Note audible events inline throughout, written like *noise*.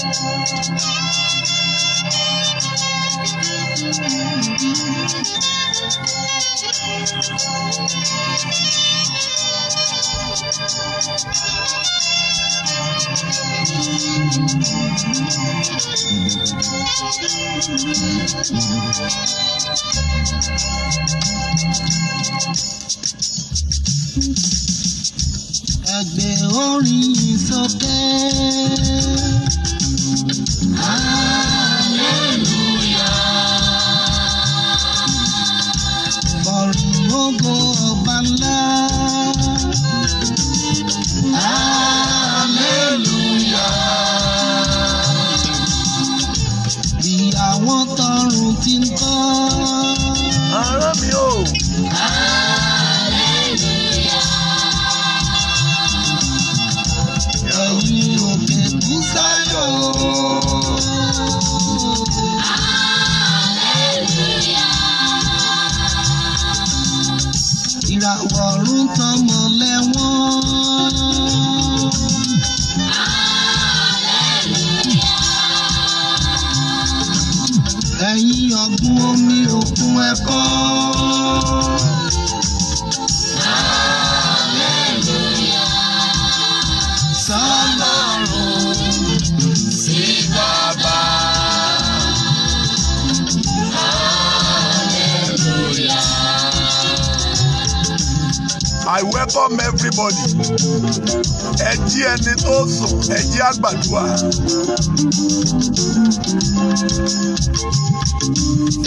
Àgbẹ̀ orin sọdẹ́. anybody ẹ jí ẹni tó sùn ẹ jí àgbàdua.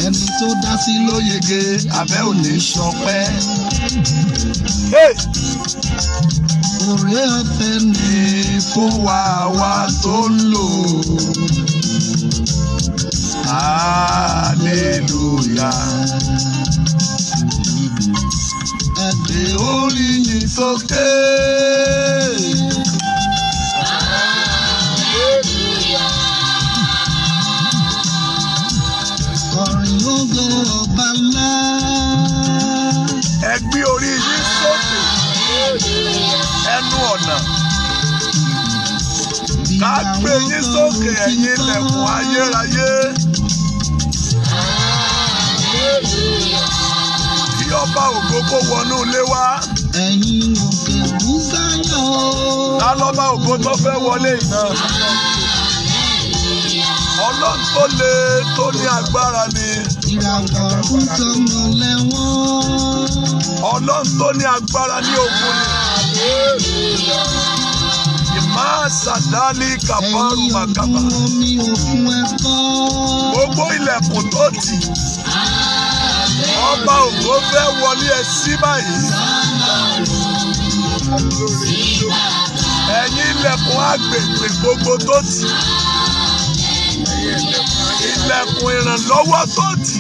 ẹni tó dá sí ló yege abẹ́ ò ní sọpẹ́. òré ọ̀fẹ́ ni fún wa wa tó ń lò. Hallelujah. orí yìí sókè. Orin ògo ọba ńlá. Ẹ gbé orí yín sókè ẹnu ọ̀nà. Ká gbé yín sókè ẹ̀yin ilẹ̀kùn ayérayé. bá ògo kó wọnú ilé wa. ẹ̀yin òkè ń sáyọ̀. ta ló bá ògo tó fẹ́ wọlé iná. ọlọ́run tó le tó ní agbára ni. ọlọ́run tó ní agbára ní ogun ni. Máa sàdálì kàfárùmàkàfà. Gbogbo ilẹ̀kùn tó tì ọba ògo fẹ́ wọlé ẹ sí báyìí. ẹ̀yin ilẹ̀kùn agbègbè gbogbo tó tì. ilẹ̀kùn ìrànlọ́wọ́ tó tì.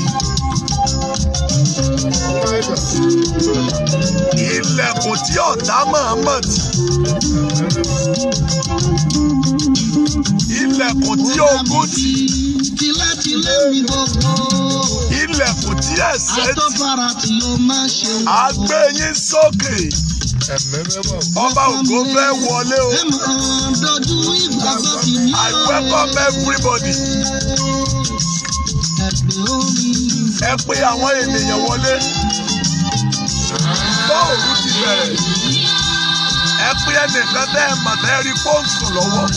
ilẹ̀kùn tí ọ̀tá máa mọ̀ tì. ilẹ̀kùn tí ogún tì. Kí láti lé mi gbogbo díẹ̀ sẹ́tì. atọ́fara ló máa ṣe wọ́n. a gbé yín sókè. Ọba ògo fẹ́ wọlé o. I welcome everybody. Ẹ pè àwọn ènìyàn wọlé. Bọ́ọ̀lù ti bẹ̀rẹ̀ ẹ pé ẹnìkan tẹ́ ẹ mọ̀ tẹ́ rí kóńsù lọ́wọ́.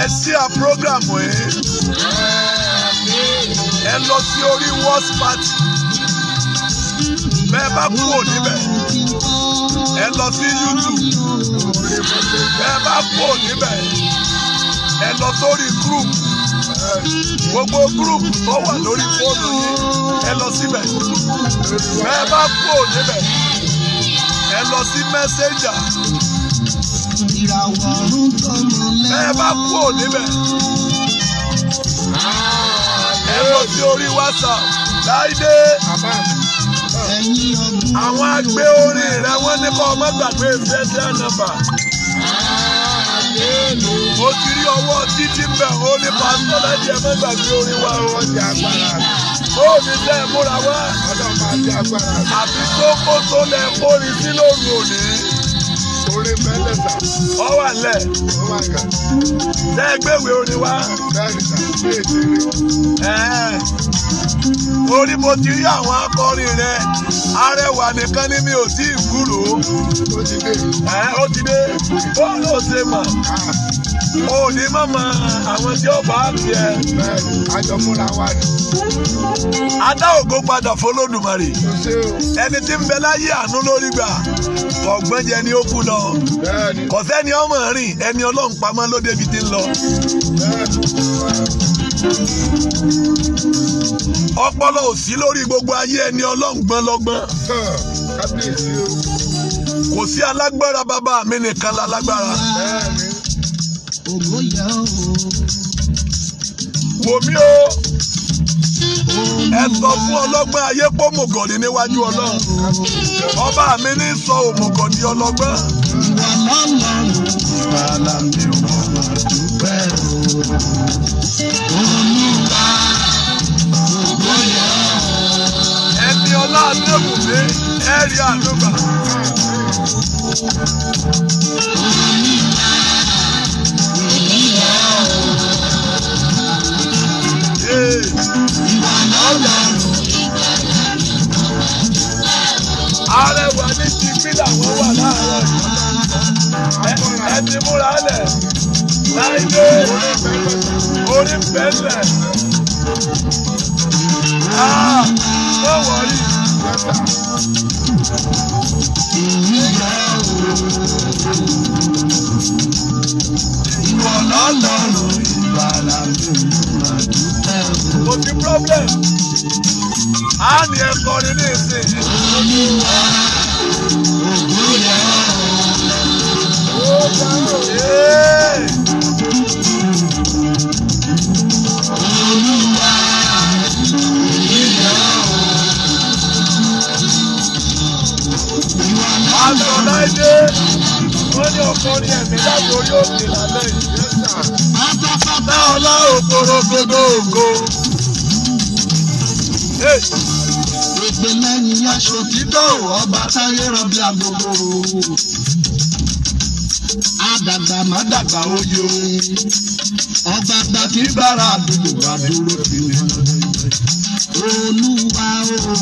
ẹ sí à prógrámù yìí ẹ lọ sí orí worst party bẹ́ẹ̀ bá kúrò níbẹ̀ ẹ lọ sí YouTube bẹ́ẹ̀ bá kúrò níbẹ̀ ẹ lọ sórí group gbogbo group tó wà lórí fóònù yìí ẹ lọ síbẹ̀ bẹ́ẹ̀ bá kúrò níbẹ̀ ẹ lọ sí messenger bẹ́ẹ̀ bá kúrò níbẹ̀ ẹ̀rọ sí orí WhatsApp láìdé àwọn agbé orin rẹ wọ́n ní kọ́ ọmọ gbàgbé ìfẹsẹ̀ nàbà. mo ti rí ọwọ́ títí bẹ̀ ó ní pásítọ̀ láti ẹ̀ mọ́ gbàgbé orin wa wọ́n ti agbára. ó ní tẹ́ ẹ múra wá àfi tó kó tó lẹ kórìí sí lóru òní orin bẹ́lẹ̀ sà. ọ wà nílẹ̀. ó wà nílẹ̀. sẹ́ẹ̀gbẹ̀wé oh orin wa. bẹ́ẹ̀ sà. bí èsì ẹ̀ẹ́. orí mo ti rí àwọn akọrin rẹ arẹwà nìkan ni mi ò tí ì kúrò ó ti dé bọ́ọ̀lù ó ti mọ̀ ó ah. mọ̀mọ́ àwọn tí ó bá tiẹ̀. àjọ múra adá ògo padà ẹni tí ń bẹ láyé àánú ó kú lọ kò sẹ́ni ọmọ rìn ẹni ọlọ́run pamọ́ ló débi ọpọlọ ò sí lórí gbogbo ayé ẹni ọlọ́ngbọ́n lọ́gbọ́n kò sí alágbára bàbá mi nìkan lálágbára wò mí o ẹ sọ fún ọlọ́gbọ́n ayé pé òmùgọ̀ ni níwájú ọlọ́run ọba mi ní sọ òmùgọ̀ di ọlọ́gbọ́n. Thank you. ọlá adébùdé ẹ̀rí àdúgbà. arẹwà ní ti pílà wọn wà láàárọ̀ ẹ ti múra lẹ láìpẹ́ orí pẹlẹ. Ah, don't worry mẹ́fà. Ìyíyá problem. A ní ẹ̀kọ́ nílé aṣọ láìdé wọ́n ní ọkàn ní ẹ̀mí láti orí òkè lálẹ́ ìjẹ́sà. Bá ọlá òkòrò gbogbo ògo. Gbogbo lẹ́yìn aṣọ dídọ̀ ọba táyé rọ̀bì àgbogbo. Àdàgbà má dàgbà oyè oyin. Ọba àgbà kì í bára àdúgbò àdúró tìlẹ̀ olúwa o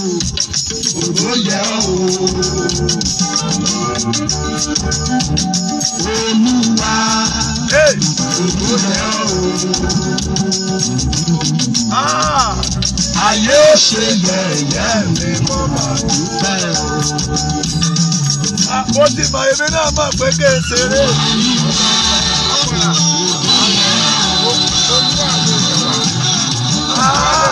ògo yẹ ọ́ o. olúwa ògo yẹ ọ́ o. Ah! ayé ò ṣe yẹ̀yẹ́ mi mo máa dúpẹ́ o. ó ah, ti mọ èmi náà mọ̀ pé kí n ṣeré. Ah!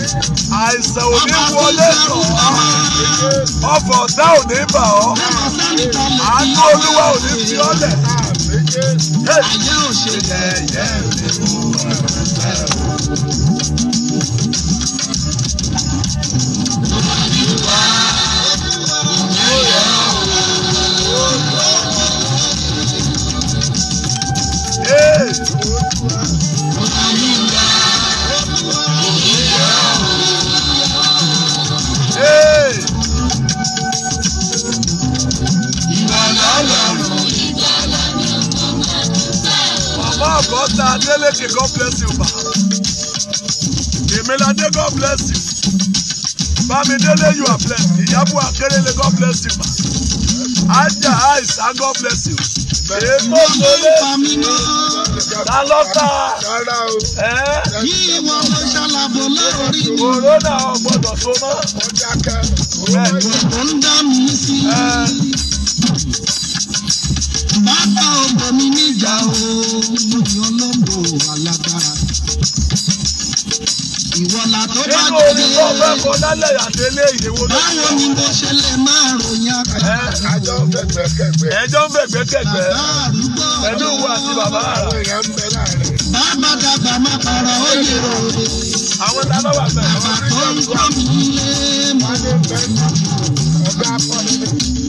àìsàn ò ní wọlé tọ̀ ọ̀fọ̀ ọ̀tá ò ní bà ọ́ àánú olúwa ò ní fi ọ́ lẹ̀. ayé ò ṣe yẹ̀yẹ́ òní mú ọ̀rọ̀ bẹ́ẹ̀ o. my Adeleke, God bless you, ma. Emelade, God bless you. Bamidele, you are blessed. Iyabu Akerele, God bless you, ma. Aja Aisha, God bless you. Èmo lóore ta lọ́ta ẹ́ yíwọ ló ṣàlàbò lórí mi. Kòrónà ọ̀gbọ́dọ̀ tó mọ́. Bẹ́ẹ̀ni. Ó ń dá mi sí i bá ọkọ mi níjà o mo ní ọlọ́pọ̀ alágbára. ìwọ la tó bá délé báwo ni mo ṣe máa ròyìn àkàtà. ẹjọ́ ń bẹ̀gbẹ́ kẹ̀gbẹ́ ẹjọ́ ń bẹ̀gbẹ́ kẹ̀gbẹ́ pẹ̀lú ìwọ àti bàbá rẹ̀. bàbá dàgbà má para ó yẹ o. àwọn tá a lọ wà ń tọ́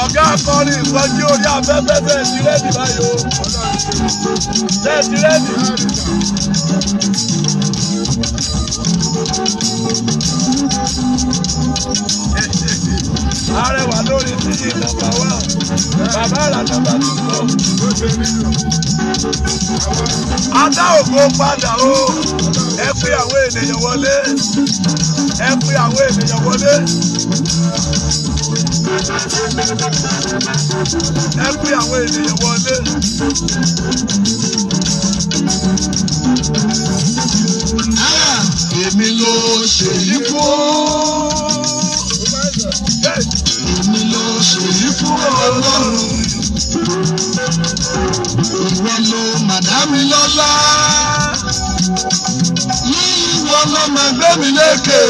ọ̀gá akọni ìsọjí orí afẹ́fẹ́ bẹ́ẹ̀ ti rẹ́dì báyìí o bẹ́ẹ̀ ti rẹ́dì. arẹwà lórí títí nàbà wà bàbá àrà nàbà ti kọ. adá ògo padà o pe àwọn ènìyàn wọlé ẹ pe àwọn ènìyàn wọlé ẹ pe àwọn ènìyàn wọlé. Èmi ló ṣèyí fún. Ah, mi lékè.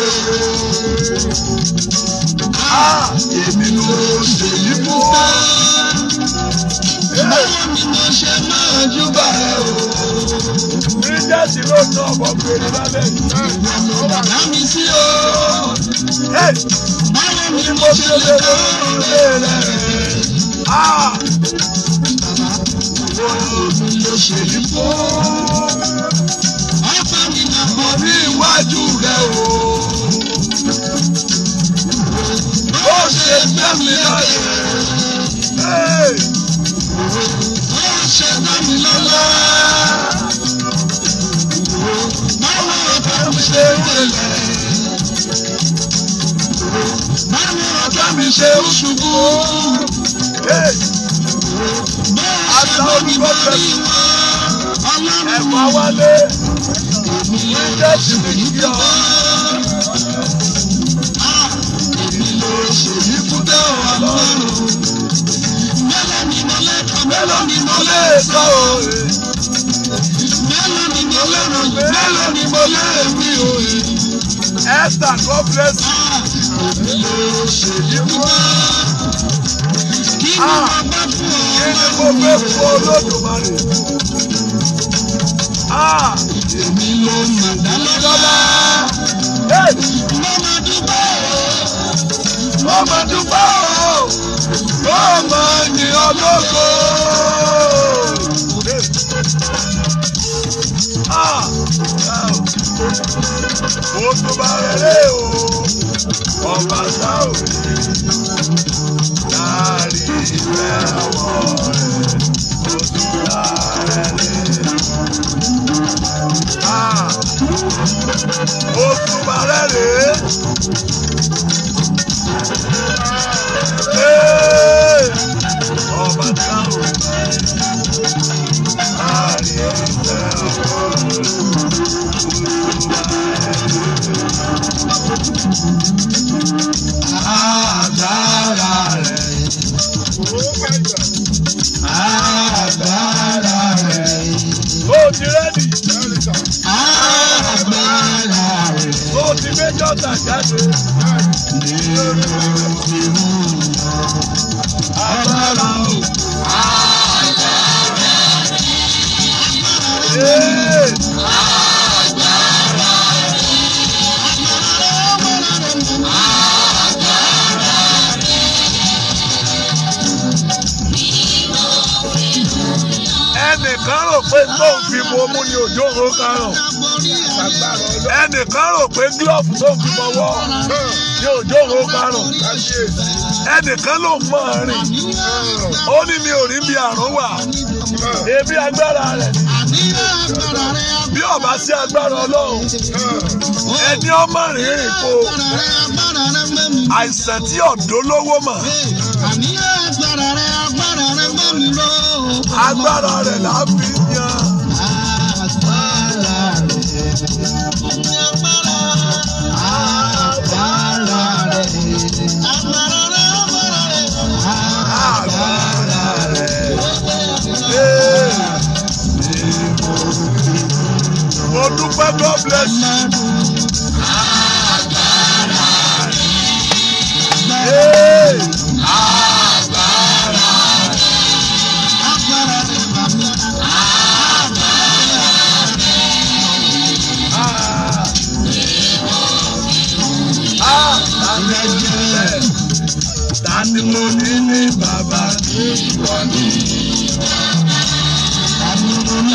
A èmi ni mo ah! ṣe yí fún wa. Báwo ni mo ṣe máa júbà ẹ o? Bíríjẹ́sì ló ń tọ́ ọ̀bọ̀ fèrè lábẹ́ yìí. Bàbá iwájú rẹ o. Ó ṣe dámi láyé. Ó ṣe dámi lọ́lá. Báwo ọ̀tá mi ṣe wẹ̀lẹ̀? Báwo ọ̀tá mi ṣe ń ṣubú? Àtàwọn olùkọ́ tẹ̀lé ẹ̀fọ́ wálé. Wíńdẹ̀ ti lè yíyọ. Èmi ló ṣe ìkúdẹ́ wa lọ́rùn. Mélòó ni mo lè kọ́? Mélòó ni mo lè kọ́? Mélòó ni mo lè ràn yín? Mélòó ni mo lè rí òye? Esther, God bless you. Èmi ló ṣe ìkúdẹ́ kí ni mo fẹ́ fún olódùmarè èmi ló mà dá lọ́lá. mo mà dúpẹ́ o ah! Ah! mo mà dúpẹ́ o mo mà ní ológo. Mo tún bá rẹ̀ lé o, ọba sáà ò ní láàrin ìfẹ́ àwọn ọ̀rẹ́ tó tún láàrin. Olùbàrẹ̀ rèé. ìbò mú ni òjò òun karùn ẹnìkan rò pé glove tó fi mọ́wọ́ ni òjò òun karùn ẹnìkan ló mọ̀ rìn ó ní mi ò rí bí àrùn wà ebi agbára rẹ̀ bí ọba sí agbára ọlọ́run ẹni ọmọ rìnrìn po àìsàn tí ọ̀dọ́ lówó mọ̀ agbára rẹ̀ là á Olúpẹ́ God bless you. Agbára rẹ̀. Agbára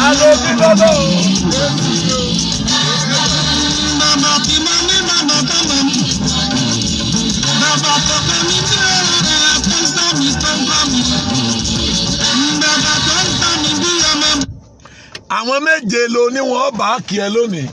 Alóbi lọ́dọ̀. Bàbá tí mo ní bàbá tó mọ̀ mí. Bàbá tó pẹ́ mi tí ó rẹ̀ tó ń sọ mi tó ń bọ̀ mí. Bàbá tó ń sọ mi bí ọmọ. Àwọn méje ló ní wọn bá kí ẹ lónìí.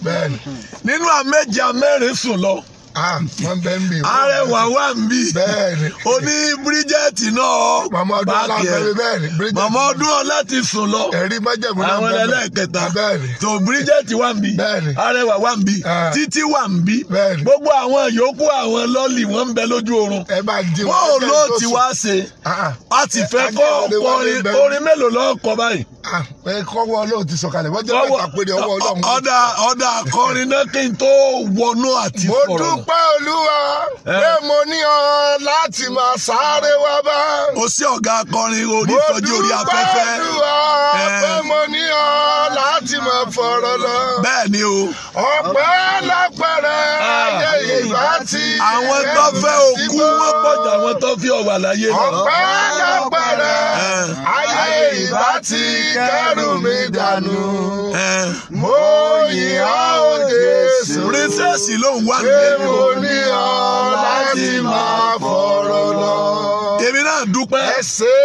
Nínú àméje amẹ́rin sùn lọ. Ah, wọ́n bẹ́ ń bì. arẹwà wà ń bì. bẹ́ẹ̀ni. o ní bíríjẹ́tì náà. màmá ọdún ọlá fẹ́mi bẹ́ẹ̀ni. màmá ọdún ọlá ti sùn lọ. ẹ̀rí májẹ̀mú náà bẹ́ẹ̀ni. àwọn ẹlẹ́kẹta. bẹ́ẹ̀ni. tó bíríjẹ́tì wà ń bì. bẹ́ẹ̀ni. arẹwà wà ń bì. Ah. títí wà ń bì. bẹ́ẹ̀ni. gbogbo àwọn yòókù àwọn lọ́ọ̀lì wọ́n ń bẹ lójú oorun. ẹ bá di wọn. bọ́ọ̀ ló ti wá ṣe. Ah, a ti fẹ́ kọ́ orin orin mélòó dúpẹ́ olúwa eh. pé mo ní ọ láti máa sáré wá bá. o sí ọ̀gá akọrin orí ìtọ́jú orí afẹ́fẹ́. mo dúpẹ́ olúwa eh. pé mo ní ọ láti máa fọ̀rọ̀ lọ. bẹ́ẹ̀ ni o. ọ̀pẹ́ lápẹ̀rẹ̀ ah. ayé ìgbà tí. àwọn tó fẹ́ òkú wọn pọ̀jù àwọn tó fi ọ̀wà láyé lọ. ọ̀pẹ́ lápẹ̀rẹ̀ eh. ayé ìgbà tí kẹ́rù mi dànù. mo yìn á ó Jésù. pírísẹ́sì ló ń wá nílé ò ní ọ láti máa fọ̀rọ̀ lọ. èmi náà dúpẹ́. ẹ ṣé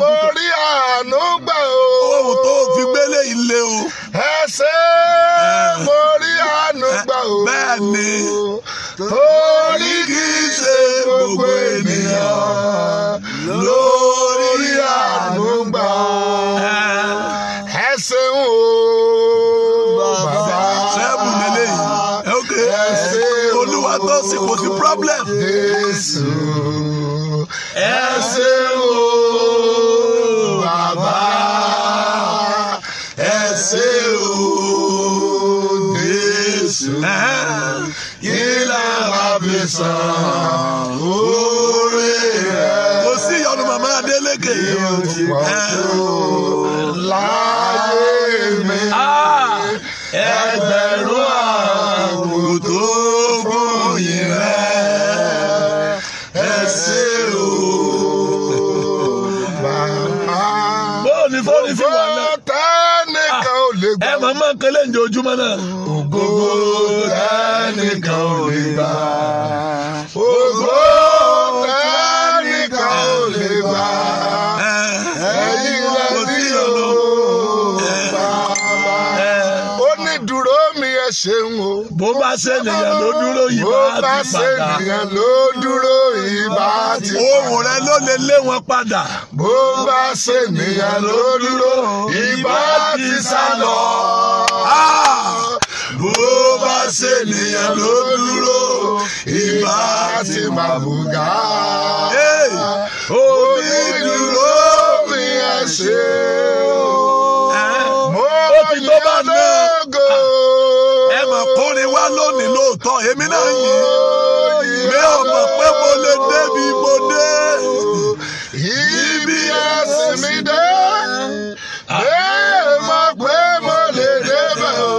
mo rí àánú gbà o. ohun tó fi gbélé ilé o. ẹ ṣé eh. mo rí àánú eh, gbà o. bẹ́ẹ̀ ni. torí kì í ṣe gbogbo ènìyàn lórí àánú gbà o. Eh, tó sì kò sí problem. Jésù ẹ ṣé o bàbá ẹ ṣé o Jésù kí lára fi sàn orí rẹ. Kò sí ìyọnu màmá Adélékè yìí. Yóò ti pọ̀ láàyè. bá máa kẹlẹ́ ǹjẹ́ ojúmọ́ náà. ògo tẹ́nìkan ò lè bá. ògo tẹ́nìkan ò lè bá. ṣe ń o. bó bá ṣe nìyẹn ló dúró ìbá ti padà. bó bá ṣe nìyẹn ló dúró ìbá ti rẹ ló lè lé wọn padà. bó bá ṣe ló dúró ìbá ti sá bó bá ṣe ló dúró ìbá ti máa omi dúró mi ẹ ṣe o. Ah! mo yẹ lógo. Ah! lónìí lóòótọ́ èmi náà yìí mi ò mọ̀ pé mo lè débi mo dé. ibi ẹsìn mi dé mi mọ̀ pé mo lè débẹ̀ o.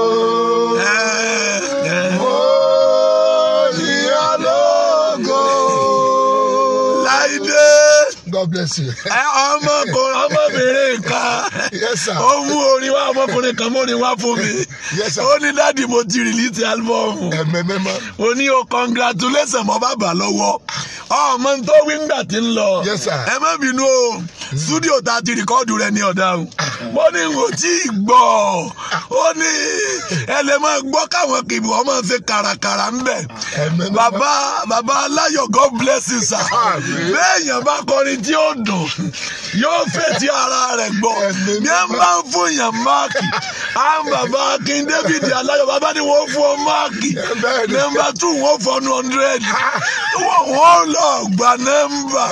God bless you. ọmọkùnrin ọmọbìnrin kan ó mú orin wa ọmọkùnrin kan mú orin wá fún mi ó ní dáàdi mo ti rìlítì álbọ̀mù ó ní o oh, congratulation mọ́ bàbá lọ́wọ́. ọmọ oh, tó wí ńgbà tí ń lọ ẹ má bínú o mm. studio ta ti rìkọ́dù rẹ ní ọ̀dà o ní n ò tí ì gbọ́ ó ní ẹ máa gbọ́ káwọn kìbì wọ́n máa ṣe kàràkàrà ń bẹ̀ bàbá bàbá aláyọ̀ god bless you sir béèyàn bá kọrin tí ó dùn yóò ara rẹ̀ gbọ́ ní ọgbà nọ́mbà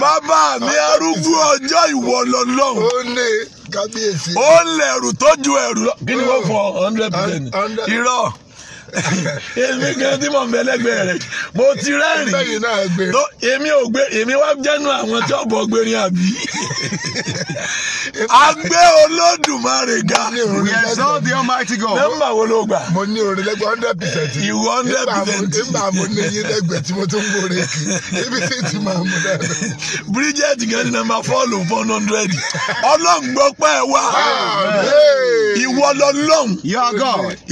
bàbá mi arúgbó ọjọ́ ìwọ lọ́lọ́run. ó lè kábíyèsí. ó lẹ̀rù tó ju ẹ̀rù lọ. kí ni wọ́n fọ hundred percent. irọ́ èmi kan tí mo ń bẹ lẹ́gbẹ̀ẹ́ rẹ̀ mo ti rẹ́rìn èmi ò gbé èmi wá jẹ́nu àwọn tí ọ̀bọ̀ gbérí àbí agbé olódùmarè ga nọ́mbà wo ló gbà. mo ní orin lẹ́gbẹ̀ẹ́ hundred percent. ìwọ hundred percent. nígbà mo ní yín lẹ́gbẹ̀ẹ́ tí mo tún ń gbòòrè kì ebi tí ti máa mú dáadáa. Bridget gẹ́gẹ́ nàmbà fọ́ọ̀lù four hundred ọlọ́ngbọ́pẹ́ wa ìwọ lọ́lọ́hún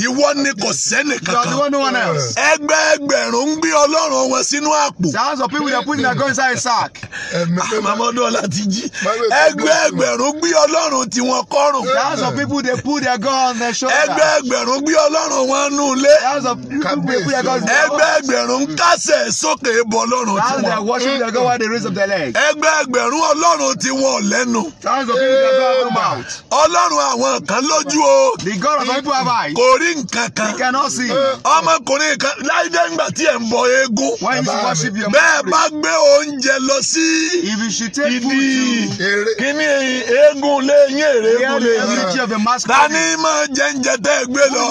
ìwọ ni kò sẹ́nìkan the one. one No kan. ẹgbẹ́ ẹgbẹ̀rún ń gbé ọlọ́run wọn sínú àpò. thousands of people dey ah, put their guns inside sack. àmàmọ́dọ́ láti jí. ẹgbẹ́ ẹgbẹ̀rún gbé ọlọ́run tí wọ́n kọ́rùn. thousands of people dey put their guns on their shoulders. ẹgbẹ́ ẹgbẹ̀rún gbé ọlọ́run wọn nù lé. thousands of people dey put their guns on their shoulders. ẹgbẹ́ ẹgbẹ̀rún kásẹ̀ sókè bọ ọlọ́run tí wọ́n. thousands are watching their God while they raise up their legs. ẹgbẹ́ ẹgbẹ̀rún ọlọ́run tí lẹ́nu. thousands out mouth. ọlọ́run àwọn kan lójú o. the God of people have eyes. kò cannot see ọmọkùnrin kan láìdé ńgbà tí ẹ̀ ń bọ eégún bẹ́ẹ̀ bá gbé oúnjẹ lọ sí ìdí kíní eégún lé yín èrè eégún lé yín tani máa jẹ́njẹ tẹ́ ẹ gbé lọ.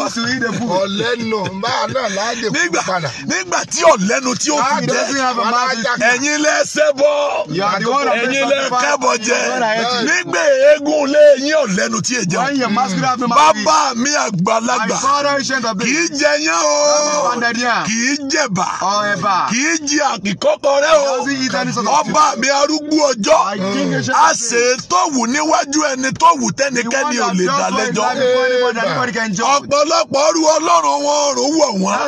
ọ̀lẹ́nu máa náà láàdè kú padà. nígbà tí ọ̀lẹ́nu tí ó ah, fi jẹ ẹ̀yin lẹ́sẹ̀ bọ́ ẹ̀yin lẹ́kẹ́bọ̀ jẹ nígbà eégún lé yín ọ̀lẹ́nu tí ì jẹun. bàbá mi àgbàlagbà kì í jẹ yán o kì í jẹ̀bà kì í jẹ àkìkọ́kọ́ rẹ o ọba mi arúgbó ọjọ́ a ṣe tó wù níwájú ẹni tó wù tẹ́nikẹ́ni ò lè dá lẹ́jọ́ ọ̀pọ̀lọpọ̀ ọrú ọlọ́run wọn ọ̀rọ̀ wọ̀ wọ́n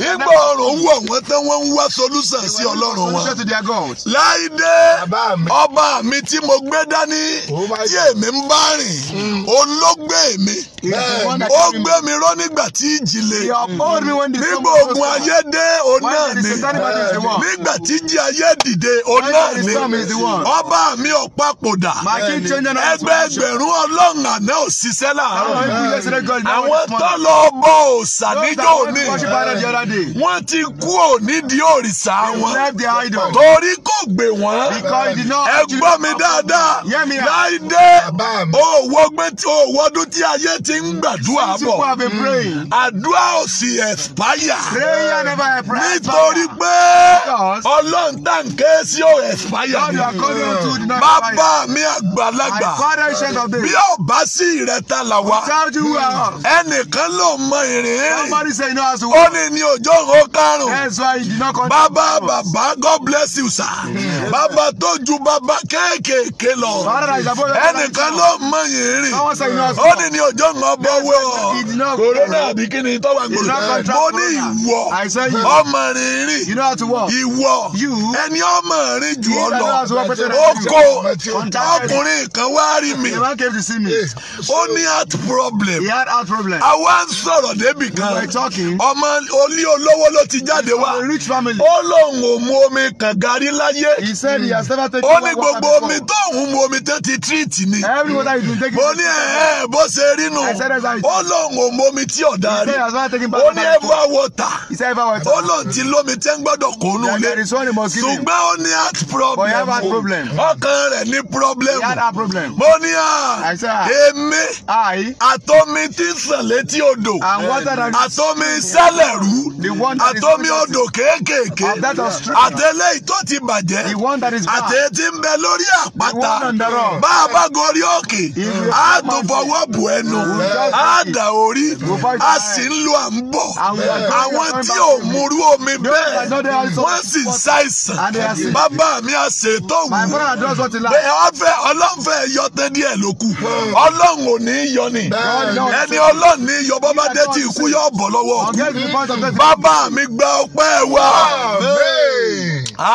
nígbà ọ̀rọ̀ wọ̀ wọ́n tẹ́ wọ́n ń wá solúsàn sí ọlọ́run wọn láìdé ọba mi tí mo gbé dání oh tí èmi ń bá rìn mm. olóògbé mi ó gbé mi rọ́ nígbà tí ìjì le nígbà ogun ayé ni nígbà tíjí ayé dìde òun ni ọba mi ọ̀pápòdà ẹgbẹẹgbẹ̀rún ọlọ́run àná ò ṣiṣẹ́ àwọn tó lọ bọ níjọ́ òní wọ́n ti kú òní di òrìṣà wọn torí kò gbè wọ́n ẹ mi dáadáa láìdé òwò ọdún tí ayé ti ń gbàdúrà bọ̀ hmm. àdúrà àdúrà ò sì expire. prayer never expire. nítorí pé ọlọ́run tá n ké sí ò expire. bàbá mi àgbàlagbà bí ò bá sí ìrẹta là wá hmm. ẹnìkan ló mọ ìrìn ó ní ní ọjọ́ òun karùn-ún bàbá bàbá God bless you sir bàbá tó ju bàbá kéékèèké lọ ẹnìkan ló mọ ìrìn ó ní ní ọjọ́ òun ọbọ̀ wẹ̀ ọ́ kòrónà àbí kí ni t tó wà gbòòrò mo ní ìwọ ọmọ rìnrìn ìwọ ẹni ọmọ rìn jù ọ lọ ó kó ọkùnrin kan wá rí mi ó ní heart problem àwa ń sọ̀rọ̀ débì kan ọmọ olí olówó ló ti jáde wá ó lóun ò mu omi kan gari láyé ó ní gbogbo omi tóun mu omi tó ti tírìtì ni mo ní ẹ̀ ẹ́ bó ṣe rí nù ó lóun ò mu omi tí ọ̀dà rí ó ní ever water ó lò ti lómi tẹ́ ń gbọ́dọ̀ kó nù lé ṣùgbọ́n ó ní heart problem ọkàn rẹ̀ ní problem mo ní à ah, èmi àtomi tí sàn létí odò àtomi sẹ́lẹ̀rú àtomi odò kéékèèké àtẹlẹ́yìn tó ti bàjẹ́ àtẹ̀yẹ́tì ń bẹ lórí àpáta bá a bá gorí òkè a tó fọwọ́ bù ẹnu a dà orí a sì ń Olúwa ń bọ̀ àwọn tí ò múrú omi bẹ́ẹ̀ wọ́n sì ń ṣàìsàn bàbá mi à ṣètò wù bẹ́ẹ̀ ọ̀fẹ́ ọlọ́fẹ́ yọ tẹ́ díẹ̀ ló kù ọlọ́run ò ní í yọ ni ẹni ọlọ́run ní í yọ bọ́bá dé tí ikú yọ bọ̀ lọ́wọ́ bàbá mi gba ọpẹ́ wa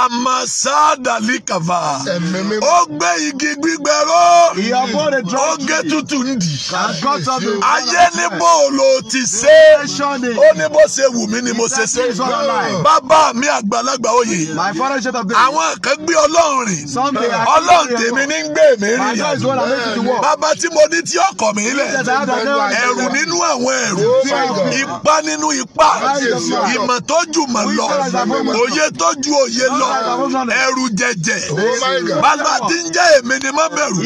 amasadali kava ó gbé igi gbígbẹ ró ó gé tútù ń dì ayé ní bòòlù ti ṣe é intentionally. ó ní bó ṣe wù mí ni mo ṣe ṣe. bàbá mi àgbàlagbà oyè. my father shut up there. àwọn kan gbé ọlọ́run rìn. ọlọ́run tèmi ní gbé mi rìn yàrá. bàbá tí mo ní tí ọkọ̀ mi lẹ̀. ẹ̀rù nínú àwọn ẹ̀rù. ipá nínú ipá. ìmọ̀ tó jù mọ̀ lọ. òye tó ju òye lọ. ẹ̀rù jẹ̀jẹ̀. Oh bàbá tí ń jẹ́ èmi ni má bẹ̀rù.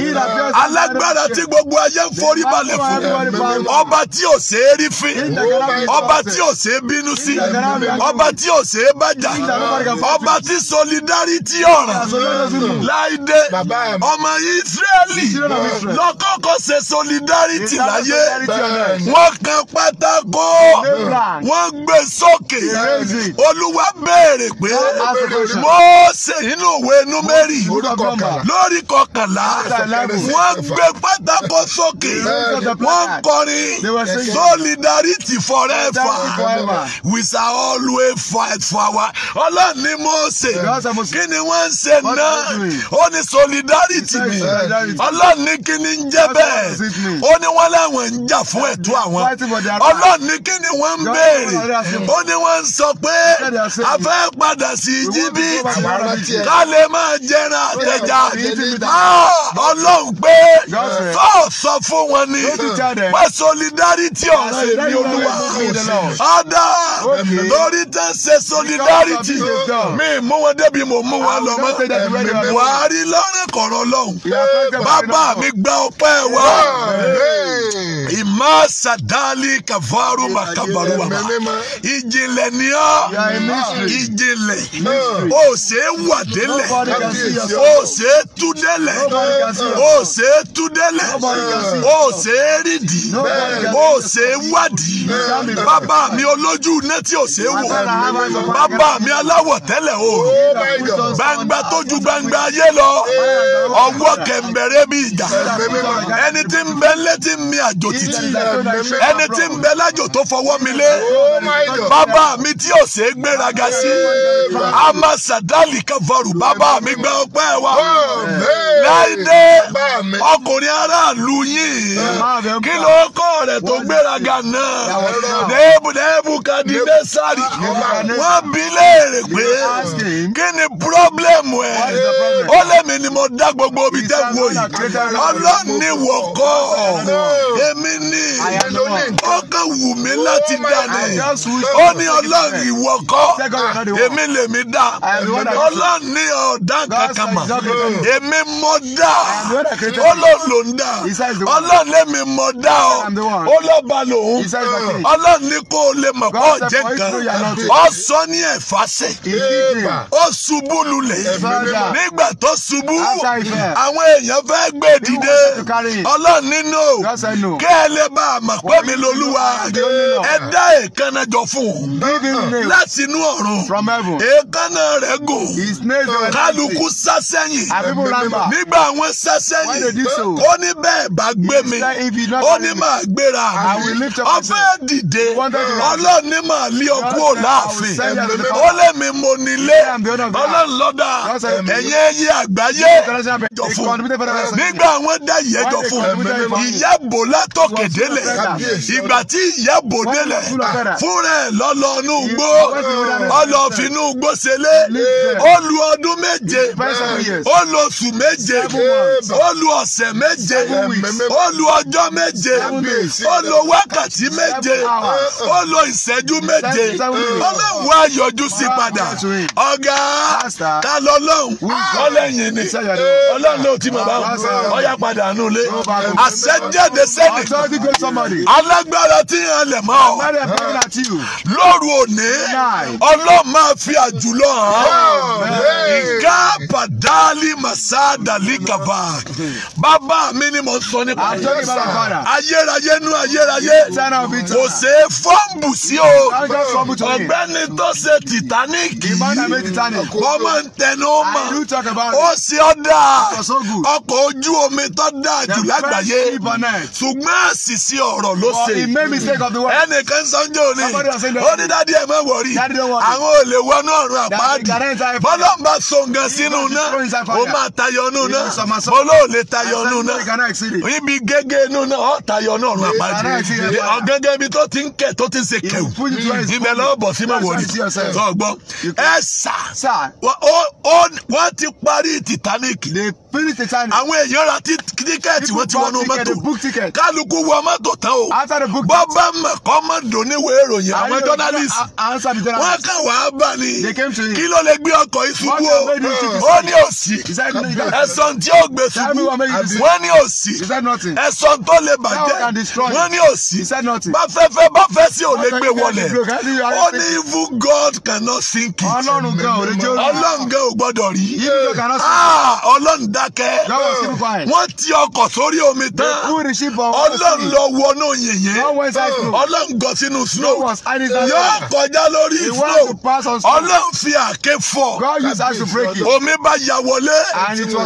alágbára tí gbogbo ayé ń forí balẹ̀ fún. ọba tí ò ṣeé rí fín ọba tí ò ṣe é bínú sí ọba tí ò ṣe é bàjá ọba tí solidarity ọ̀ràn láìdé ọmọ Ísírẹ́lì lọ́kọ́kọ́ ṣe solidarity láyé wọ́n kan pátákó wọ́n gbé sókè olúwa béèrè pé Mósè nínú òwe Númérì lórí kọkànlá wọ́n gbé pátákó sókè wọ́n kọrin solidarity fún forever. We shall always fight for our. Ọlọ́run ni Mósè. Kí ni wọ́n ń ṣe náà? Ó ní solidarity mi. Ọlọ́run ní kí ni ń jẹ́ bẹ́ẹ̀? Ó ní wọ́n láwọn ń jà fún ẹ̀tọ́ àwọn. Ọlọ́run ní kí ni wọ́n ń béèrè? Ó ní wọ́n ń sọ pé a fẹ́ padà sí Íjíbítì. Ká lè máa jẹran àtẹ̀jà. Ah, Ọlọ́run pé tó sọ fún wọn ni. Pẹ́ solidarity ọ̀rẹ́ mi olúwa ọ̀dà lórí tẹ́ ṣe solidarity mi mú wọn débi mo mú wọn lọ mọ́ buhari lọ́rẹ̀kọ̀rọ̀ lọ́hùn bàbá mi gba ọpẹ́ wa masa dali kavaru makabaruwa ma ìjìnlẹ̀ ni ọ́ ìjìnlẹ̀ o ṣe é wà délẹ̀ o ṣe é tú délẹ̀ o ṣe é tú délẹ̀ o ṣe rídì o ṣe é bàbá mi olójú iná o ṣe é wò bàbá mi aláwọ̀ tẹ́lẹ̀ o oh gbangba tó ju gbangba ayé lọ oh ọwọ́ kẹ̀mbẹ̀rẹ̀ bí ìjà ẹni tí ń bẹ létí mi àjò títì ẹni tí ń bẹ lájò tó fọwọ́ mi lé bàbá mi tí ò ṣeé gbéraga sí ama sadali kavaru bàbá mi gba ọpẹ́ wa láìdé ọkùnrin aráàlú yìí kí ló kọ́ rẹ̀ tó gbéraga náà dẹ́bù dẹ́bù kadi dẹ́sàrì wọ́n bi léèrè pé kí ni pírọ́blẹ́mù ẹ̀ ó lèmi ni mo dá gbogbo omi tẹ́ wo yìí ọlọ́ọ̀ni wọ̀kọ́ èmi ni ni ó kàn wù mí láti oh dá ni ó ní ọlọ́run ìwọ kọ́ èmi lèmi dá ọlọ́run ní ọ̀dá kankan mà èmi mọ̀ dá ọlọ́run ń dá ọlọ́run lèmi mọ̀ dá ọ ọlọ́ba lòun ọlọ́run ní kó o lè mọ̀ kó o jẹ́ kan ọ̀sán ní ẹ̀fà sẹ̀ ó ṣubú lulẹ̀ nígbà tó ṣubú àwọn èèyàn fẹ́ gbé dìde ọlọ́run nínú kí ẹ lè kẹ́ bá a mọ̀ pé mi lolúwa ẹ dá èékánná jọ fún un láti inú ọ̀run èékánná rẹ̀ gùn kálukú sá nígbà àwọn sá ó ní bẹ́ẹ̀ bá gbé mi ó ní máa gbéra ọfẹ́ dìde ọlọ́run ní máa lé ọkú ò ó lé mi mo nílé ọlọ́run lọ́dà ẹ̀yẹ ẹyẹ àgbáyé jọ fún nígbà àwọn dá ìyẹn jọ fún ìyá bò látọ̀kẹ̀dẹ̀ délẹ̀ ìgbà tí ìyàbò délẹ̀ fúnra ẹ̀ lọ́lọ́nú gbó ọlọ́finú gbó sele ó lu ọdún méje ó lu oṣù méje ó lu ọ̀sẹ̀ méje ó lu ọjọ́ méje ó lu wákàtí méje ó lu ìṣẹ́jú méje ọlọ́run wá yọjú sí padà ọ̀gá ta lọ́lọ́run ọlẹ́yìn ni ọlọ́run ló ti mọ̀ báwọn ọ̀yà padà nù lé àṣẹ jáde sẹ́ni alágbára tí yẹn lẹ̀ mọ́ ọ lóru òní ọlọ́run máa fi àjùlọ hàn ìka pàdálì màsá dàlí kàfà bàbá mi ni mo sọ nípa ayérayé nú ayérayé kò ṣe é fọ́ǹbù sí o ọ̀gbẹ́ni tó ṣe Titanic ọmọ ntẹnu mọ̀ ó ṣe ọ́ dáa ọkọ̀ ojú omi tó dáa jù lágbàáyé ṣùgbọ́n àṣì sí ọ̀rọ̀ ló ṣe. he ẹnìkan sanjó ni ó ní dádì ẹ má wọrí àwọn olè wọnú ọ̀run àpáàdì bọ́lá bá so nǹkan sínú náà ó máa tayọ nù náà bọ́lá ò lè tayọ nù náà ibi gẹ́gẹ́ nù náà ó tayọ nù ọ̀run àpáàdì ọ̀gẹ́gẹ́ ibi tó ti ń kẹ̀ tó ti ń ṣe kẹ̀wù ibẹ̀ lọ́wọ́ bọ̀ sí má wọrí tó ẹ sà wọ́n ti parí Titanic àwọn èèyàn ra tíkẹ́ẹ̀tì wọ́n ti wọnú mọ́tò kálukú wọ má tó tán o bọ́ bá mọ̀ kọ́ mọ̀ dùn ní ìwé ìròyìn àwọn journalist wọ́n kàn wá bá ni kí ló lè gbé ọkọ̀ ìṣubú o ó ní òsì ẹ̀sán tí ó gbé ṣubú wọ́n ní òsì ẹ̀sán tó lè bàjẹ́ wọ́n ní òsì báfẹ́fẹ́ báfẹ́sì ò lè gbé wọlẹ̀ ó ní even God cannot sink it ọlọ́run gan ò gbọ́dọ̀ rí ah, ọlọ́run dákẹ́ wọ́n ti ọkọ̀ sórí omi tán ọlọ́run lọ wọnú yìnyín ọlọ́run gọ sínú snow yóò kọjá lórí snow ọlọ́run fi àáké fọ́ omi bá ya wọlé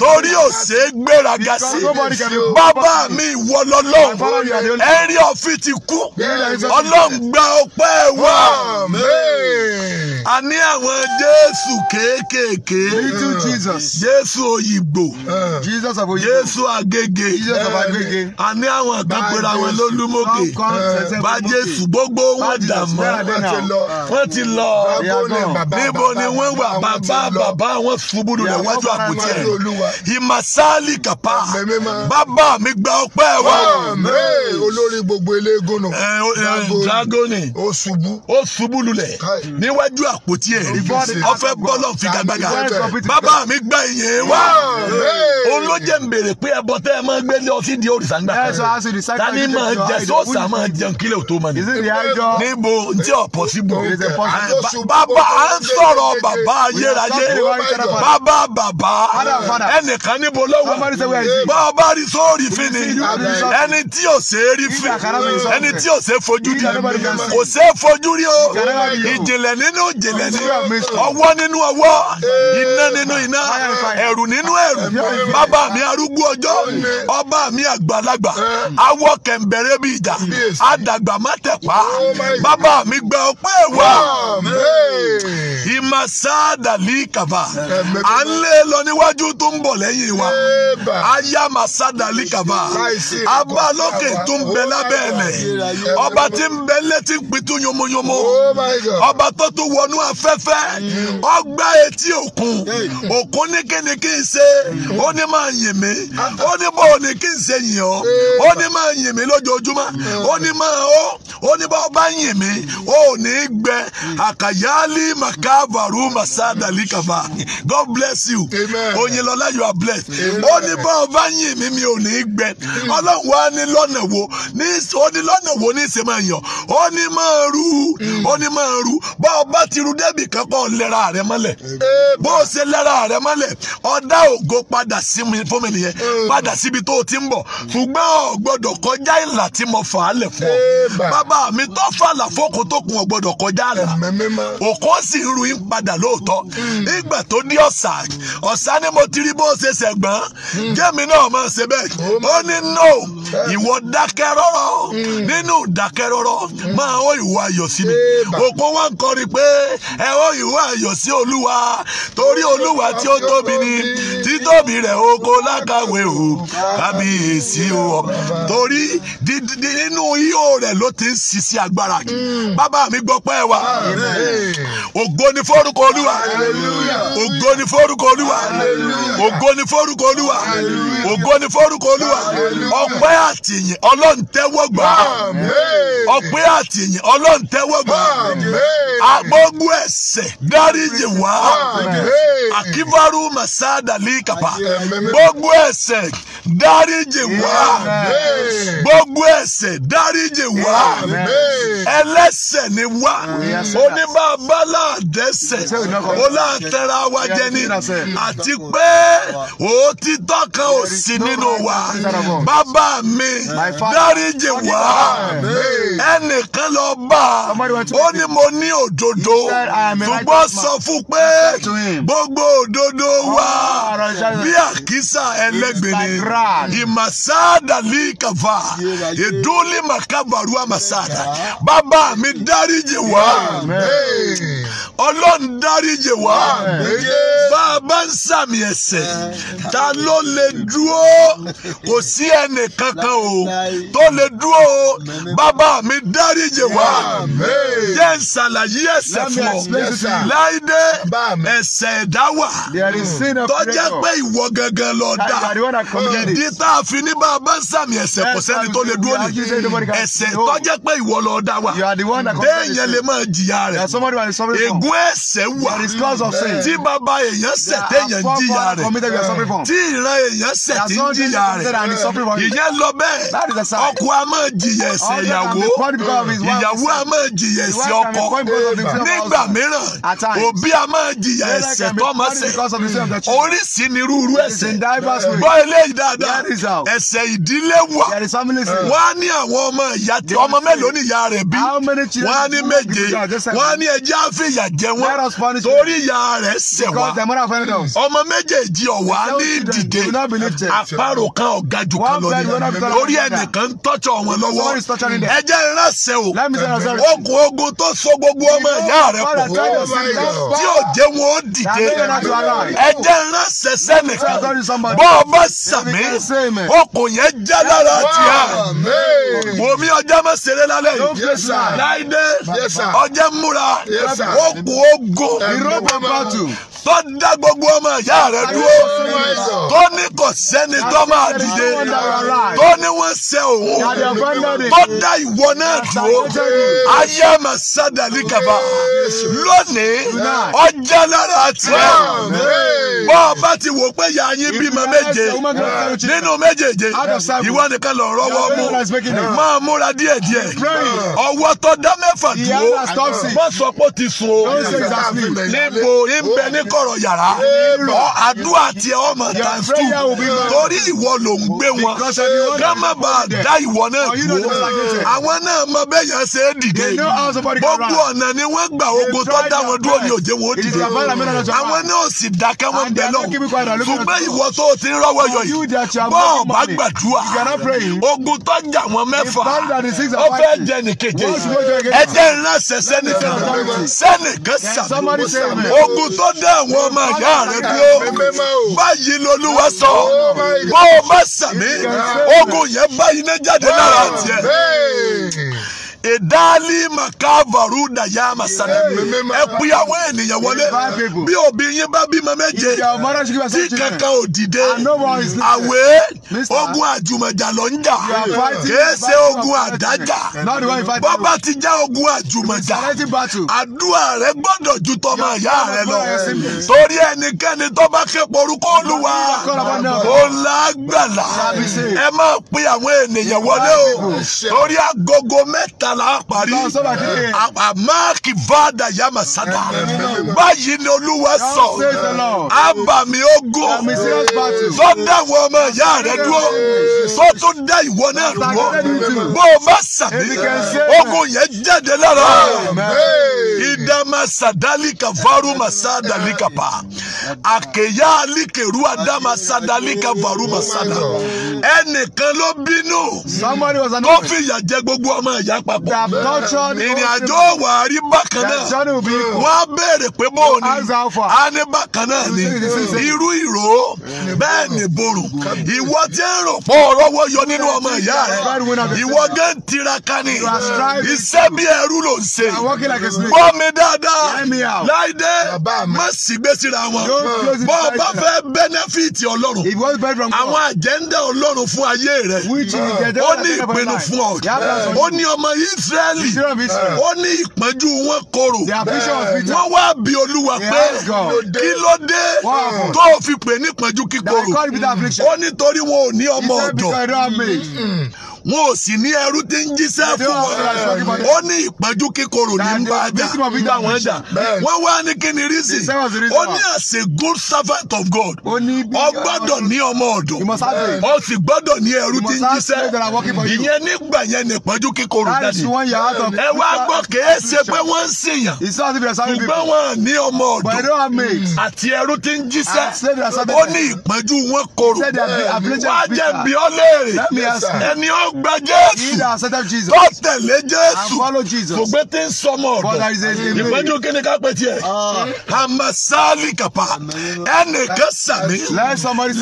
lórí òsè gbéraga sí bàbá mi ìwọ lọ́lọ́run ẹ̀rí ọ̀fìn ti kú ọlọ́run gba ọpẹ́ wa a ní àwọn jésù kéékèèké jésù òyìnbó uh. jésù àgègè a ní àwọn àgbàgbéra làwọn olódùmọ̀kè bá jésù gbogbo wọn dà mọ́ wọ́n ti lọ níbo ni wọ́n wà bàbá bàbá wọn ṣubú lulẹ̀ wájú àpótí ẹ̀ ìmàsáàlì kàpá bàbá mi gba ọpẹ́ wa. olórí gbogbo eléégún náà dragoni ó ṣubú lulẹ̀ níwájú àpótí ẹ̀ ọfẹ́ bọ́lọ̀ figagbága bàbá mi gba ìyẹn wa olójẹ́ ń bèrè pé ẹbọ tẹ́ ẹ máa gbé lé ọtí di òrìṣà ń gbà ní máa jẹ sọ́ọ̀sà máa jẹun kílẹ̀ tó máa ní. níbo ntí ọ̀pọ̀ sí bò bàbá à ń sọ̀rọ̀ bàbá ayérayé bàbá bàbá ẹnìkan níbo lọ́wọ́ bàbá rí sóòrì fún ni ẹni tí ò ṣe é rí fún ẹni tí ò ṣe é fojú rí kò ṣe é fojú rí o ìjìnlẹ̀ nínú ìjìnlẹ̀ ní ọwọ́ nínú ọwọ́ iná nínú iná ẹ̀rù nínú ẹ̀rù bàbá mi arúgbó ọjọ́ ọba mi àgbàlagbà awọ k kẹ̀mbẹ̀rẹ̀ bí ìjà àdàgbà má tẹ̀pá oh bàbá mi gba ọpẹ́ wa ìmàsáàdàlì kàfà à ń lé lọ níwájú tó ń bọ̀ lẹ́yìn wa aya màsáàdàlì kàfà abá lókè tó ń bẹ oh, lábẹ́ ẹ̀lẹ̀ ọba tí ń bẹ létí pitú yomoyomo oh ọba tó tún wọnú afẹ́fẹ́ ọgbà mm. etí òkun òkun ní kíni kí n ṣe mm. ó ní máa yìn mí ah. ó ní bọ́ọ̀ ní kí n ṣe yìn ọ́ ó ní máa yìn mí mí lójoojúmọ́ mm. ó ní máa ó ó ní bá bá yìn mí ó ní gbẹ mm. àkàyálì màkàbàrú màsádàlì kàfà God bless you Oyinlọlá you are blessed ó ní bá bá yìn mí mi ò ní gbẹ mm. ọlọ́run wá ní lọ́nà wo ní ó ní lọ́nà wo ní ìsìn máa ó ní máa rú ó ní máa rú bá ọba ti rú débì kankan lẹ́ra rẹ mọ́lẹ̀ bó o ṣe lẹ́ra rẹ mọ́lẹ̀ ọ̀dà ògo padà sí mi fún mi nìyẹn padà síbi tó o ti ń bọ̀ ṣùgbọ́n ọ̀ kọjá kọjá ìlà tí mo fà á lẹ̀ fún ọ bàbá mi tó fà á làfókò tó kun ọgbọ́dọ̀ kọjá àlà òkò sì ń ru yín padà lóòótọ́ hmm. ìgbà tó ní ọ̀sà ọ̀sà ni mo ti rí bó ṣe ṣẹ̀gbọ́n jẹ́mi hmm. náà máa ṣe bẹ́ẹ̀ ó ní no ìwọ dákẹ́ rọ́rọ́ hmm. nínú dákẹ́ rọ́rọ́ máa ó ìwà ayọ̀ sí mi òkò wa ń kọrin pé ẹ ó ìwà ayọ̀ sí olúwa torí olúwa tí ó tóbi ni títóbi rẹ̀ oko lákàwé o kábíyèsí o torí nínú ihò rẹ̀ ló ti ń ṣiṣẹ́ agbára yìí mm. bàbá mi gbọ́ pẹ́ wa ògo ni fórúkọ olúwa ògo ni fórúkọ olúwa ògo ni fórúkọ olúwa ògo ni fórúkọ olúwa ọpẹ́ àtìyìn ọlọ́run tẹ́wọ́ gbà ọpẹ́ àtìyìn ọlọ́run tẹ́wọ́ gbà agbógun ẹ̀ṣẹ̀ dáríjì wá akíbarú masada lè kàpá gbógun ẹ̀ṣẹ̀ dáríjì wá gbogbo ẹ̀ṣẹ̀ dáríjì wá ẹlẹ́ṣẹ̀ ni wá oníbàbálà dẹ́ṣẹ̀ ó látẹ̀ra wa jẹ ni eh. àti pé òtítọ́ kan ò sí nínú wa bàbá mi dáríjì wá ẹnìkan lọ bá ó ní mo ní òdodo ṣùgbọ́n sọ fún pé gbogbo òdodo oh, wa bí àkísà ẹlẹ́gbẹ̀ẹ́ ni ìmàsáàdàlì kàfà ìdúlí màkàbàrú àmàsáàdà bàbá mi dáríje wá ọlọ́run dáríje wá bàbá ń sàmì ẹ̀ṣẹ̀ ta ló lè dúró kò sí ẹnì kankan o tó lè dúró o bàbá mi dáríje wá jẹ́ ń ṣàlàyé ẹ̀ṣẹ̀ fún ọ láìdé ẹ̀ṣẹ̀ ẹ̀dá wà tọ́jà pé ìwọ gangan lọ dá ìdí tá a fi ní bàbá ń sàmì ẹ̀ṣẹ̀ kò sẹ́ sẹ́ni tó lè dúró ní ẹ̀ṣẹ̀ tó jẹ́ pé ìwọ ló dá wa déèyàn lè máa jìyà rẹ̀ ègún ẹ̀ṣẹ̀ wà tí bàbá èèyàn ṣẹ̀ téèyàn jìyà rẹ̀ tí ìran èèyàn ṣẹ̀ tí ń jìyà rẹ̀ ìyẹn lọ bẹ́ẹ̀ ọkọ a máa jìyà ẹ̀ṣẹ̀ ìyàwó ìyàwó a máa jìyà ẹ̀ṣẹ̀ ọkọ nígbà mìíràn òbí a máa jìyà ẹ̀ṣẹ̀ tọ́mọ ṣẹ̀ oríṣi ni irú irú ẹ̀ṣẹ̀ gbọ́ eléyìí dáadáa ẹ̀ṣẹ̀ ìdílé wà. Uh. wọ́n á ní àwọn ọmọ ìyá tí ọmọ mélòó ni ìyá rẹ̀ bí wọ́n á ní méje wọ́n á ní ẹjẹ́ àfẹ́yà jẹ wọ́n torí ìyá rẹ̀ ṣẹ̀ ọmọ méjèèjì ọ̀wá ní ìdìde àparò kan ọ̀gá jù kan lọ ní lórí ẹnìkan ń tọ́jọ wọn lọ́wọ́ ẹjẹ́ ìránṣẹ́ o okùn ogun tó so gbogbo ọmọ ìyá rẹ̀ pọ̀ oh tí ò jẹ́ wọn ó dìde ẹjẹ́ ìránṣẹ́ sẹ́nìkan bọ́ọ̀ bá sàmì okùn yẹn já lára tiẹ̀ wò mí ọjọ́ mọ̀ sẹ́lẹ̀ lálẹ́ yìí ọjọ́ múra ó kú ó gò tó dá gbogbo ọmọ ìyá rẹ dúró tó ní kò sẹ́ni tó máa dìde tó ní wọ́n ṣe òun tó dá ìwọ náà dúró ayé àmà sádàlí kaba lónìí ọjà lára tiẹ̀ bọ́ ọba ti wò pé ìyá yín bímọ méje nínú méjèèje ìwọ nìkan lọ rọwọ́ mú máa múra díẹ̀díẹ̀ ọwọ́ tó dá mẹ́fà dúró bọ́sọ̀pọ̀ ti sùn o níbo ń bẹ ní kọ̀rọ̀ yàrá ọ àdúrà tiẹ̀ ọmọ times two torí ìwọ ló ń gbé wọn ká má bàa dá ìwọ náà dúró àwọn náà mọ bẹ́ẹ̀ yẹn ṣe é dìde gbogbo ọ̀nà ni wọ́n gbà ogun tó dá wọn dúró ní òjé wọn ó dìde àwọn náà sì dákẹ́ wọn bẹ̀ lọ ṣùgbọ́n ìwọ tó o ti ń rọ́wọ́ yọ yìí bọ́ọ̀ bá gbàdúrà ogun tó jà wọn mẹ́fà ó fẹ́ jẹ nìkejì ẹ̀jẹ̀ ńlá sẹ́sẹ́ nìkan sẹ́nìkan sàbí ogun tó dá àwọn ọmọ àyà rẹ bí ó báyìí lolúwa sọ oh bó o má sàmí ogun yẹn báyìí ní jáde lára tiẹ̀ ìdálí màkàvàrú dàyà màsánà ẹ pè àwọn ènìyàn wọlé bí òbí yín bá bímọ méje tí kankan ò dìde àwé ogun àjùmọ̀jà ló ń jà kìí ṣe ogun àdájà bọ́bá ti já ogun àjùmọ̀jà àdúrà rẹ gbọ́dọ̀ ju tọmọ ìyá rẹ lọ torí ẹnikẹ́ni tó bá ké Olúwa ó lágbàlá ẹ máa pè àwọn ènìyàn wọlé o torí agogo mẹ́ta dáadáa la parí àmàkì vada yàmà sádà báyìí ni olúwa sọ àbàmì ogun tó dá wọn ọmọ ìyá rẹ dúró tó tún dá ìwọ náà dúró bó o bá sàmì ogun yẹn jáde lára adama sadalika varuma sadalika pa akeya alikeru adama sadalika varuma sada ẹnìkan ló bínú tó fi ìyà gbogbo ọmọ ìyá papọ̀ ìrìn wà á rí bákan náà wọ́n á béèrè pé bóun ni á ní bákan náà ni irú ìró bẹ́ẹ̀ ni borò ìwọ tí ń rò pọ̀ ọ̀rọ̀wọ́ yọ nínú ọmọ ìyá rẹ̀ ìwọ gẹ́ ń tiraka ni iṣẹ́ bí ẹrú ló ń ṣe gbọ́ dáadáa láìdé má sì gbé síra wọn bọ́ ọ bá fẹ́ bẹ́nẹ́fìtì ọlọ́run àwọn àjẹ́ndà ọlọ́run fún ayé rẹ ó ní ìpinnu fún ọ ó ní ọmọ Ísírẹ́lì ó ní ìpọ́njú wọn korò wọ́n wá bí olúwa pé kí ló dé tó o fi pè ní ìpọ́njú kíkorò ó nítorí wọn ò ní ọmọ ọ̀dọ̀ wọn ò sì ní ẹrú tí ń jíṣẹ́ fún wọn ó ní ìpẹ́jú kíkorò ní ń bá jà wọ́n wá ní kí ni ó ní as a good servant of God ó gbọ́dọ̀ ní ọmọ ọ̀dọ̀ ó sì gbọ́dọ̀ ní ẹrú tí ń jíṣẹ́ ìyẹn nígbà yẹn ní ìpẹ́jú kíkorò jáde ẹ wá gbọ́ kìí ṣe pé wọ́n ń sèyàn ṣùgbọ́n wọn ní ọmọ ọ̀dọ̀ àti ẹrú tí ń jíṣẹ́ ó ní ìpẹ́jú wọn korò wọ́n á jẹ́ bí ọ léèrè ẹni ọgbọ́n gba jésù tó tẹ̀lé jésù fògbé tí ń sọmọ ọ̀dọ̀ ìpẹ́jọ́ kíni ká pẹ́ tiẹ̀ ah. amasali kapa ẹnìkan sàmì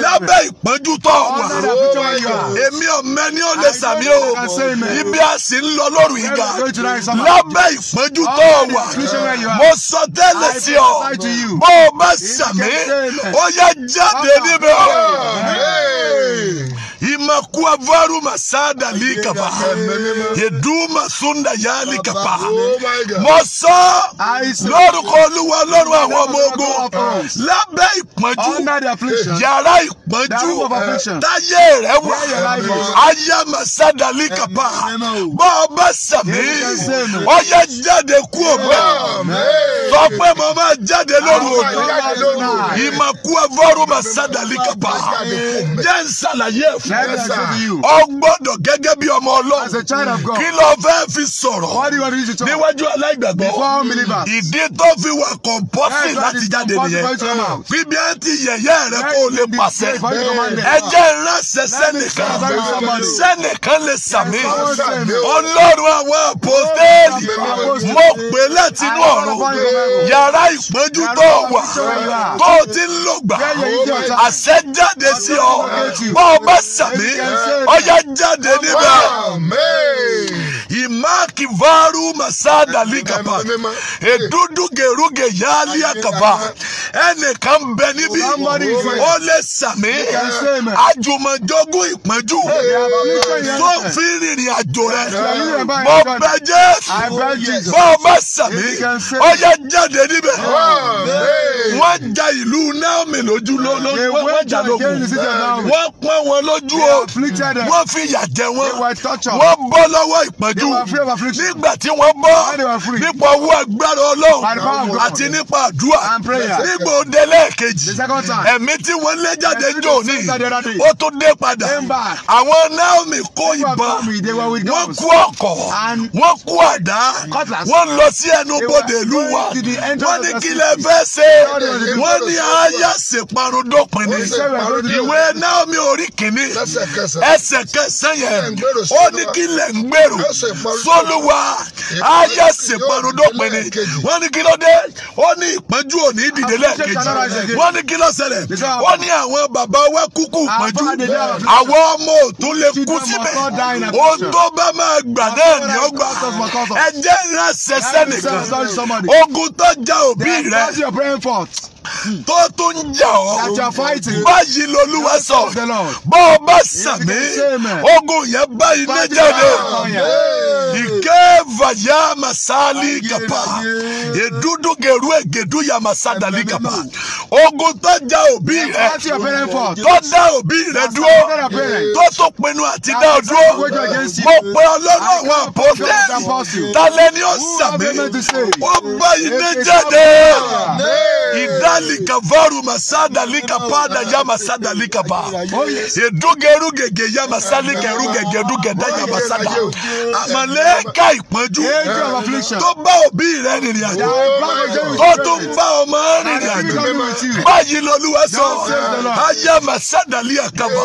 lábẹ́ ìpẹ́jù tó wà èmi ọ̀mẹ́ni ò lè sàmì o ibi a sì ń lọ lóru ìgbà lábẹ́ ìpẹ́jù tó wà mo sọ tẹ́lẹ̀ sí ọ bó o bá sàmì ó yẹ jáde níbẹ̀ o makuwa varu masada lika pa yeduma sunda yali kapa mọsọ lórúkọ olúwa lọ́rùn àwọn ọmọ ogun lábẹ́ ìpọ́njú yàrá ìpọ́njú táyé rẹ̀ wà aya masada lika pa bọ́ ọ bá sàmì ọyẹ jáde kú òmẹ sọ pé mo máa jade lóru òdùn ìmọ̀kú ẹ̀fọ́rù masada lika pa jẹ́ nsàlàyé fún ọgbọ́dọ̀ gẹ́gẹ́ bí ọmọ ọlọ́run kí ló fẹ́ fi sọ̀rọ̀ níwájú aláìgbàgbọ́ ìdí tó fi wà kọ̀ǹpọ́sì láti jáde nìyẹn bíbí ẹ ti yẹ̀yẹ́ rẹ kó o lè pàṣẹ ẹjẹ́ ránṣẹ́ sẹ́nìkan sẹ́nìkan lè sàmì ọlọ́run àwọn àpòtẹ́ẹ̀lì mo pè láti inú ọ̀run yàrá ìpẹ́jú tó wà tó o ti ń lò gbà àṣẹ jáde sí ọ bọ́ ọ bá sàmì rí ọjà jáde níbẹ̀ ìmáàkì varu masadali kaba èdúdú gèrúgè yáálí àkàbà ẹnìkan bẹ níbí ó lè sàmì àjùmọ̀jọ́gún ìpọ́njú tó fi rìnrìn àjò rẹ oh mo bẹ jẹ́ bọ́ ọ bá sàmì ọjà jáde níbẹ̀ wọ́n ja ìlú náà mi lójú lójú wọ́n ja lógun wọ́n pọ́n wọn lójú o wọ́n fi yà jẹ wọn wọ́n bọ́ lọ́wọ́ ìpọ́njú nígbà tí wọ́n bọ́ nípa owó agbára ọlọ́run àti nípa àdúrà nígbà òde lẹ́ẹ̀kejì ẹ̀mí tí wọ́n lé jáde jò ní ó tún dé padà àwọn Naomi kó ìbọn wọ́n kú ọ̀kọ̀ wọ́n kú àdá wọ́n lọ sí ẹnu bodè ìlú wa wọ́n ní kí lẹ fẹ́ ṣe wọ́n ní ayé àṣeparun dópin ní ìwé Naomi orí kìíní ẹsẹ̀kẹsẹ̀ yẹn ó ní kí lẹ̀ ń gbèrò sólúwa ayé sèpẹ̀rù dópin ni wọ́n ní kí ló dé ó ní ìpẹ́jù òní ìdìde lẹ́ẹ̀kejì wọ́n ní kí ló ṣẹlẹ̀ ó ní àwọn bàbá wa kúkú ìpẹ́jù àwọn ọmọ òtún lè kú síbẹ̀ ó tó bá máa gbà náà ní ọgbà ẹ̀jẹ̀ rẹ̀ ṣẹṣẹ́ nìkan ogun tó já òbí rẹ̀ tó tún ń jà ọ́ báyìí lolúwa sọ bọ́ ọ bá sàmì ogun yẹn báyìí lé jáde ike vaya masali kapa edudu geru egedu ya masadali kapa ogun tó ja òbí rẹ tó dá òbí rẹ dúró tó tó pinnu àti dá ọ dúró mo pe ọlọ́run àwọn àpótẹ́ẹ̀lì talẹ́ni ọ̀sàmì ó báyìí lé jáde ìdá alika varu masada lika pada ya masada lika ba eduge rugege ya masalike rugege rugeda ya masada amaleka ìpọ́njú tó bá òbí rẹ rìnrìn àjò tó tún bá ọmọ rìnrìn àjò báyìí lọ́lúwa sọ aya masada lika kaba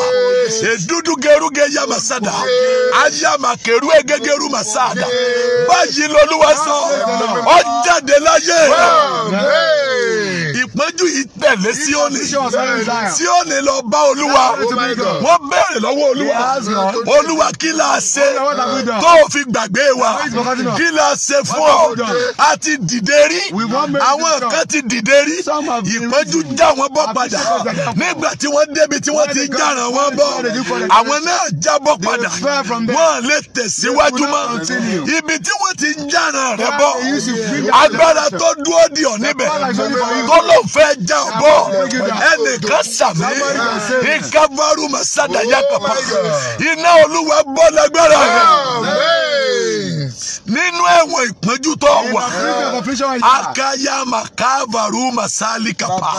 eduduge ruge ya masada aya makeru egegeru masada báyìí lọ́lúwa sọ ọ de la rẹ mọ́jú ìtẹ̀lé Síónì Síónì lọ bá olúwa wọ́n béèrè lọ́wọ́ olúwa olúwa kí la ṣe tó fi gbàgbé wa kí la ṣe fún ọ a ti dìde rí àwọn kan ti dìde rí ìpọ́njú já wọn bọ́ padà nígbà tí wọ́n débi tí wọ́n ti jára wọn bọ́ àwọn náà jábọ́ padà wọ́n lè tẹ̀síwájú mọ́ ibi tí wọ́n ti jára rẹ bọ́ agbára tó dúró di ọ̀ níbẹ̀ tó lọ fẹ́ já ọ bọ́ ẹnìkan sàmì ìkábárù màsádà yá kàpá iná olúwa bọ́ lágbára rẹ̀ nínú ẹ̀wọ̀n ìpọ́njú tó wà akaya makavaru masali kapa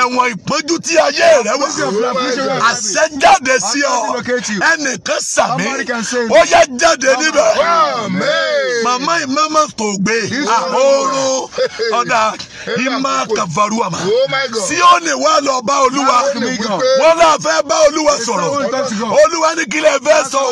ẹ̀wọ̀n ìpọ́njú tí ayé rẹ wà àṣẹjáde sí ọ ẹnìkan sàmì ó yẹ jáde níbẹ̀ màmá ìmọ̀mọ̀ tó gbé àhóró ọ̀dà ìmọ̀ kàfàrú àmà sí ó ní wà lọ bá olúwa wọn náà fẹ́ bá olúwa sọ̀rọ̀ olúwa ní kílẹ̀ fẹ́ sọ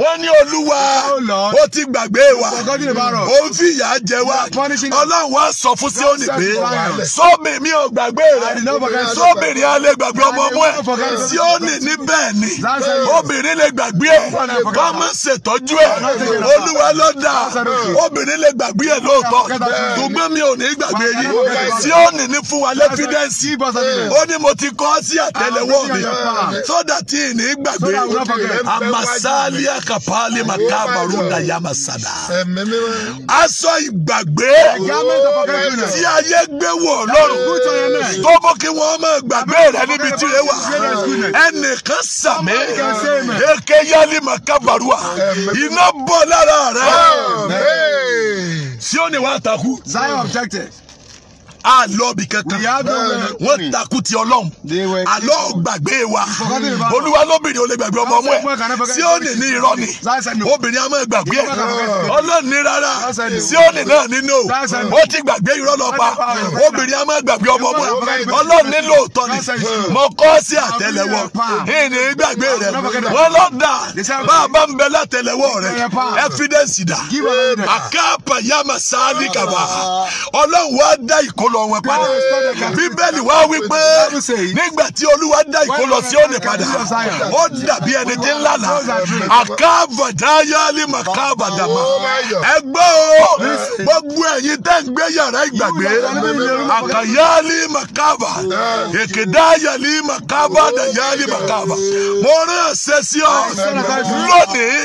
wọ́n ní olúwa oh, ó ti gbàgbé wa ó ń fi ìyà jẹ wa ọlọ́run wa sọ fún Síónì pé sómi mi ò gbàgbé rẹ sóbìnrin a lè gbàgbé ọmọ ọmọ ẹ Síónì ní bẹ́ẹ̀ ni obìnrin lè gbàgbé ẹ kọ́mọ ṣètọ́jú ẹ olúwa ló dá obìnrin lè gbàgbé ẹ lóòótọ́ ṣùgbọ́n mi ò ní gbàgbé yìí Síónì ní fún wa lẹ́fídẹ́ǹsì ó ní mo ti kọ́ sí àtẹ́lẹwọ́ mi sódà tí ì ní gbàgbé àmàsáálí àkàpálí màkàbàrú dàyàmàsá sada. aṣọ ìgbàgbé tí ayé gbé wọ̀ lọ́rùn tó mú kí wọ́n máa gbàgbé rẹ̀ níbi tí ẹ wà. ẹnìkan sàmì èké yálì màkàbàrúà iná bọ̀ lára rẹ̀. Síónì wa takú. Zion objected a lọ bì kankan wọ́n takú ti ọlọ́run àlọ́ gbàgbé wa olúwa lóbìnrin ò lè gbàgbé ọmọ ọmọ ẹ̀ sí òní ní irọ́ ni obìnrin a máa gbàgbé ẹ̀ ọlọ́run ní rárá sí òní náà nínú o ó ti gbàgbé irọ́ lọ pa obìnrin a máa gbàgbé ọmọ ọmọ ẹ̀ ọlọ́run ní lóòótọ́ ni mo kọ́ sí àtẹlẹwọ́ ìní gbàgbé rẹ wọ́n lọ dà bá a bá ń bẹ látẹlẹwọ́ rẹ ẹfidẹ́nsì dà àkàpà yàmà sáà ní kàbà ọlọ́run wá dá ìkọlù ìkólọ wọn padà bíbélì wá wípé nígbà tí olúwa dá ìkólọ sí òní padà ó dàbí ẹni tí ń lànà àkàbàdáyálì màkàbàdàmà ẹgbẹ́ o gbogbo ẹ̀yin tẹ́ ń gbé yàrá ìgbàgbé àkàyálì màkàbà èkìdáyálì màkàbàdàyálì màkàbà mo rán ẹsẹ̀ sí ọ lónìí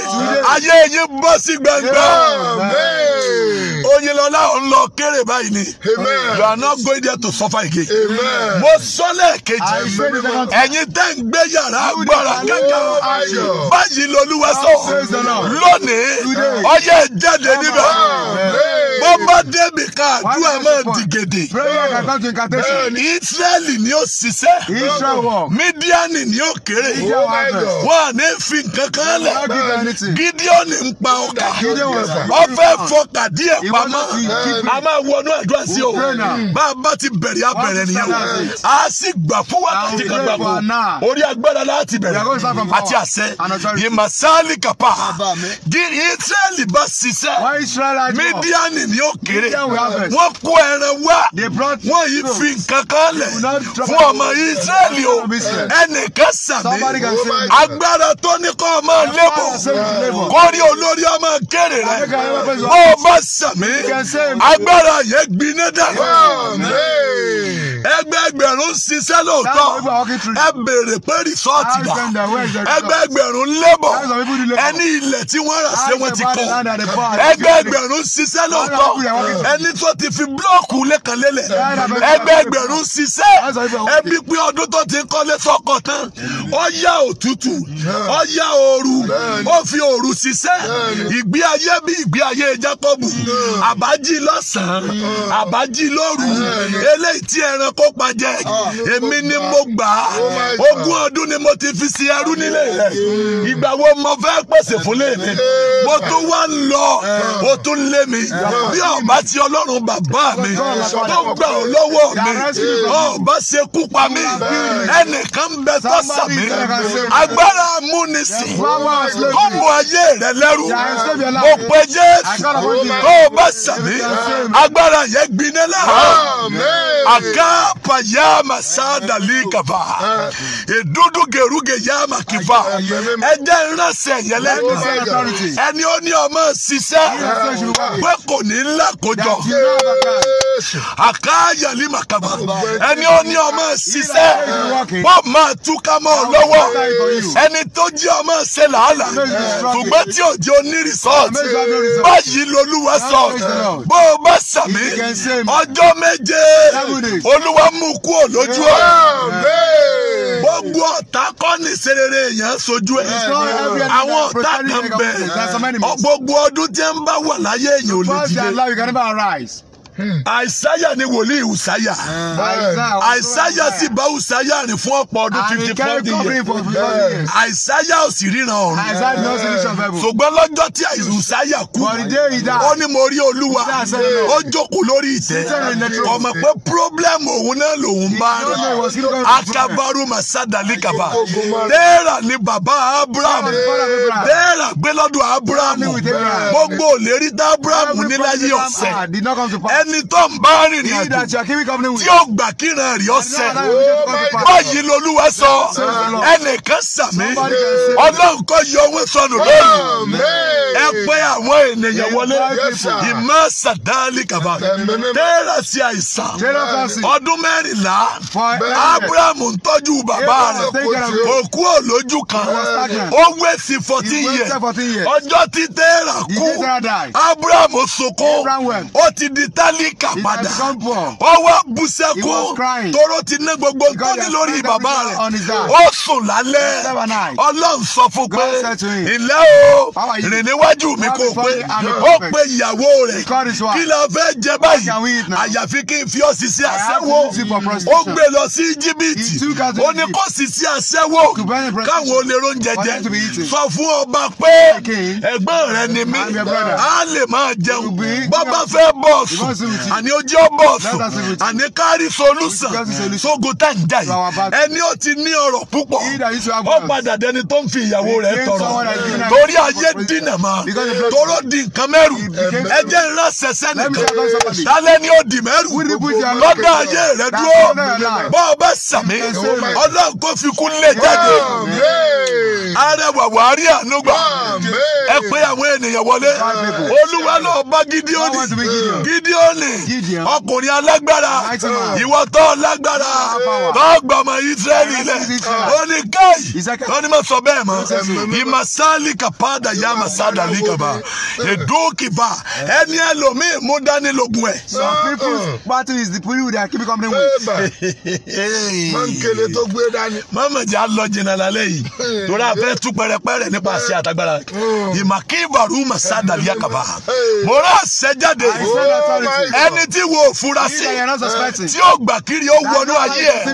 ayé yín bọ́ sí gbẹngbẹ́. Oyinlọ́lá ò ń lọ kéré báyìí ni. You are not going there to suffer again. Mo sọ́lẹ̀ kejì. Ẹ̀yin tẹ́ ń gbé yàrá agbára kankan. Báyìí lolúwa sọ. Lónìí, ọyẹ jáde níbẹ̀. Bó bá débi ká àdúrà máa dìgèdè. Ísírẹ́lì ni ó ṣiṣẹ́. Mídíánì ni ó kéré. Oh Wọ́n à ní fi nǹkan kan lẹ̀. Gídíọ́nì ń pa ọkà. Ó fẹ́ fọkà díẹ̀ pa a máa wọnú àdúrà sí o bá a bá ti bẹ̀rẹ̀ a bẹ̀rẹ̀ nìyẹn o a sì gbà fún wákàtí kan gbà fún orí agbára láti bẹ̀rẹ̀ àti àṣẹ ìmọ̀sáálì kàpá israẹli bá ṣiṣẹ́ mídíàní ni ó kéré wọ́n kó ẹran wá wọ́n yìí fi nǹkan kan lẹ̀ fún ọmọ israẹli o ẹnìkan sàmì agbára tó ní kọ́ ọmọ lébò kọ́rí olórí ọmọ kéré rẹ̀ ó bá sàmì agbára yẹn gbiná dànù ẹgbẹẹgbẹ̀rún ṣiṣẹ́ lóòótọ́ ẹ béèrè pé rìsọ́ọ̀tì dà ẹgbẹẹgbẹ̀rún lébọ̀ ẹni ilẹ̀ tí wọ́n rà ṣé wọ́n ti kọ́ ẹgbẹẹgbẹ̀rún ṣiṣẹ́ lóòótọ́ ẹni tó ti fi búlọ́ọ̀kù lẹ́kànlélẹ̀ ẹgbẹẹgbẹ̀rún ṣiṣẹ́ ẹbí pé ọdún tó ti ń kọ́lé sọ́kọ̀ tán ó yá òtútù ó yá ooru ó fi ooru ṣiṣẹ́ ìgbé ayé bí ìgbé ayé jákọ́bù àbájí lọ́sàn-án mm. àbájí lóru mm. eléyìí tí ẹranko pa jẹ ah. èmi ni mo gbà á oh ogún ọdún ni mo ti fi si ẹrú nílé rẹ mm. ìgbà wo mo fẹ́ pèsè fúnlé mi mo tún wá ń lọ o tún lé mi bí ọba ti ọlọ́run bàbá mi tó gbà ọ lọ́wọ́ mi ọba ṣe kú pa mi ẹnìkan bẹ tọ́sà mi agbára múnisìn kọ́mù ayé rẹ lẹ́rú mo pe Jésù tó bá sàmì agbára yẹn gbiná la akapa yama sadali kaba ìdúdú geruge yama kiba ẹjẹ ìránṣẹ́ yẹlẹ ẹni ó ní ọmọ ṣiṣẹ́ pé kò ní ńlá kójọ akayali makaba ẹni ó ní ọmọ ṣiṣẹ́ pọ máa túká mọ́ ọ lọ́wọ́ ẹni tó jí ọmọ ṣe làálàá ṣùgbọ́n tí ò jẹ́ oní rìsọ́ọ̀tì báyìí lolúwa sọ ọ bó o bá sàmì ọjọ́ méje olúwa mú kú ò lójú ọ gbogbo ọ̀tá kọ́ ní serere èèyàn sojú ẹ̀ àwọn ọ̀tá kan bẹ̀ gbogbo ọdún tí ń bá wà láyé èèyàn ò lè jíde àìsáyà ni wòlíì ùsáyà àìsáyà sì bá ùsáyà rìn fún ọ̀pọ̀ ọdún fifty four years àìsáyà ò sì ríran ọ̀run ṣùgbọ́n lọ́jọ́ tí ùsáyà kú ó ní mo rí olúwa ó jókòó lórí ìtẹ́ ọmọ pé pírọ́blẹ́mù òun náà lòun bá rìn akabaru masadali kaba dẹ́ẹ̀rà ni bàbá abraham dẹ́ẹ̀rà gbé lọ́dọ̀ abraham gbogbo òlérí tá abraham níláyé ọ̀sẹ̀ ẹni ẹni tó ń bá rìnrìn àjò tí ó gbà kíran rí ọsẹ báyìí lolúwa sọ ẹnìkan sàmì ọlọ́run kọ́ yọ owó sọnù lónìí ẹ pé àwọn ènìyàn wọlé ìmọ̀ sàdáàlì kàbà tẹ́lá sí àìsàn ọdún mẹ́rìnlá abrahamu ń tọ́jú bàbá rẹ̀ òkú òlójú kan ó wé sí fourteen years ọjọ́ tí tẹ́lá kú abrahamu sunkún ó ti di tá tálíkà padà ó wá tóró ti ná gbogbo tó lórí bàbá rẹ̀ ó sùn lálẹ́ ọlọ́run sọ fún pé ilẹ̀ o rìn níwájú mi kò pé ó pe ìyàwó rẹ̀ kí la fẹ́ jẹ báyìí àyàfi kí n fi ọ́ sisi aṣẹ́wó ó gbé lọ sí íjíbítì ó ní kó sisi aṣẹ́wó káwọn olèrò ń jẹjẹ sọ fún ọba pé ẹ̀gbọ́n rẹ ni mí á lè máa jẹun bàbá fẹ́ bọ̀ sùn àní ojú ọbọ sùn àní kárí solúsàn sógo tá ń jà yìí ẹni ó ti ní ọrọ̀ púpọ̀ ó padà dẹni tó ń fi ìyàwó rẹ̀ tọrọ torí ayé dínà máa toró di nǹkan mẹ́rù ẹjẹ́ ńlá sẹ̀sẹ̀ nìkan tálẹ́ ni ó di mẹ́rù lọ́dọ̀ ayé rẹ̀ dúró bọ́ ọ bá sàmì ọlọ́run kò fi kú lé jáde arẹwà wàárí ànúgbà ẹ pé àwọn ènìyàn wọlé olúwa lọ bá gidi ó di gidi ó lónìí ọkùnrin alágbára ìwọ tó lágbára tó gbọmọ Ísírẹ́lì lẹ ó ní káyì sọ bẹ́ẹ̀ mọ́ ìmàsálì kàpádà yá màsádà ní kàbá èdókìbá ẹni ẹlòmíì mú dání lógun ẹ. some people's battle is the people they are keeping company with. mọ̀nkele tó gbé dání. mọ̀mọ̀jà lọ jìnnà lálẹ́ yìí torí a fẹ́ tú pẹ́rẹpẹ́rẹ nípa àṣẹ àtagbára ìmàkíbarú màsádà ní kàbá mo rà ṣẹ́jáde ẹni tí wo òfura sí tí ó gbà kiri ó wọnú ayé ẹ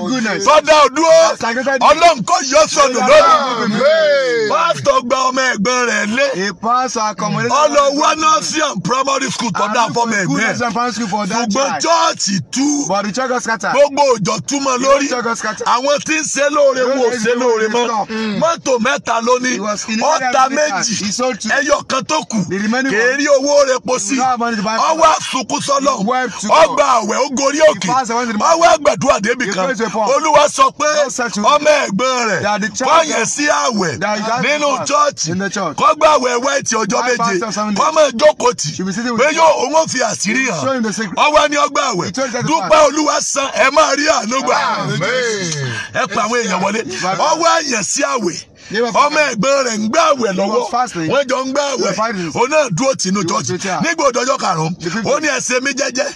fọdà òdúró ọlọ́run kò yọ sọnù lónìí pásítọ̀ gba ọmọ ẹ̀gbọ́n rẹ̀ lé ọlọ́wọ́ nọ́ọ̀sìàn primary school tọ́dá fọmọ ẹ̀gbẹ́ ṣùgbọ́n chọ́ọ̀chì tú gbogbo òjò túmọ̀ lórí àwọn tí ń ṣe lóore wo ṣe lóore mọ́ hmm. mọ́tò mẹ́ta lónìí ọ̀tá méjì ẹyọ kan tó kù kèérí owó rẹ̀ pọ̀ sí ọwọ́ àsùnkú sọ Ọlọ́run ọgbà àwẹ̀ ó gorí òkè ọwọ́ àgbàdua débi kan olúwa sọ pé ọmọ ẹ̀gbọ́n rẹ̀ fọyẹ̀ sí àwẹ̀ nínú chọ́ọ̀chì kọ́gbà àwẹ̀ ẹ̀wẹ̀ ti ọjọ́ méje kọ́mọ ìjókòó tì pé yóò òun ò fi àṣírí hàn ọwọ́ ni ọgbà àwẹ̀ dúpẹ́ olúwa san ẹ̀ máa rí àánú gbà ẹ̀ pa àwọn èèyàn wọlé ọwọ́ àyẹ̀ sí àwẹ̀ ọmọ ẹ̀gbọ́n rẹ̀ ń gbà àwẹ̀ lọ́wọ́ wọ́n jọ ń gbà àwẹ̀ òun náà dúró tìǹú church nígbà òdòjọ́ karùn-ún ó ní ẹsẹ̀ mi jẹ́jẹ́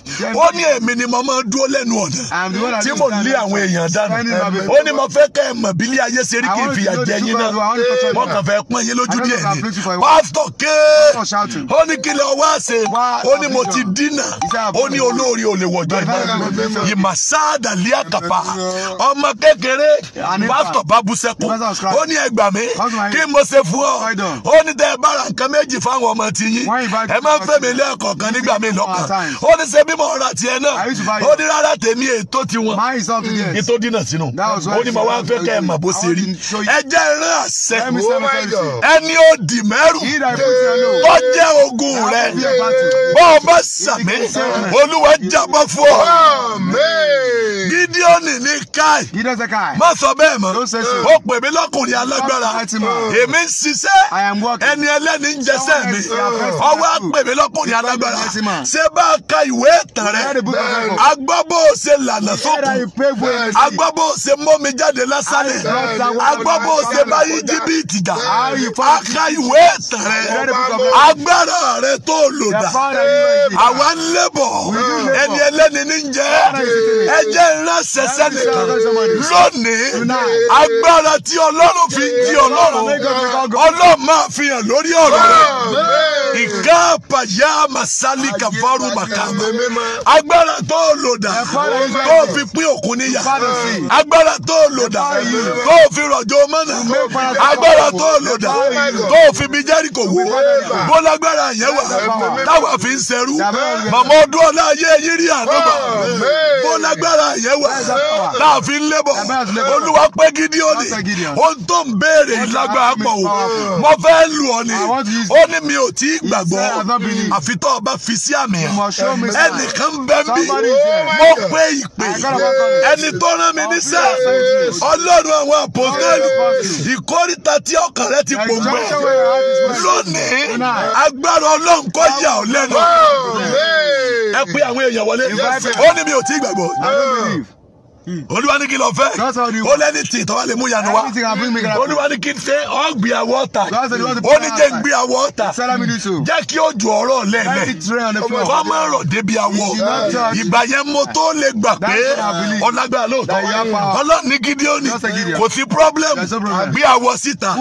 ó ní èmi ni mo máa dúró lẹ́nu ọ̀nà tí mo lé àwọn èèyàn dànù ó ní mo fẹ́ kẹ́ ẹ mọ̀ bí ilé ayé ṣe rí kí n fìyà jẹ yín náà mo kàn fẹ́ pọ́n yín lójú díẹ̀ ni pásítọ̀ ké ó ní kí lè wá ṣe ó ní mo ti dínà ó ní olóore ò lè wọ̀jọ́ iná ìmàsáàdà gbà mí kí mo ṣe fún ọ ó ní tẹ ẹ bára nǹkan méjì fáwọn ọmọ ti yín ẹ máa ń fẹ́ mi lẹ́ẹ̀kọ̀ kan nígbà mi lọ́kàn ó ní ṣe bímọ ọ̀rọ̀ tiẹ̀ náà ó ní rárá tèmi ètò tiwọn kí mm, tó dínà sínú ó ní mo wá fẹ́ kẹ́ ẹ mà bó ṣe rí ẹ jẹ́ ìran àṣẹ oh ẹni ó dì mẹ́rù ó jẹ́ ogun rẹ bọ́ ọ bá sàmì olúwa jábọ́ fún ọ Gideon ní káì má sọ bẹ́ẹ̀ mọ́ ó pè mí lọ́kùnrin alágbó lágbára èmi ń ṣiṣẹ́ ẹni ẹlẹ́ni ń jẹsẹ́ mi ọwọ́ àpè lọ́kùnrin alágbára ṣé bá a ka ìwé ìtàn rẹ agbọ́ bó o ṣe lànà sókun agbọ́ bó o ṣe mọ́mi jáde lásánlẹ̀ agbọ́ bó o ṣe bá yí jìbìtì jà a ka ìwé ìtàn rẹ agbára rẹ tó lò àwa ń lébọ̀ ẹni ẹlẹ́ni ní jẹ́ ẹjẹ́ ńlá ṣẹṣẹ́ nìkan lónìí agbára tí ọlọ́run fi ti di ọlọ́run ọlọ́run máa fi hàn lórí ọ̀rọ̀ rẹ ìkáàpà yá masali kàfàrù màkàmà agbára tó lòdà tó fi pín òkun níyà agbára tó lòdà tó fi rọ̀jò mọ́nà agbára tó lòdà oh tó fi mi jẹ́ríkò wò bólágbára yẹn wà táwa fi ń ṣerú màmá ọdún ọ̀la ayé yín rí àdúgbò bólágbára yẹn wà láàfin lébọ̀ olúwa pé gidi òní ohun tó ń béèrè ìlágbára pọ̀ wò mo fẹ́ lù ọ́ ni ó ní mi ò tí nígbàgbọ́ àfi tó ọba fi sí àmì hàn ẹnìkan bẹ mí mo pé ìpè ẹni tó rán mi níṣẹ́ ọlọ́run àwọn àpòtẹ́lì ìkórìtà tí ọkàn rẹ ti pò lónìí agbára ọlọ́run kọ́ yà ọ́ lẹ́nu ẹ pé àwọn èèyàn wọlé ó ní mi ò tí gbàgbọ́. Hmm. olúwa ní kí lọ fẹ́ ó lẹ́ni tì tọ́wá lè mú yanu wa olúwa ní kí n ṣe ọ̀gbìn àwọ̀ ọ̀tà ó ní jẹ́ gbìn àwọ̀ ọ̀tà jẹ́ kí ó ju ọ̀rọ̀ lẹ́lẹ̀ kọ́ máa rọ̀ débi àwọ̀ ìgbà yẹn lè gbà pé ọ̀làgbà lóòótọ́ ọlọ́ọ̀ni Gídíónì kò sí pírọ́blẹ́mù gbé àwọ̀ síta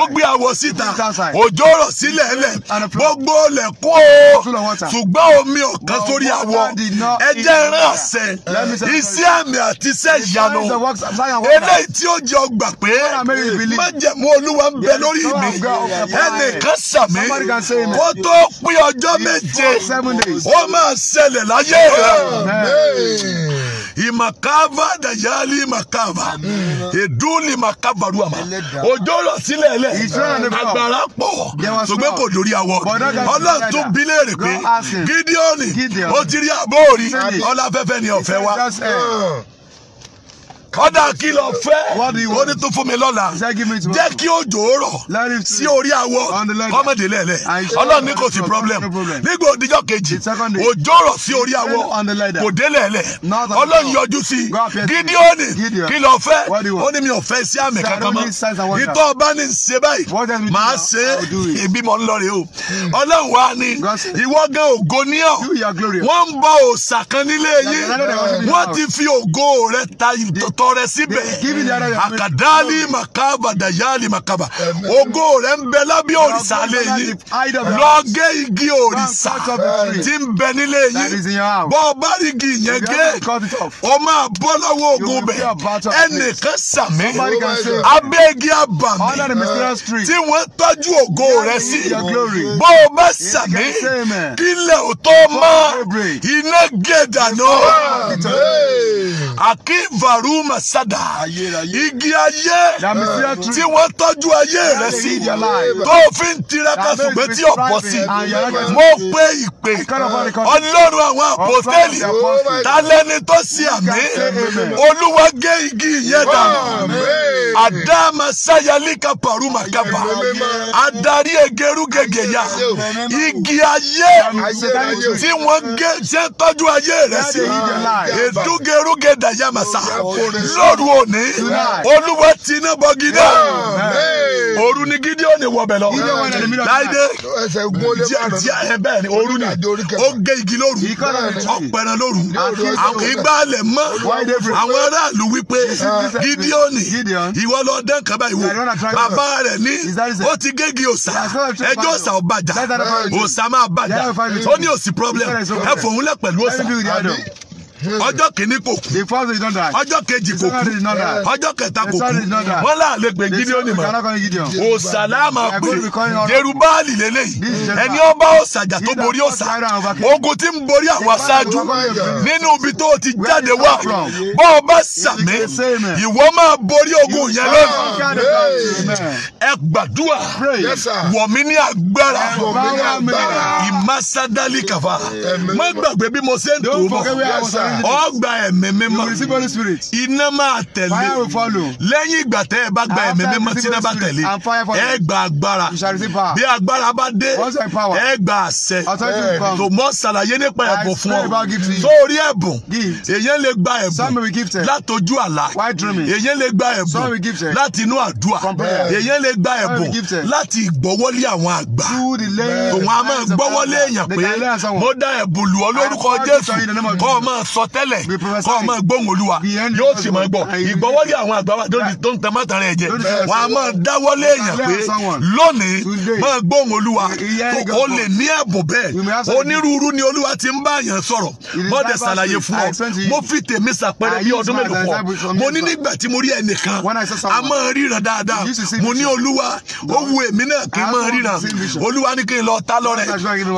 ó gbé àwọ̀ síta òjò rọ̀ sílẹ̀ ẹlẹ̀ gbogbo lẹ̀ kó o ṣùgbọ́n omi ọ̀kan sórí àwọ̀ ẹ jẹ́ rán àṣẹ iṣẹ́ àmì àti iṣẹ́ ìyanu eléyìí tí ó jẹ́ ọgbà pé májẹ̀mú olúwa ń bẹ lórí mi ẹnìkan sàmì kó tó pín ọjọ́ méje ó máa ṣẹlẹ̀ láyé rẹ imakava dayali makava eduli makava ruama ojo lọ sílẹ̀ lẹ̀ agbára pọ̀ ṣùgbọ́n kò lórí awọ ọlọ́run tún bi léèrè pé Gídíọ́nì ó ti rí àbóòrí ọlọ́fẹ́fẹ́ ni ọ̀fẹ́ wa kọ́dà kí lọ fẹ́ ó ní tún fún mi lọ́la jẹ́ kí òjò rọ̀ sí orí awọ kọ́mọ̀dé lẹ́lẹ̀ ọlọ́run ní kò sí problem nígbà òdìjọ́ kejì òjò rọ̀ sí orí awọ kò dé lẹ́lẹ̀ ọlọ́run yọjú sí gídíọ́nì kí lọ fẹ́ ó ní mi ò fẹ́ sí àmì kankan mọ́ ìtọ́ ọba ní ṣe báyìí màá ṣe ìbímọ ńlọrẹ o ọlọ́run wa ni ìwọ gan ògo ní ọ wọ́n ń bọ òòṣà kan nílé yín wọ́n ti fi ògo rẹ ta ìtọ́tọ́ tọrẹ síbẹ̀ àkàdáàlì màkàbà dàyàlì màkàbà ògo rẹ̀ ń bẹ lábẹ́ òrìṣà lé yín lọ gé igi òrìṣà tí ń bẹ nílé yín bọ́ ọ bá rí ogun bẹ̀ ẹnìkan sàmì abẹ́ igi abàmì tí wọ́n tọ́jú ògo rẹ̀ sí bọ́ ọ bá sàmì kílẹ̀ ò tó mọ́ iná gé dànù akínvarú masada igi ayé tí wọ́n tọ́jú ayé rẹ̀ sí tó fi ń tiraka ṣùgbọ́n tí ọ̀pọ̀ sí mo pe ìpè ọlọ́run àwọn àpòtẹ́ẹ̀lì talẹ́ni tó ṣe àmì olúwa gé igi yẹn dànù àdáàmà sáyálíkà pàrùmà kàbà adarí egeru gègé ya igi ayé tí wọ́n gé tí wọ́n tọ́jú ayé rẹ̀ sí èdúgẹrúgẹ dàyàmàsà lóru òní olúwa ti iná bọ gidá òru ni Gídíọ́nì wọbẹ̀ lọ láìdé díẹ̀ ẹ bẹ́ẹ̀ ni òru ni ó gé igi lóru ọ̀pẹ̀rẹ̀ lóru àwọn ìgbàlẹ̀ mọ́ àwọn aráàlú wípé Gídíọ́nì ìwọ lọ dán kaba ìwò bàbá rẹ̀ ní ó ti gégi òòṣà ẹjọ́ òòṣà ò bàjá òòṣà máa bàjá ó ní òsì problem ẹ fòun lẹ pẹ̀lú òòṣà ọjọ́ kìíní kò kú ọjọ́ kejì kò kú ọjọ́ kẹta kò kú wọ́n láàlẹ́ gbé gídíọ́nì mọ́ òsàlámà pé jerubáàlì lélẹ́yìí ẹni ọba òsàjà tó borí òsà ogun tí ń borí àwọn aṣáájú nínú ibi tó ti jáde wá bọ́ ọ bá sàmì ìwọ máa borí ogun yẹn lónìí ẹ gbàdúrà wọ̀ mí ní agbára ìmásadálì kàfà má gbàgbé bí mo ṣe ń tó bọ̀ ọ gba ẹ̀mí mímọ́ iná máa tẹ̀lé lẹ́yìn ìgbà tẹ́ ẹ bá gba ẹ̀mí mímọ́ tí iná bá tẹ̀lé ẹ gba agbára bí agbára bá dé ẹ gba àṣẹ tó mọ́ ṣàlàyé nípa ẹ̀bùn fún ọ sórí ẹ̀bùn èyàn lè gba ẹ̀bùn látojú àlá èyàn lè gba ẹ̀bùn láti inú àdúrà èyàn lè gba ẹ̀bùn láti ìgbọ́wọ́lé àwọn àgbà tòun a máa gbọ́wọ́lé èèyàn pé mo dá ẹ̀bùn lù ọ lórúkọ Jésù kọ́ ọ máa sọ sọ tẹ́lẹ̀ kọ́ ọ máa gbóhùn olúwa yóò sì máa gbọ́ ìgbọ́wọ́lé àwọn àgbàwá tó ń tan mọ́tàn rẹ̀ jẹ wọ́n á máa dáwọ́lé èèyàn pé lónìí máa gbóhùn olúwa o lè ní ẹ̀bùn bẹ́ẹ̀ onírúurú ni olúwa ti ń bá èèyàn sọ̀rọ̀ bọ́dẹ̀ ṣàlàyé fún ọ mo fi tèmi ṣàpẹẹrẹ bí ọdún mélòó pọ̀ mo ní nígbà tí mo rí ẹnìkan a máa ríran dáadáa mo ní olúwa ó wu èmi náà kí n máa ríran olúwa ní kí n lọ ta lọ́rẹ̀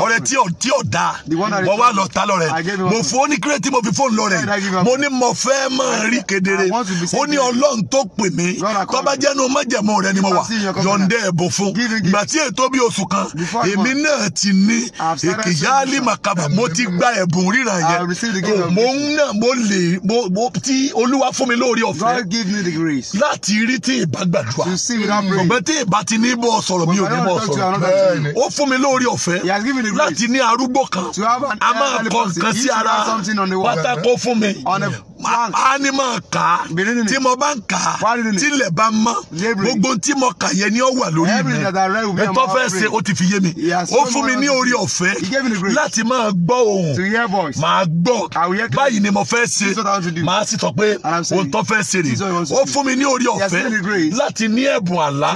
ọ̀rẹ́ tí ò dáa wọ́n wá lọ ta lọ́rẹ̀ mo fún ó ní kírètì mo fi fóònù lọ rẹ̀ mo ní mo fẹ́ máa rí kedere ó ní ọlọ́run tó pè mí tó bá jẹ́nu májẹ̀mú rẹ ni mo wà yọ̀ǹdẹ́ ẹ̀bùn fún ìgbà tí ètò bí oṣù kan èmi náà ti ní èkìyálì màkàbà mo ti gba ẹ̀bùn ríran yẹn mo ń náà mo lè mo tí olúwa fún mi lórí ọ̀fẹ́ láti rí tí ìbá gbàdúrà ọ̀gbẹ́ tí ìbá ti ní bọ́ sọ̀rọ̀ mi ò ní bọ́ sọ̀rọ̀ ó fún mi lórí ọ̀fẹ́ láti ní arúgbó kan a máa kọ nǹkan sí ara go for me. a ni ma ka tí mo bá ń ka tí ilẹ̀ bá ń mọ́ gbogbo tí mo kà yẹ ni ó wà lórí mi ẹ̀tọ́ fẹ́ ṣe ó ti fi yé mi ó fún mi ní orí ọ̀fẹ́ láti máa gbọ́ ohùn máa gbọ́ báyìí ni mo fẹ́ ṣe máa sì sọ pé ohun tó fẹ́ ṣe rè ó fún mi ní orí ọ̀fẹ́ láti ní ẹ̀bùn àlá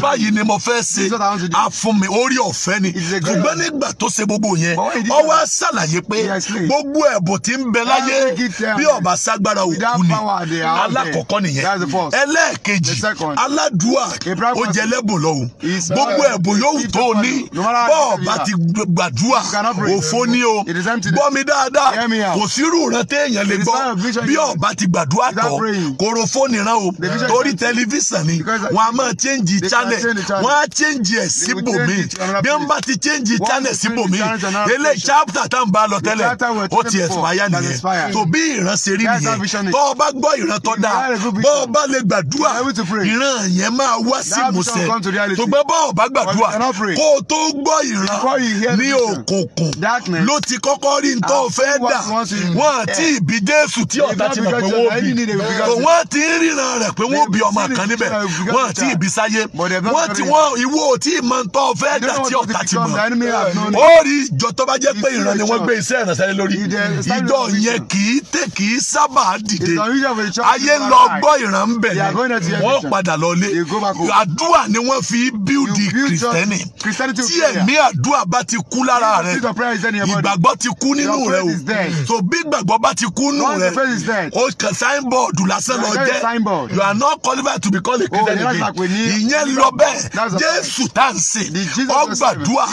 báyìí ni mo fẹ́ ṣe á fún mi orí ọ̀fẹ́ ni ṣùgbọ́n nígbà tó ṣe gbogbo yẹn ó wá ṣàlàyé pé gbogbo ẹ̀bùn tí ń bẹ láyé bí ọ̀b bá ságbára òkú ni alákọ̀ọ́kọ́ nìyẹn ẹlẹ́ẹ̀kejì aládùúà ó jẹ lẹ́bùn lọ́wọ́ gbogbo ẹ̀bùn yóò tó o ní bọ́ọ̀ bá ti gbàdúà òfo ní o gbọ́ mi dáadáa kò sírù rẹ téèyàn lè gbọ́ bí ọba ti gbàdúà tọ̀ kóró fóònù rán o torí tẹlifíṣàn ni wọn a máa chẹ́ǹjì channel wọn á chẹ́ǹjì ẹ̀ síbòmí bí wọn bá ti chẹ́ǹjì channel síbòmí eléyìí chapter tá n bá lọ tẹ́lẹ̀ ó ti expire nìyẹn tó ìránṣẹ́ ṣe rí nìyẹn bọ́ bá gbọ́ ìran tó dáa bọ́ bá lè gbàdúrà ìran yẹn máa wá sí ìmúṣẹ ṣùgbọ́n bọ́ bá gbàdúrà kó o tó gbọ́ ìran ní òkùnkùn ló ti kọ́kọ́ rí n tó dà wọ́n àti ìbí eh. Jésù tí ọ̀tá ti mọ̀ pé wọ́n bí wọ́n ti ń ríran rẹ̀ pé wọ́n bí ọmọ kan níbẹ̀ wọ́n àti ìbí wọ́n ti wọ́n ìwọ tí ìmọ̀ n tó dà tí ọ̀tá ti mọ̀ ó rí ìjọ tó bá jẹ́ pé ìran ni wọ́n gbé iṣẹ́ ìrànṣẹ́ lórí ìjọ yẹn kì í tẹ̀ kì í sábà dìde ayé ń lọ gbọ́ ìran bẹ̀ ni wọ́n padà lọlé àdúrà ni wọ́n fi bíúdi kìrìsìtẹ́nì tí ẹ̀mí àdúrà bá ti kú lára rẹ ìgbàgbọ́ ti kú nínú rẹ o so bí ìgbàgbọ́ bá ti kú nínú rẹ o kàn signboard lásán lọ jẹ́ you are not qualified to be called a oh, Christian again ìyẹn lọ bẹ́ẹ̀ Jésù tá n sè ọgbàdúà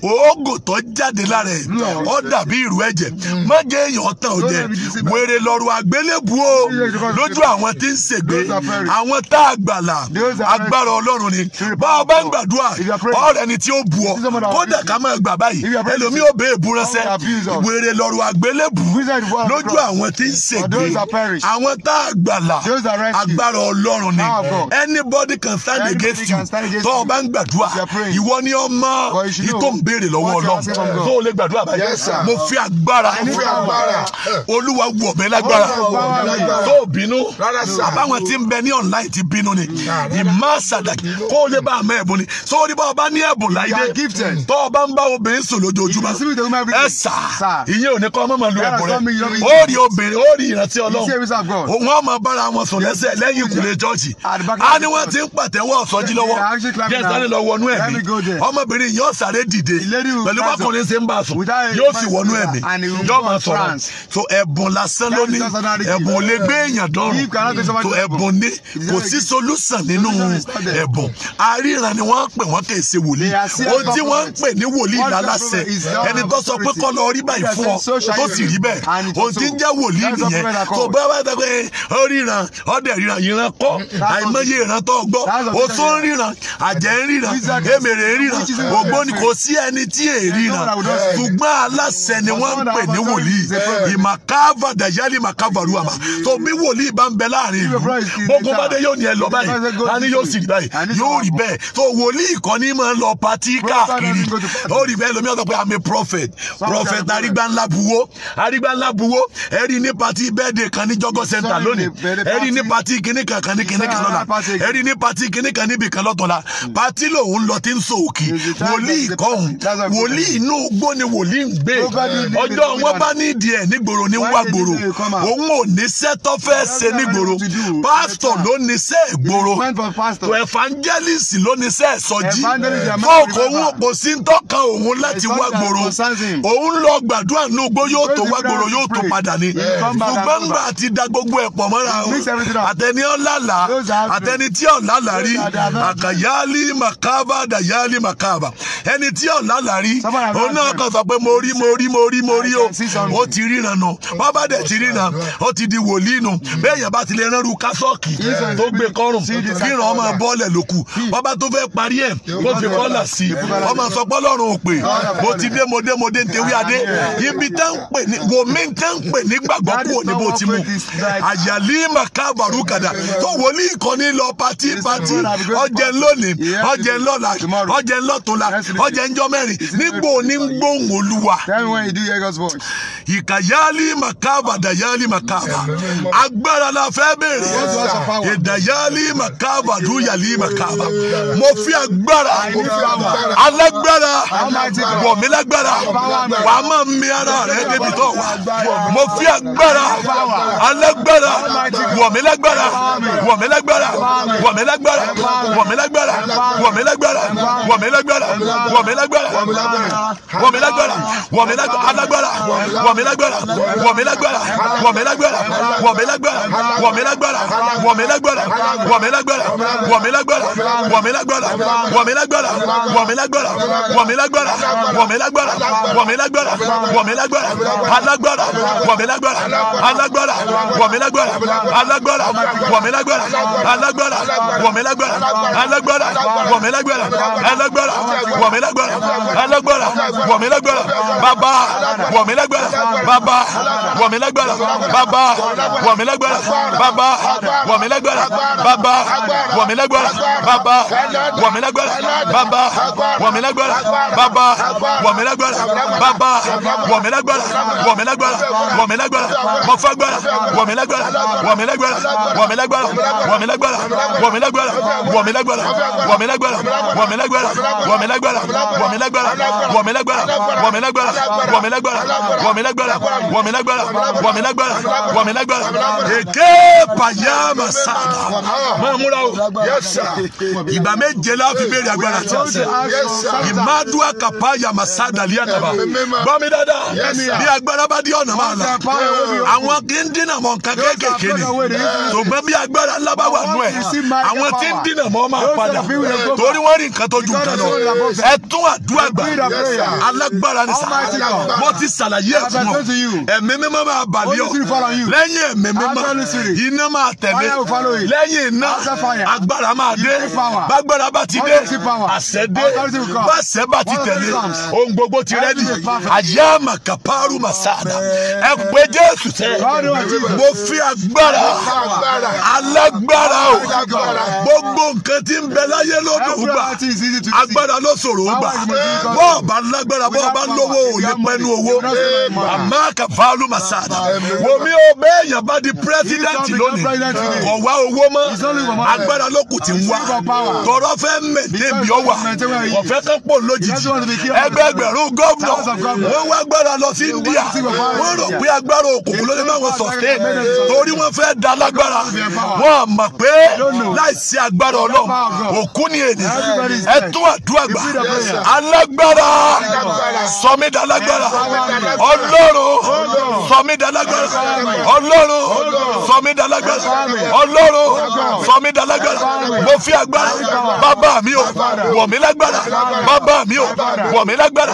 oògùn tó jáde lára ẹ̀ ọ dàbí ìrù ẹ̀jẹ̀ mm. má jẹ́ èèyàn tán ò jẹ́ wéré lọ lọ́rùn àgbélébù o lójú àwọn tí ń ṣègbè àwọn tá a gbàlà agbára ọlọ́run ni bá ọba ń gbàdúrà ọ̀rẹ́ ni tí ó bù ọ kódà ká máa gbà báyìí ẹlòmíì ò bẹ́ẹ̀ bu ránṣẹ́ oh, wèrè lọ́rùn àgbélébù lójú àwọn tí ń ṣègbè àwọn tá a gbàlà agbára ọlọ́run ni anybody can stand against you tó ọba ń gbàdúrà ìwọ ni ọmọ ìtò ń béèrè lọ́wọ́ ọlọ́run tó o lè gbàdúrà báyìí mo fi agbára olúwa wọ̀ bẹ́ẹ̀ lágbára tó bínú àbáwọn tí ń bẹ ní online ti bínú ni ìmá sàdàkì kó o lè bá àmọ́ ẹ̀bùn ni sórí bá ọba ní ẹ̀bùn láìdé tó ọba ń bá obìnrin sùn lójoojúmọ́ ẹ sà ìyẹn ò ní kọ́ ọmọ màá lu ẹ̀bùn rẹ ó rí obìnrin ó rí ìrántí ọlọ́run wọn máa bára wọn sùn lẹ́sẹ̀ lẹ́yìn ìkùlé jọ́ọ̀jì á ní wọ́n ti ń pàtẹ́wọ́ ọ̀sọ́jí lọ́wọ́ jẹ́ sáré lọ ni ẹ̀bùn lè gbé èèyàn dọ́rùn tó ẹ̀bùn ni kò sí solúsàn nínú ẹ̀bùn àríran ni wọ́n ń pè wọ́n kìí ṣe wòlíì ohun tí wọ́n ń pè ní wòlíì lálásẹ̀ ẹni tó sọ pé kọ́ lọ rí báyìí fún ọ tó sì rí bẹ́ẹ̀ ohun tí ń jẹ́ wòlíì nìyẹn tó bá wà dá pé ó ríran ọ̀dẹ̀ ríran ìran kọ́ àìmọye ìran tó gbọ́ o tó ń ríran àjẹ́ ń ríran èmèrè ń ríran ògbóni kò sí ẹni tí èè ṣùgbọ́n aláṣẹ ni wọ́n ń pè ní wòlíì ìmàkàvàdàyálì lí ma kábàrú àmà tó mi wòlíì bá ń bẹ láàrin ìlú gbogbo bá dé yóò ní ẹ lọ báyìí a ní yóò sì rí báyìí yóò rí bẹ́ẹ̀ tó wòlíì kan ní máa ń lọ patí káàkiri ó rí bẹ́ẹ̀ lómi ọ̀tọ̀ pé I'm a prophet prophet arígbáńlá buwó arígbáńlá buwó ẹ rí ní patí bẹ́ẹ̀dẹ̀ kan ní jọgọ́ center lónìí ẹ rí ní patí kíní kan kan ní kíní kan lọ́la ẹ rí ní patí kíní kan níbi kan lọ́tọ̀la hmm. patí lòun lọ ti ń so òkè wòlíì kọ́hún wòlíì inú gbóni wòlíì ń gbé òun ò ní iṣẹ́ tó fẹ́ ṣe nígboro pásítọ̀ ló ní iṣẹ́ ìgboro evangelist ló ní iṣẹ́ ìsọjí fọ́ọ̀kù òun kò sí ń tọ́ka òun láti wá gbòòrò òun lọ gbàdúrà ní ugbó yóò tó wá gbòòrò yóò tó padà ní ṣùgbọ́n gbà da gbogbo ẹ̀ pọ̀ mọ́ra o àtẹni ọ̀làlà àtẹni tí ọ̀làlà rí àkàyálì màkàbà dàyálì màkàbà ẹni tí ọ̀làlà rí òun náà kàn sọ pé mo rí mo rí mo rí mo rí o ó ti ríran nù wọ́n bá dẹ̀ ti ríran náà ó ti di wòlíì nù bẹ́ẹ̀ yẹn bá ti lè rẹ́rù kásọ́ọ̀kì tó gbé kọ́rùn kíran ọmọ bọ́ọ̀lẹ̀ lóku bàbá tó fẹ́ parí ẹ̀ kó fi kọ́là sí i ọmọ sọ gbọ́lọ́run òpè mo ti dé mo dé mo dé ntẹ̀wé adé ibi tẹ́ ń pè ní wòmí tẹ́ ń pè ní gbàgbọ́ kú òní bó ti mú àyàlí màkàbàrú kàdà tó wòlíì kan ní lọ pati pati ọjẹ́ lónìí ọjẹ́ lọ́la ọjẹ́ lọ́tọ̀la ọjẹ́ njọ́ mẹ́rin nígbò ní gbóhùn olúwa ìkàyálí màkàbàdàyà ìdàyàlì màkàbà agbára la fẹ́ béèrè ìdàyàlì màkàbà dúyàlì màkàbà mo fi agbára alágbára wọ̀ mí lágbára wà á máa mi ara rẹ débi tó wà mo fi agbára alágbára wọ̀ mí lágbára wọ̀ mí lágbára wọ̀ mí lágbára wọ̀ mí lágbára wọ̀ mí lágbára wọ̀ mí lágbára wọ̀ mí lágbára wọ̀ mí lágbára wọ̀ mí lágbára alágbára wọ̀ mí lágbára wọ̀ mí lágbára wọ̀ mí lágbára wọ̀ mí lágbára wọ̀ mí lágbára wọ̀ mí lágbára wọ̀ mí lágbára wọ̀ mí lágbára wọ̀ mí lágbára wọ̀ mí lágbára wọ̀ mí lágbára wọ̀ mí lágbára wọ̀ mí lágbára wọ̀ mí lágbára wọ̀ mí lágbára alágbára wọ̀ mí lágbára alágbára wọ̀ mí lágbára alágbára wọ̀ mí lágbára alágbára wọ̀ mí lágbára alágbára wọ̀ mí lágbára alágbára wọ̀ mí lágbára alágbára wọ̀ mí lágbára bàbá wọ̀ mí lágbára bàbá wọ̀ mí lágbára bàbá wọ̀ mí lágbára bàbá wọ̀ baba, lágbára bàbá wọ̀ mí lágbára bàbá wọ̀ mí lágbára bàbá wọ̀ baba, lágbára bàbá wọ̀ mí lágbára bàbá wọ̀ mí lágbára wọ̀ mí lágbára wọ̀ mí lágbára mo fẹ́ gbára wọ̀ mí lágbára wọ̀ mí lágbára wọ̀ mí lágbára wọ̀ mí lágbára wọ̀ mí lágbára wọ̀ mí lágbára wọ̀ mí lágbára wọ̀ mí lágbára wọ̀ mí lágbára wọ̀ mí lágbára wọ̀ mí lágbára wọ̀ mí lágbára wọ̀ mí lágbára wọ̀ mí lágbára wọ̀ mí lágbára wọ̀ mí lágbára wọ̀ mí lágbára lẹgbẹ wà mí lẹgbẹ èké pàyà mà sáàdà máa múra o ìgbà méje la fi béèrè agbára tí a sẹ ìmádùá kàpá yà mà lìyà dàbà gbọ́ mi dáadáa bí agbára bá di ọ̀nà máa la àwọn kì í dínà mọ̀ nǹkan kéékèèké ni ṣùgbọ́n bí agbára ńlá bá wà nù ẹ̀ àwọn tí ń dínà mọ́ máa padà torí wọ́n rí nǹkan tó ju nǹkan lọ ẹ tún àdúrà gbà alágbára ni sàlàyé mo ti ọ ẹ̀mí mímọ́ máa bàlẹ́ yọ lẹ́yìn ẹ̀mẹ́mẹ́mọ́ iná máa tẹ̀lé lẹ́yìn iná agbára máa dé bágbára bá ti dé àṣẹ dé báṣẹ bá ti tẹ̀lé ohun gbogbo ti rẹ́dì àyà màkàpárù màsáàdà ẹ pé Jésù sẹ́ mo fi agbára alágbára o gbogbo nǹkan tí ń bẹ láyé lọ́dọ̀ gbà agbára ló ṣòro gbà bọ́ọ̀ bá lágbára bọ́ọ̀ bá lówó ò lè pẹ́nu owó àmọ́ kàfáàlù màsáàdà wo mi o bẹ́ẹ̀yàn bá di president lónìí kò wá owó mọ́ agbára ló kù ti ń wá tọrọ fẹ́ mẹ̀tẹ́ bí ó wà kò fẹ́ kán pò lójijì ẹgbẹgbẹ̀rún gómìnà wọ́n wá agbára lọ sí India wọ́n rò pé agbára òkùnkùn ló lè má wọn sustain torí wọ́n fẹ́ da lágbára wọ́n mọ̀ pé láìsí agbára ọlọ́run òkú ni ènìyàn ẹ tún àdúrà gbà alágbára sọmídàlágbára ọlọ́run sọmídàlágbára ọlọ́run sọ mí dalágbára ọlọ́run sọ mí dalágbára mo fi agbára bàbá mi o wọ̀ mí lágbára bàbá mi o wọ̀ mí lágbára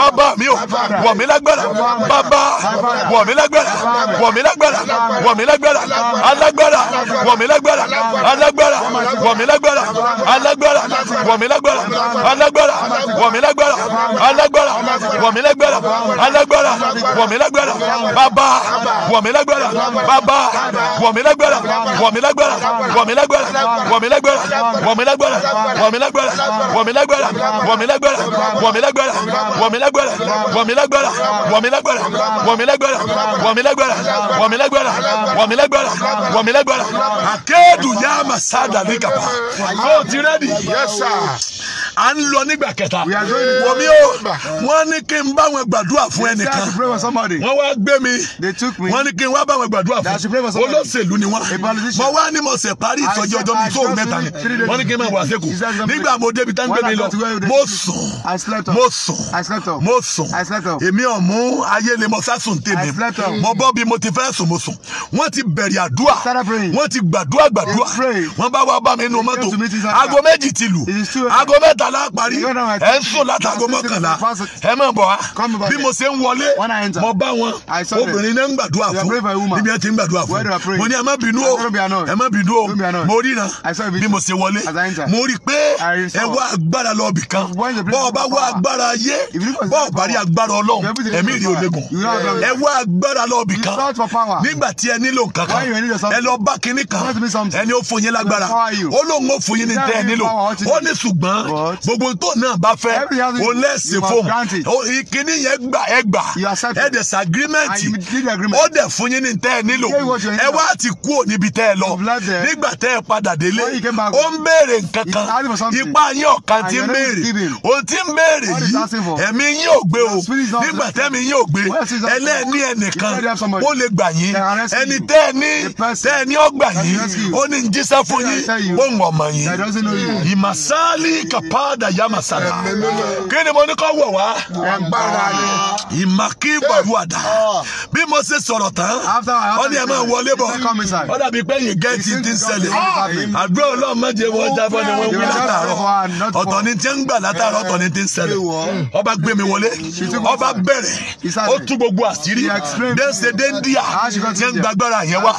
bàbá mi o wọ̀ mí lágbára bàbá wọ̀ mí lágbára wọ̀ mí lágbára wọ̀ mí lágbára alágbára wọ̀ mí lágbára alágbára wọ̀ mí lágbára alágbára wọ̀ mí lágbára alágbára wọ̀ mí lágbára alágbára wọ̀ mí lágbára alágbára wọ̀ mí lágbára bàbá wọ̀ mí lágbára bàbá wọ̀ mí lágbára wọ̀ mí lágbára wọ̀ mí lágbára wọ̀ mí lágbára wọ̀ mí lágbára wọ̀ mí lágbára wọ̀ mí lágbára wọ̀ mí lágbára wọ̀ mí lágbára wọ̀ mí lágbára wọ̀ mí lágbára wọ̀ mí lágbára wọ̀ mí lágbára wọ̀ mí lágbára wọ̀ mí lágbára wọ̀ mí lágbára wọ̀ mí lágbára akéèdù yá màsáàdà ní kàpá ó ti rẹ́dì à ń lọ nígbà kẹta wọ́n ní kí n bá wọn gbàdúrà fún ẹnìkan wọ́n wá gbé mi wọ́n ní kí n wá bá gbàdúrà fún olóṣèlú ni wọ́n mọ wá ní mọ̀sẹ̀ parí ìtọ́jú ọjọ́ mi tó mẹ́ta ni wọ́n ní kí n máa wà sẹ́kù nígbà mo débi tá n gbé mi lọ mo sùn mo sùn mo sùn èmi ò mú ayé ni mo sásùn tèmi mo bọ́ bí mo ti fẹ́ sùn mo sùn wọ́n ti bẹ̀rẹ̀ àdúrà wọ́n ti gbàdúrà gbàdúrà wọ́n bá wá bá mi nínú mọ́tò aago méjì ti lù aago mẹ́ta la parí ẹ̀ ń sùn látàgọ́ mọ́kànlá ẹ̀ mọ̀ bọ̀ wá bí mo ṣe ń wọlé mo bá wọn obìnrin náà ń gbà gbàdúrà fún níbi ẹ ti ń gbàdúrà fún mo ní ẹ má bínú o ẹ má bínú o mo rí na bí mo ṣe wọlé mo rí pé ẹ wá agbára lọ bì kan bọ́ ọ bá wá agbára ayé bọ́ ọ bá rí agbára ọlọ́run ẹ̀mí rí olégùn ẹ wá agbára lọ bì kan nígbà tí ẹ nílò nǹkan kan ẹ lọ bá kinní kan ẹni ó fún yín lágbára ó lóun ó fún yín ní tẹ ẹ nílò ó ní ṣùgbọ́n gbogbo tó náà bá fẹ́ ó lẹ́sìn fóun kinní yẹn gbà ẹ gbà ẹ dẹ̀ sàgírímẹ́ǹtì ó dẹ̀ fún yín ní tẹ́ ẹ nílò ẹ wá ti kú níbi tẹ́ ẹ lọ nígbà tẹ́ ẹ padà délé ó ń béèrè nǹkan kan yín ọ̀kan ti ń béèrè òun ti ń béèrè yìí ẹ̀mí yín ò gbé o nígbà tẹ́mi yín ò gbé ẹlẹ́ẹ̀ni ẹnìkan ó lè gbà yín ẹni tẹ́ ẹ ní tẹ́ ẹ ní ọgbà yín ó ní ń jíṣẹ́ fún yín ó ń ọmọ yín ìmàsálí kàpáàdà yàmàsálà kí ni mo ní kọ́ wọ̀ wá ìmàkí gbàrú àdá ah. bí mo ṣe ṣe sọ̀rọ̀ tán ó ní ẹ máa wọlé bọ̀ ó dàbí pé yìí gẹ́ẹ̀tì ti ń ṣẹlẹ̀ àdúrà ọlọ́run mẹ́jẹ wọ́n jábọ́ ni wọ́n wí látàárọ̀ ọ̀tọ̀ ni ti ń gbà látàárọ̀ ọ̀tọ̀ ni ti ń ṣẹlẹ̀ ọba gbé mi wọlé ọba bẹ̀rẹ̀ ó tú gbogbo àṣírí dẹ́sẹ̀ dẹ́ndíà ti ń gbàgbára yẹn wá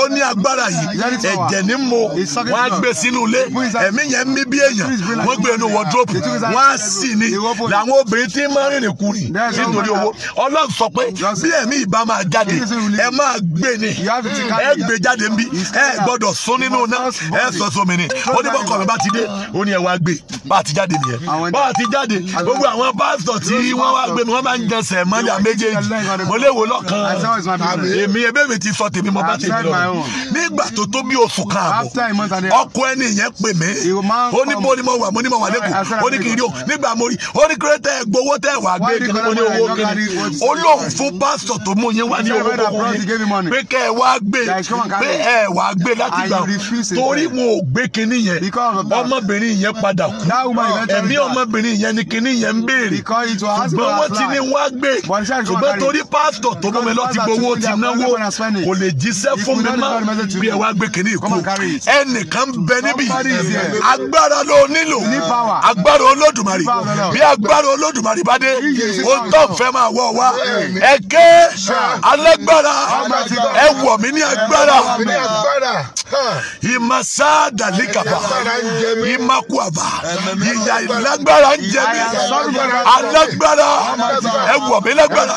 ó ní agbára yìí ẹ̀jẹ̀ ní mo wọ́n á gbé sínú ilé ẹ̀mí yẹn mí bí èèyàn wọ́n gbé inú wọ́drópù wọ́n á sì ní làwọn obìnrin tí ń máa rìnrìn kùnrin nítorí owó ọlọ́run sọ pé bí ẹ̀mí ìbá máa já jáde ẹ máa gbé ni ẹ gbé jáde ń bí ẹ gbọ́dọ̀ sún nínú náà ẹ sọ sómi ni ó ní bọ́kọ̀ mi bá ti dé ó ní ẹ wá gbé bá a ti jáde nìyẹn bá a ti jáde gbogbo àwọn pásítọ̀ tí wọ́n wá gbé mi wọ́n máa ń jẹsẹ̀ mọ́lẹ̀ méjèèjì mo lè wò lọ́kàn èmi ebé ti sọ tèmi mo bá tèmi lọ nígbà tó tó bí oṣù kan ọkọ ẹni yẹn pè mí ó ní bó ni mo wà mo ní mo wà lẹ́kọ̀ọ́ ó ní kiri o nígbà mo rí ó ní kéré tẹ́ gbowó tẹ́ wà gbé kí ni mo ní owó kiri ó lóun fún tó mú yín wá ní ní owó kókó yìí pé kẹ́ ẹ wá gbé pé ẹ wá gbé láti gbà torí eh. wọn ò gbé kinní yẹn ọmọbìnrin yẹn padà kú ẹ̀mí ọmọbìnrin yẹn ni kinní yẹn ń béèrè ṣùgbọ́n wọ́n ti ní wá gbé ṣùgbọ́n torí pásítọ̀ tó bọ́ mi lọ́ọ́ ti gbowó ti náwó kò lè jíṣẹ́ fún mi mọ́ bí ẹ wá gbé kinní kú ẹnìkan bẹ níbí agbára ló nílò agbára olódùmarè bí agbára olódùmarè bá dé ó tọ́ fẹ́ máa wọ̀ wá ẹ̀kẹ́ alágbára ẹ wọ̀ mí ní agbára ìmọ̀sá dàlíkàbà ìmọ̀kùàbà ìyà ìlágbára ń jẹ mí alágbára ẹ wọ̀ mí lágbára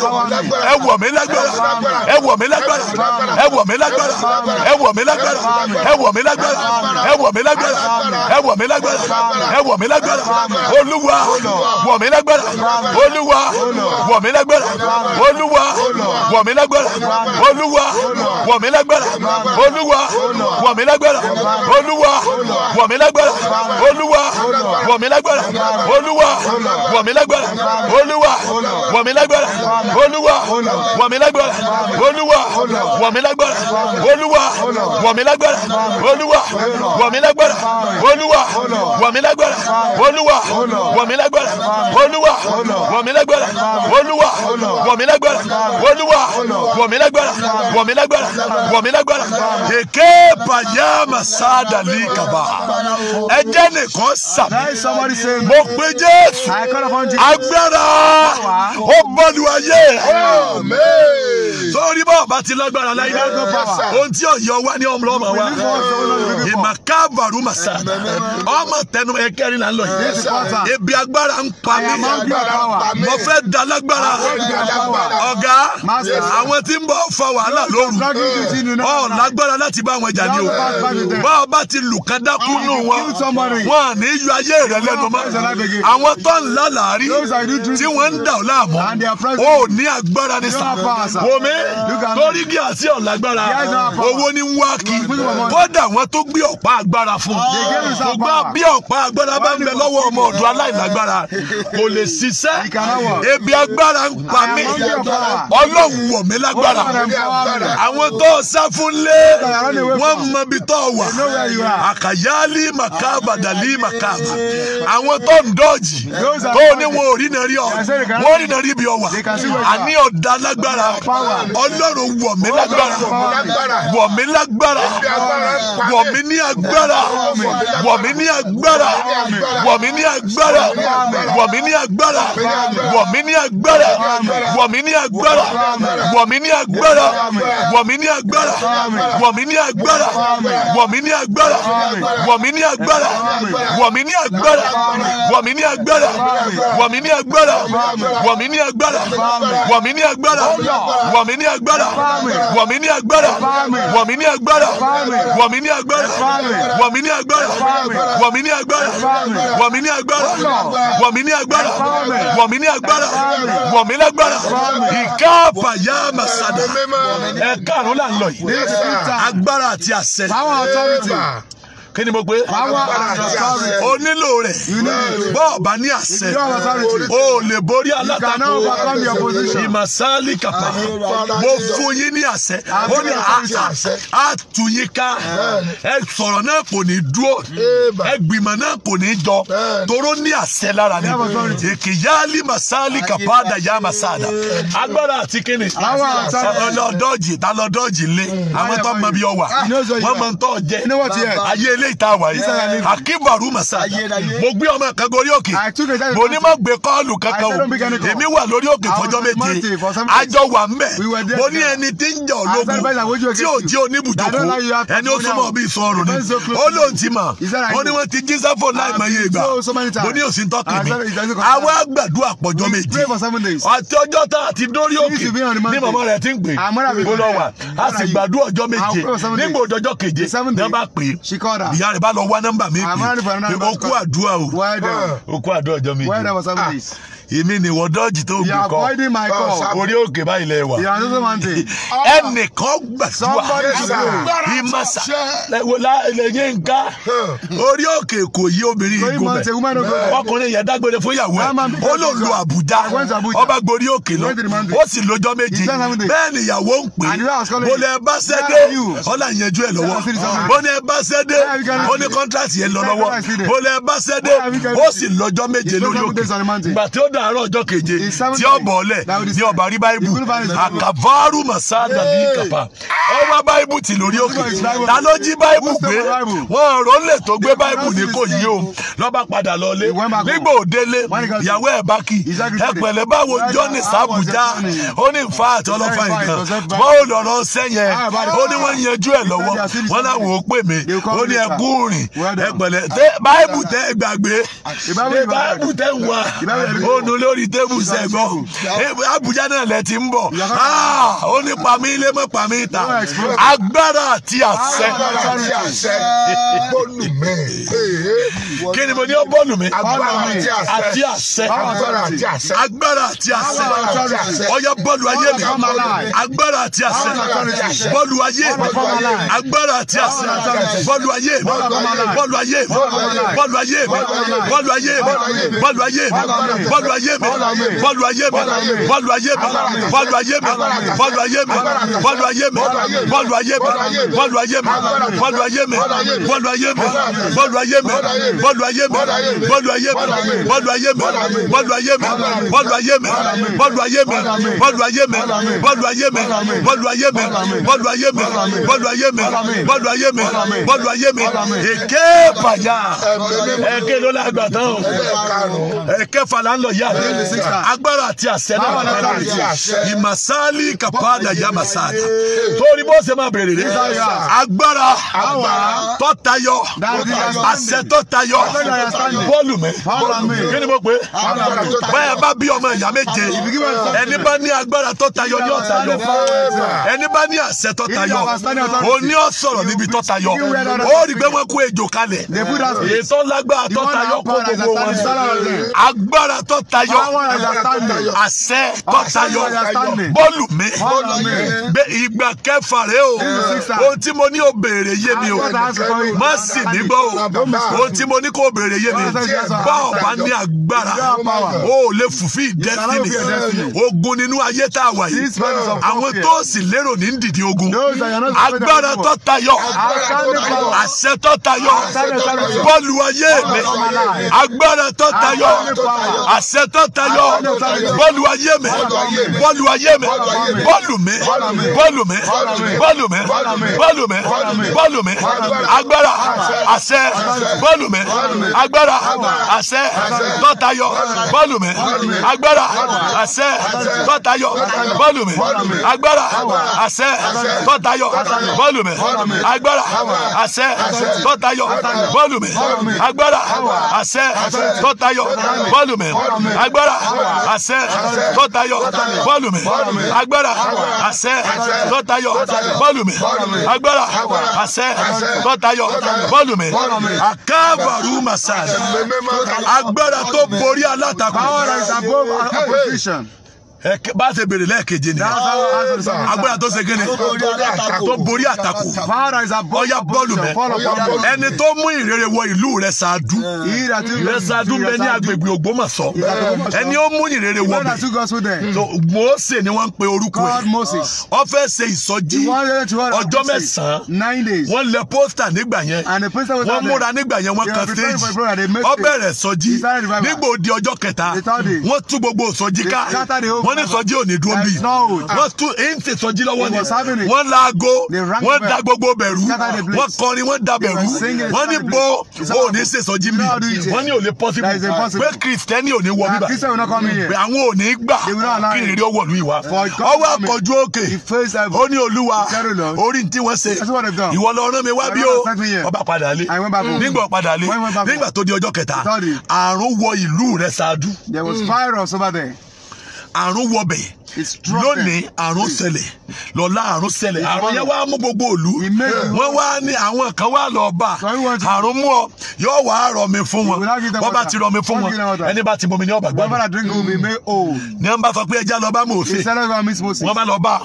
ẹ wọ̀ mí lágbára ẹ wọ̀ mí lágbára ẹ wọ̀ mí lágbára ẹ wọ̀ mí lágbára ẹ wọ̀ mí lágbára ẹ wọ̀ mí lágbára ẹ wọ̀ mí lágbára ẹ wọ̀ mí lágbára olúwa wọ̀ mí lágbára olúwa wọ̀ mí lágbára olúwa wọ̀ mí lágbára lágbára olúwa wọ̀ mí lágbára olúwa wọ̀ mí lágbára olúwa wọ̀ mí lágbára olúwa wọ̀ mí lágbára olúwa wọ̀ mí lágbára olúwa wọ̀ mí lágbára olúwa wọ̀ mí lágbára olúwa wọ̀ mí lágbára olúwa wọ̀ mí lágbára olúwa wọ̀ mí lágbára olúwa wọ̀ mí lágbára olúwa wọ̀ mí lágbára olúwa wọ̀ mí lágbára olúwa wọ̀ mí lágbára olúwa wọ̀ mí lágbára wọ̀ mí lágbára wọ̀ mí lágbára èké bàyá màsáàdà kaba ẹ̀jẹ̀ nìkan sàmì mo pe Jésù agbára ó bọ́lu ayé rẹ̀ sórí bọ́ ọba ti lágbára láyé ohun tí ọ̀yọ́ wá ní ọmọ ọmọ wa ìmàkà bàrú màsà ọmọ tẹnu ẹkẹrin là ń lọ yìí ebi agbára ń pa mí mo fẹ́ da lágbára ọ̀gá àwọn tí ń bọ̀ fa wàhálà lóru ọ̀ lágbára láti bá àwọn ẹja ní o bọ́ ọba ti lù kádàkú ah, nù wọn wọn à ní yọ ayé rẹ lẹ́nu mọ́ àwọn tó ń lálàárí tí wọ́n ń dà ọ́ láàmú ò ní agbára ní sàn wọ́n mi torí bí àti ọ̀làgbára owó ní wá kí kódà wọn tó gbé ọ̀pá agbára fún kò gbá bí ọ̀pá agbára bá ń bẹ lọ́wọ́ ọmọ ọ̀dọ́ aláìlágbára kò lè ṣiṣẹ́ ebi agbára ń pa mí ọlọ́run wọ̀ mí lágbára àwọn tó sá fún lé wọ́n mọ ibi tó wà àkàyálì màkàbà dàlí màkàbà àwọn tó ń dọ́ọ̀jì tó ní wọn ò rí nàrí ọ wọn ò rí nàrí ibi ọ wà àní ọ̀dà lágbára ọlọ́run wọ̀ mí lágbára wọ̀ mí lágbára wọ̀ mí ní agbára wọ̀ mí ní agbára wọ̀ mí ní agbára wọ̀ mí ní agbára wọ̀ mí ní agbára wọ̀ mí ní agbára wọ̀ mí ní agbára wọ̀ mí ní agbára wọ̀ mí ní agbára wọ̀ mí ní agbára wọ̀ mí ní agbára wọ̀ mí ní agbára wọ̀ mí ní agbára wọ̀ mí ní agbára wọ̀ mí ní agbára wọ̀ mí ní agbára wọ̀ mí ní ní agbára wọ̀ mí ní agbára wọ̀ mí ní agbára wọ̀ mí ní agbára wọ̀ mí ní agbára wọ̀ mí ní agbára wọ̀ mí ní agbára wọ̀ mí ní agbára wọ̀ mí ní agbára wọ̀ mí lágbára ìkáàbà yá màsàdà ẹ̀ka àrùn là ń lọ yìí agbára àti àṣẹ kí ni mo gbé o nílò rẹ̀ bọ́ọ̀ bá ní àṣẹ o lè borí alátakò ìmọ̀sálì kàpá mo fún yín ní àṣẹ ó ní àtúnyíká ẹ sọ̀rọ̀ náà kò ní dúró ẹ gbìmọ̀ náà kò ní jọ toró ní àṣẹ lára ni èkìyálì màsálì kàpáàdà yá màsáàdà agbára àti kíni ọlọ́dọ́jì ta lọ́dọ́jì lé mm. àwọn tó mọ bí ọ wà ah. wọ́n mọ ń tọ́ jẹ ayé ilé ilé ìta wà yìí akínbọ̀rù masada mo gbé ọmọ kan gorí òkè mo ní mọ̀ gbé kọ́ọ̀lù kankan o èmi wà lórí òkè fọjọ́ méje àjọ wà mbẹ̀ mo ní ẹni tí ń jà ológun tí ò jí oníbùjókòó ẹni ó súnmọ́ bí sọ̀rọ̀ ni ó lóun ti mà ó ní wọ́n ti jí sáfò láìmọye ìgbà mo ní òsì tọ́kì mi àwọn àgbàdua àpọ̀jọ́ méje àti ọjọ́ tá a ti dórí òkè ní mọ̀mọ́ rẹ̀ ti ń gbé mo a sì gbàdúrà ọjọ́ méje nígbà òjọ́jọ́ keje ní wọ́n bá pè é ìyá rẹ̀ bá lọ wá nọ́mbà mi pé òkú àdúrà o òkú ah, àdúrà ọjọ́ méje èmi ni wọ́n dọ́ọ̀jì tó gbé kọ́ oh, orí òkè báyìí lẹ wà oh. ẹnìkan gbàdúrà ìmọ̀sà lẹ́yìn nká orí òkè kò yí obìnrin yìí gómẹ̀ ọkùnrin yẹn dágbére fún ìyàwó ẹ̀ ó lò lu àbújá ọba gborí òkè lọ ó sì lọ́jọ́ méjì bẹ́ẹ̀ ni ìyàwó ń pè mo lẹ bá sẹ́dé ọ̀là ìyẹnjú ẹ̀ lọ́wọ́ mo lẹ bá sẹ́dé ó ní kọ́ńtrátì yẹn lọ lọ́wọ́ mo lẹ bá sẹ́dé ó sì lọ́jọ́ méje lórí òkè gbàtí àárọ̀ ọjọ́ keje tí ó bọ̀ ọ́lẹ̀ ní ọba rí báyìí bù àkàvárù màsá dàbí kàpà ẹ wá báìbù tì lórí òkè ta ló jí báìbù gbé wọn rò lè tó gbé báìbù ní kò yí o lọ́ba padà lọ́lé nígbà òdélé ìyàwó ẹ̀ bá kì ẹ pẹ̀lẹ́ báwo Johnny sàbùjá ó ní nfa àti ọlọ́fà ìgbà wọn ò lọ́rọ́ sẹ́yẹn ah, ó ní wọ́n yanjú wọn làwọn ò pè mí ó ní ẹkú rìn agbára àti àṣẹ. bọ́ọ̀lù mi. kí ni mo ní ó bọ́ọ̀lù mi. agbára àti àṣẹ. agbára àti àṣẹ. ọ̀yá bọ́ọ̀lù ayé mi. agbára àti àṣẹ. bọ́ọ̀lù ayé mi. agbára àti àṣẹ. bọ́ọ̀lù ayé mi. bọ́ọ̀lù ayé mi. bọ́ọ̀lù ayé mi. bọ́ọ̀lù ayé mi. bọ́ọ̀lù ayé mi. bọ́ọ̀lù ayé mi. bọ́ọ̀lù ayé mi. bọ́ọ̀lù ayé mi. bọ́ọ̀lù ayé mi. bọ́ọ̀lù ayé mi. bọ́ọ̀lù ayé mi bọ́ọ̀lù ayé mi bọ́ọ̀lù ayé mi bọ́ọ̀lù ayé mi bọ́ọ̀lù ayé mi bọ́ọ̀lù ayé mi bọ́ọ̀lù ayé mi bọ́ọ̀lù ayé mi bọ́ọ̀lù ayé mi bọ́ọ̀lù ayé mi bọ́ọ̀lù ayé mi bọ́ọ̀lù ayé mi bọ́ọ̀lù ayé mi bọ́ọ̀lù ayé mi bọ́ọ̀lù ayé mi bọ́ọ̀lù ayé mi bọ́ọ̀lù ayé mi bọ́ọ̀lù ayé mi bọ́ọ̀lù ayé mi èké pàjá èké ló lágbà tán o èké fàlà ń lọ yá agbára àti àṣẹ náà ìmàsáálì kàpáàdà yá màsáàdà torí bó bó ṣe máa bèrè rè agbára tọ́tayọ àṣẹ tọ́tayọ bọ́ọ̀lù mi kí ni mo pè é báyà bá bí ọmọ ìyá méje ẹni bá ní agbára tọ́tayọ ní ọ̀tayọ ẹni bá ní àṣẹ tọ́tayọ òní ọ̀sọ̀rọ̀ níbi tọ́tayọ ó rí gbẹ́wọ́n kó ejò kalẹ̀ ètò lágbára tọ́tayọ kó gbogbo wọn agbára tọ́tayọ àṣẹ tọ́tayọ bọ́ọ̀lù mi ìgbà kẹfà wa rèé o ohun tí mo ní o béèrè yé mi o ah, má sì mí gbọ́ o ohun tí mo ní kó o béèrè yé mi bá ọba ní agbára o ò lè fùfí destiny ogun nínú ayé tá a wà yìí àwọn tó sì lérò ní dìde ogun agbára tó tayọ àṣẹ tó tayọ bọ́ọ̀lù ayé mi agbára tó tayọ àṣẹ tó tayọ bọ́ọ̀lù ayé mi bọ́ọ̀lù ayé mi bọ́ọ̀lù mi bọ́ọ̀lù mi bọ́ọ̀lù mi bọ́ọ̀lù mi bọ́ọ̀lù mi agbára àṣẹ bọ́ọ̀lù mi agbára àṣẹ tọ́tayọ bọ́ọ̀lù mi agbára àṣẹ tọ́tayọ bọ́ọ̀lù mi agbára àṣẹ tọ́tayọ bọ́ọ̀lù mi agbára àṣẹ tọ́tayọ bọ́ọ̀lù mi agbára àṣẹ tọ́tayọ bọ́ọ̀lù mi agbára àṣẹ tọ́tayọ bọ́ọ̀lù mi agbára àṣẹ tọ́tayọ bọ́ọ̀lù mi agbára àṣẹ tọ́tayọ bọ́ọ̀lù mi akábàrú màsáàdì agbára tó borí alátakò bá a ṣe béèrè lẹ́ẹ̀keje ni agbára tó ṣe kéde tó borí àtakò ọya bọ́ọ̀lù mẹ́ ẹni tó mú ìrere wọ ìlú rẹ̀ ṣáájú rẹ̀ ṣáájú bẹ ní agbègbè Ògbómọ̀ṣọ́ ẹni ó mú ìrere wọ bẹ Mósè ni wọ́n ń pe orúkọ ẹ̀ ó ṣe ìsọjí ọjọ́ mẹ́sàn-án wọ́n lẹ pósítà nígbà yẹn wọ́n múra nígbà yẹn wọ́n kan stéèjì ó bẹ̀rẹ̀ sọjí nígbà wọ́n ní sọjí ò ní dúró bí wọ́n tún ń ṣe sọjí lọ́wọ́ ni wọ́n laago wọ́n da gbogbo bẹ̀rù wọ́n kọrin wọ́n da bẹ̀rù wọ́n ní bo ò ní ṣe sọjí mi wọ́n ní ò lè pọ́sibú pé kìrìsìtẹ́nì ò ní wọ bíbà pé àwọn ò ní gbà kí ìrírí ó wọ̀lú ìwà ọwọ́ akọjú òkè ó ní olúwa orí tí wọ́n ṣe ìwọ lọ rán mi wá bí o ọba padà lé nígbà padà lé nígbà tó di ọjọ́ kẹta àrùn wọ ìlú rẹ̀ ṣáájú. there was virus over there. àrùn wọbẹ̀ lónìí àrùn ṣẹlẹ̀ lọ́la àrùn ṣẹlẹ̀ àrùn yẹn wá mú gbogbo òlu wọ́n wá ní àwọn kan wá lọ bá àrùn mú ọ yóò wá rọmi fún wọn wọ́n bá ti rọmi fún wọn ẹni bá ti bomi ní ọgbà gbà ní wọ́n bá fọ pé ẹja lọ bá Mósè wọ́n bá lọ bá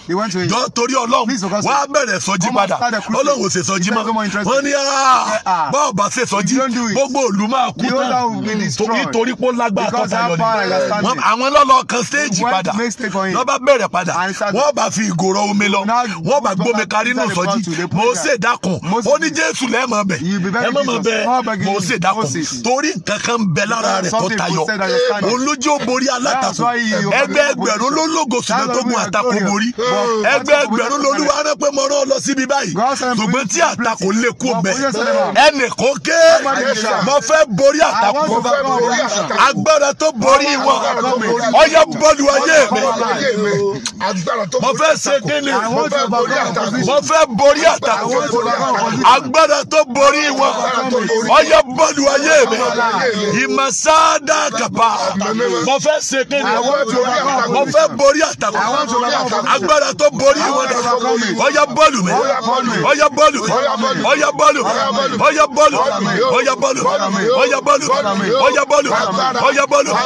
jọ torí Ọlọ́run wọ́n á bẹ̀rẹ̀ sọjí padà Ọlọ́run ò ṣe sọjí mọ́ wọ́n ní bọ́ọ̀ ah, ah. bá sọjí gbogbo òlu máa kú tán nítorí pé ó lágbára tó ni àwọn lọ́lọ́ kan stéèjì padà wọ́n bá bẹ̀rẹ̀ padà wọ́n bá fi ìgòrò omi lọ wọ́n bá gbómi kárí nù sọ́jí Mósè dákun ó ní Jésù lẹ́ẹ̀mọ̀ bẹ̀ ẹ mọ̀ bẹ̀ Mósè dákun torí kankan bẹ lára rẹ̀ tó tayọ olójú borí alátakò ẹgbẹ́ ẹgbẹ̀rún ló lógo ṣùgbọ́n àtakò borí ẹgbẹ́ ẹgbẹ̀rún lolúwa rẹ pé mo rán ọ lọ síbi báyìí ṣùgbọ́n tí àtakò lè kú bẹ̀ ẹnì kò ké mo fẹ́ borí àtakò agbára tó borí wọn ọyọ bọ́ọ̀lù ayé mi ayé mi agbára tó borí àtakò mo fẹ́ borí àtakò mo fẹ́ borí àtakò agbára tó borí wọn ọyẹ bọ́ọ̀lù ayé mi ìmọ̀sáádá kàpá mo fẹ́ ṣe kéde mo fẹ́ borí àtakò agbára tó borí wọn ọyẹ bọ́ọ̀lù mi ọyẹ bọ́ọ̀lù mi ọyẹ bọ́ọ̀lù mi ọyẹ bọ́ọ̀lù mi ọyẹ bọ́ọ̀lù mi ọyẹ bọ́ọ̀lù mi ọyẹ bọ́ọ̀lù mi ọyẹ bọ́ọ̀lù mi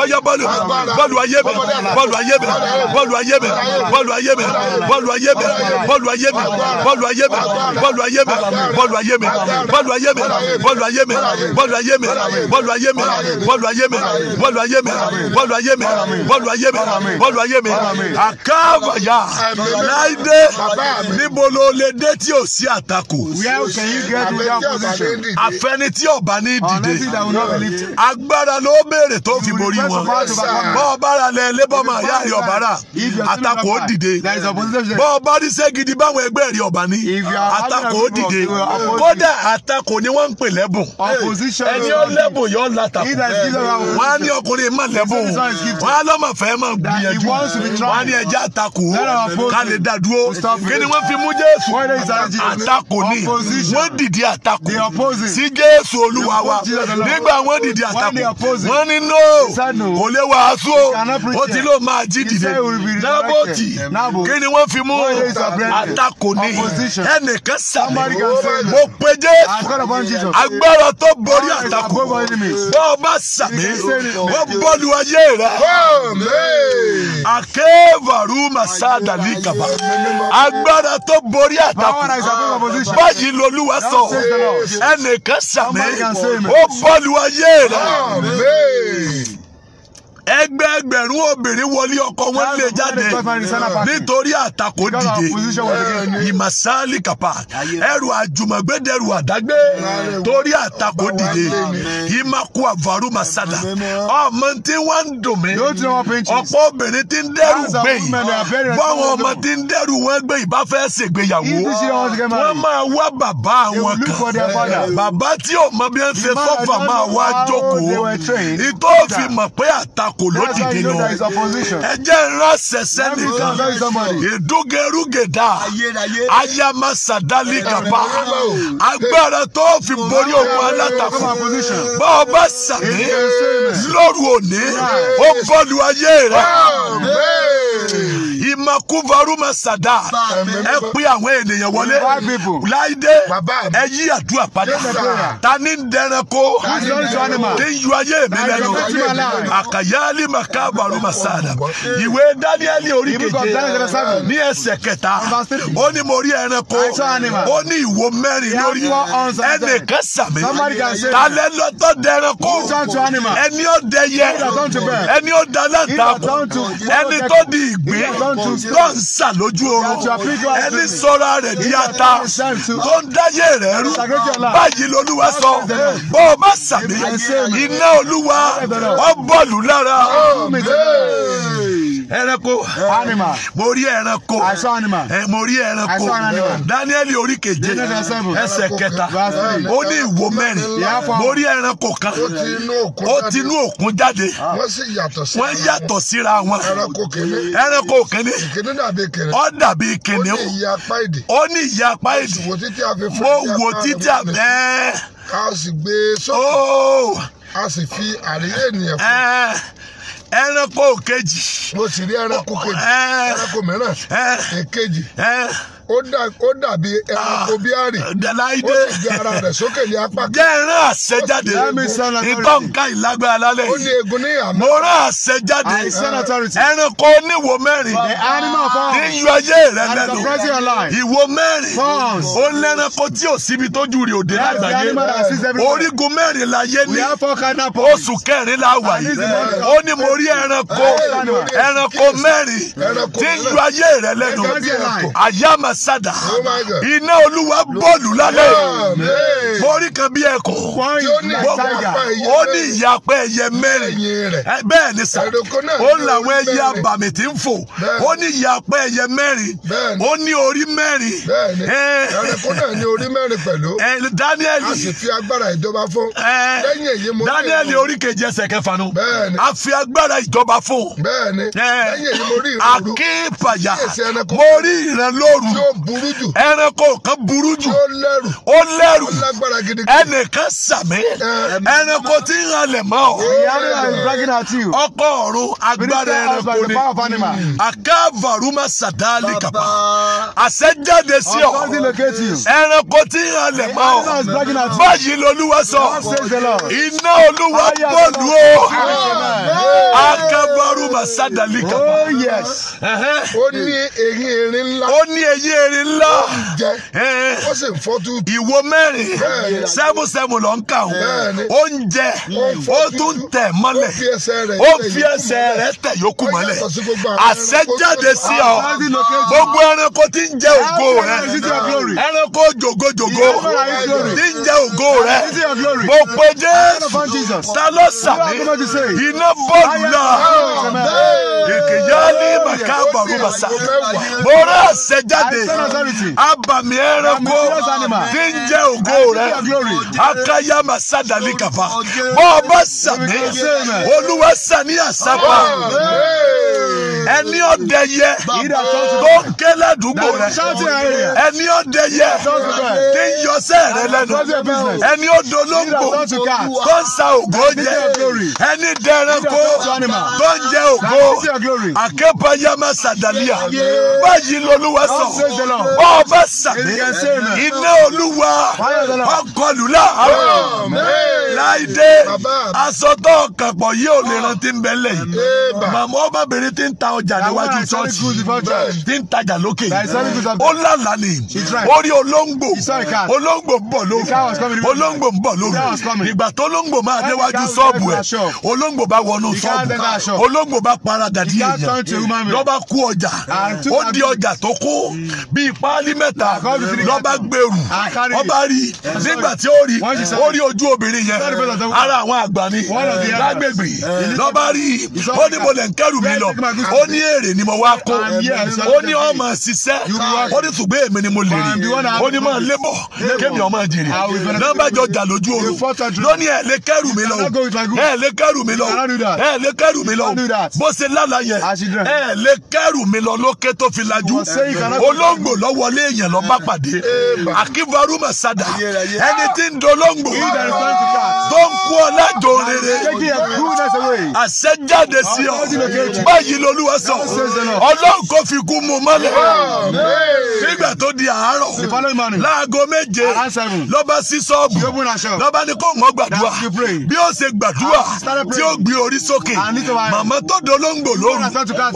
ọyẹ bọ́ọ̀lù mi bọ́ọ̀lù ayé mi bọ́ọ̀lù ayé mi bọ́ọ̀lù ayé mi bọ́ọ̀lù ayé mi bọ́ọ̀lù ayé mi bọ́ọ̀lù ayé mi bọ́ọ̀lù ayé mi bọ́ọ̀lù ayé mi bọ́ọ̀lù ayé mi bọ́ọ̀lù ayé mi bọ́ọ̀lù ayé mi bọ́ọ̀lù ayé mi bọ́ọ̀lù ayé mi bọ́ọ̀lù ayé mi bọ́ọ̀lù ayé mi bọ́ọ̀lù ayé mi bọ́ọ̀lù ayé mi bọ́ọ̀lù ayé mi láìdé níbo ló lè dé tí ò sí àtakò àfẹni tí ọba ní dìde agbára ló béèrè tó fi borí wọn bọ́ọ̀ bára lẹ lébọ́ máa yáàrí oníbàárà àtakò ó dìde bọ́ ọ bá rí iṣẹ́ gidi báwọn ẹgbẹ́ rí ọba ní àtakò ó dìde kódà àtakò ni wọ́n ń pè lẹ́bùn ẹni ó lẹ́bùn yóò látakò wọ́n á ní ọkùnrin má lẹ́bùn wọ́n á lọ́mọ fẹ́ máa gbìyànjú wọ́n á ní ẹja àtakò ká lè dá dúró kí ni wọ́n fi mú Jésù àtakò ní wọ́n dìde àtakò sí Jésù Olúwa wa nígbà wọ́n dìde àtakò wọ́n ní no kò lè wàásù o ó ti ló máa jí dìde nábòtì kí ni wọ́n fi mú àtakò ní ẹnìkan sàmì mo pe Jésù agbára tó borí àtakò bọ́ ọ bá sàmì wọ́n bọ́lu ayé rẹ̀ àkẹ́bàrú màsáàdà ní kaba agbára tó borí àtakò báyìí lolúwa sọ ẹnìkan sàmì ó bọ́lu ayé rẹ̀ ẹgbẹẹgbẹ̀rún obìnrin wọlé ọkọ wọn lè jáde nítorí àtakò dìde ìmàsáálì kàpá ẹrù àjùmọ̀gbẹ́dẹ̀rù àdágbé torí àtakò dìde ìmàkú àvàrú màsádà ọmọ tí wọ́n ń dùn mí ọ̀pọ̀ obìnrin tí ń dẹ́rù gbé yìí báwọn ọmọ tí ń dẹ́rù wọn gbé yìí bá fẹ́ ṣègbéyàwó wọ́n máa wá bàbá àwọn kan bàbá tí ò mọ bí wọ́n ṣe fọ́fà máa wá jókòó ìtòòfin mọ̀ pé àtakò kò lódìde lọ ẹ jẹ́ ránṣẹ́ sẹ́nìkan ìdúgẹrúgẹdà ayamasadali kaba agbára tó fi borí ogun alátakò bá ọ bá sàmì lóru òní ó bọ́lu ayé rẹ makuvaruma sada ẹ pín àwọn ènìyàn wọlé láìdé ẹ yí àdúrà padà ta ni dẹranko tí ń yọ ayé mi lẹ́nu àkàyálì makavaruma sada ìwé Dáníẹ́lì orí keje ní ẹsẹ̀ kẹta ó ní mo rí ẹranko ó ní ìwo mẹ́rin lórí ẹnìkan sàmì talẹ́ lọ́tọ́ dẹranko ẹni ó dẹyẹ ẹni ó dalẹ́ ta ẹni tó di ìgbín tó ń sà lójú oorun ẹni sọ́ra rẹ̀ di ata tó ń dáyé rẹ̀ rú báyìí lolúwa sọ bó o bá sàmì iná olúwa ọ bọ̀lù lára ẹranko eh. mo rí ẹranko eh, mo rí ẹranko Dáníẹ́lì orí keje ẹsẹ̀ kẹta ó ní ìwo mẹ́rin mo rí ẹranko kan ó ti inú òkun jáde ah. wọ́n yàtọ̀ síra wọn ẹranko kìíní ó dàbí kìíní ó ní ìyá apá èdè mo wò títí àbẹ́. ká sì gbé e sókè oh. a sì fi àríyé ènìyàn fún un. Eh ẹranko kejì. mo sì rí ẹranko kejì eh. ẹranko mìíràn eh. èkejì eh ó dàbí ẹranko bí àrè ah, ó sì gbé ara rẹ̀ sókè ní apá kan. jẹ́ ìran àṣẹ jáde ìtọ́ nǹkan ìlágbára lálẹ́ yìí. ó ní egun ní ìhàmọ́. mo rán àṣẹ jáde ẹranko oníwo mẹ́rin ní yọ ayé rẹ lẹ́nu ìwo mẹ́rin ó lẹ́ranko tí ò síbi tójú rè òde lágbàáyé orígun mẹ́rin la yé ní oṣù kẹrin la wà yìí ó ní mo rí ẹranko ẹranko mẹ́rin tí yọ ayé rẹ lẹ́nu àyàmà sada oh iná olúwa bọ́ọ̀lù lálẹ́ mórí kan bí ẹ̀kọ́ ó ní ìyapẹ́ ẹyẹ mẹ́rin bẹ́ẹ̀ ni sà ó làwọn ẹyẹ abàmì tí ń fò ó ní ìyapẹ́ ẹyẹ mẹ́rin ó ní orí mẹ́rin. ẹ̀rẹ̀kọ́ náà ní orí mẹ́rin pẹ̀lú *laughs* Daniel a sì fi agbára ìjọba fún lẹ́yìn èyí mo ní ìrànwọ́ Daniel orí kejì ẹsẹ̀ kẹfà nù a fi agbára ìjọba fún lẹ́yìn èyí mo rí ìrànlọ́rù akínpàyà mo rí ìrànlọ́rù tó burú jù. ẹranko kan burú jù. ó lẹ́rù. ó lẹ́rù. ó lágbára gidi. ẹnìkan sàmì. ẹranko tí ń halẹ̀ mọ́ ọ. ọkọ ọ̀run agbára ẹranko ni. àkàvaruma sàdáàlì kàpá. àṣẹjáde sí ọ. ẹranko tí ń halẹ̀ mọ́ ọ. báyìí lolúwa sọ. iná olúwa bọ̀lú o. àkàvaruma sàdáàlì kàpá. Oh, ó ní eyín erin ńlá. ó ní eyín èrè ńlá ó sì ń fọ́ tú. ìwo mẹ́rin sẹ́mu sẹ́mu ló ń kà oúnjẹ ó tún tẹ̀ mọ́lẹ̀ ó fi ẹsẹ̀ rẹ̀ tẹ̀ yókù mọ́lẹ̀ àṣẹjáde sí ọ gbogbo ẹranko tí ń jẹ ògo rẹ ẹranko jògójògó tí ń jẹ ògo rẹ mo pe jésù ta ló sàmì iná bọ́ọ̀lù náà èkèyá ní màkà bàrú bàṣà mo rà àṣẹjáde abàmì ẹranko tí ń jẹ́ rẹ akaya masadali kaba bọ́ọ̀ bá oluwa sani sàní àsápá ẹni ọdẹ yẹ tó ń ké ládùúgbò rẹ ẹni ọdẹ yẹ tí ń yọsẹ rẹ lẹ́nu ẹni odolóńgbò tó ń sa ògo jẹ ẹni dẹranko tó ń jẹ ògo àkẹ́pàyàmà sàdàlíà báyìí lolúwa sọ bọ́ọ̀ bá sàmì iná olúwa ọgọlù láàárọ̀ láìdé asọ́tọ̀ kàpọ̀ yìí ò lè rántí nbẹ̀lẹ̀ yìí màmá ọmọbìnrin ti ń ta ọjà níwájú ṣọ́ọ̀ṣì ti ń tajà lókè ó lálàá ni ó rí olóńgbò olóńgbò ń bọ̀ lóru olóńgbò ń bọ̀ lóru ìgbà tó olóńgbò máa déwájú ṣọ́ọ̀bù ẹ̀ olóńgbò bá wọnú ṣọ́ọ̀bù olóńgbò bá para dàdí èèyàn lọ́ba kú ọjà ó di ọjà tó kú mm bíi páálí mẹ́ta lọ́ba gbèrú ọba rí nígbà tí ó rí ó rí ojú obìnrin yẹn ara àwọn àgbà ni lágbègbè lọ́ba rí ó ní mo lè ń kẹ́rù mi lọ ó ní èrè ni mo wá kó ó ní ọmọ ṣiṣẹ́ ó ní ṣùgbọ́n èmi ni mo lè rí ó ní máa lébọ̀ kémi ọmọ jèrè nọ́mbà jọ jà lójú oru lónìí ẹ̀ lè kẹ́rù mi lọ ẹ̀ lè kẹ́rù mi lọ ẹ̀ lè kẹ́rù mi lọ bó ṣe lálàyé ẹ̀ lè kẹ́rù mi lọ lókè tó fi lajú olóòrùn olóńgbò lọ́wọ́lé èèyàn lọ́ bá pàdé akíbarú masada ẹni tí ń dolóńgbò tó ń kú ọ lájò rere àṣẹjáde sí ọ báyìí lolúwa sọ ọlọ́run kò fi kú mu mọ́lẹ̀ nígbà tó di àárọ̀ láago méje lọ́ba sí sọ́ọ̀bù lọ́ba ní kò mọ́ gbàdúrà bí ó ṣe gbàdúrà tí ó gbé orí sókè màmá tó dolóńgbò lóru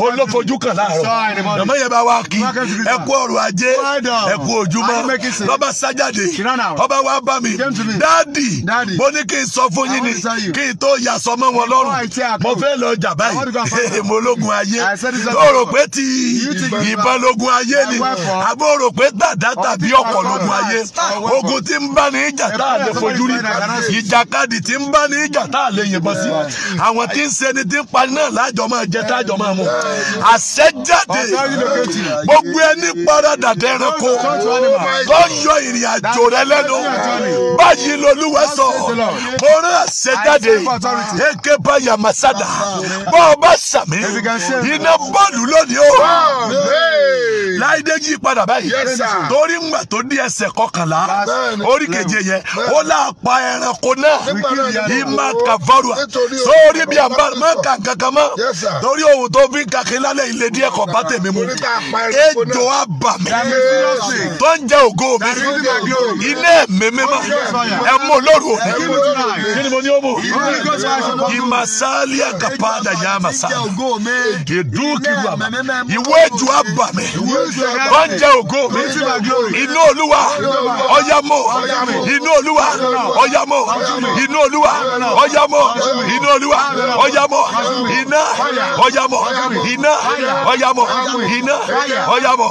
olófojú kan láàárọ̀ màmá yẹn bá wá kí ẹ kú ọ ọrọ̀ ajé ẹ kú ojúmọ́ lọ́ba ọba wa bá mi dáàdì mo ní kí n sọ fún yín ni kí n tó yasọ mọ́ wọn lọ́rùn mo fẹ́ lọ jà báyìí *laughs* mo lógun ayé ó pé ti ìbọn lógun ayé ni àbó rò pé dàdá tàbí ọ̀pọ̀ lógun ayé ogun tí ń bá ní ìjà tá a lè fojú rí ìjàkadì tí ń bá ní ìjà tá a lè yìnbọn sí àwọn tí ń ṣeni tí ń pani náà lájọ jẹ tájọ mu àṣẹjáde gbogbo ẹni pa rather than ẹranko God yọ ìrìn àjò rẹ lẹ́nu báyìí lolúwa sọ mo rán àṣẹjáde eke báyà masada bọ́ ọ bá sàmì iná bọ́ọ̀lù lónìí o láìdé yí padà báyìí torí ń gbà tó ní ẹsẹ̀ kọkànlá orí keje yẹn ó là pa ẹranko náà ìmà kàvarua sórí bí àbá má kà kankan torí ohun tó fi ń kàkínlálẹ̀ ilé díẹ̀ kọ̀ bá tèmi mu ejò àb bà mí tó ń jẹ ògo mi ilé mi mímọ́ ẹ mú olóru òní ìmàsálí àgàpàdà yà màsá ìdúkìlú àmà ìwé ju àbà mi tó ń jẹ ògo mi inú olúwa ọ̀yà mọ́ inú olúwa ọ̀yà mọ́ inú olúwa ọ̀yà mọ́ inú olúwa ọ̀yà mọ́ iná ọ̀yà mọ́ iná ọ̀yà mọ́ iná ọ̀yà mọ́.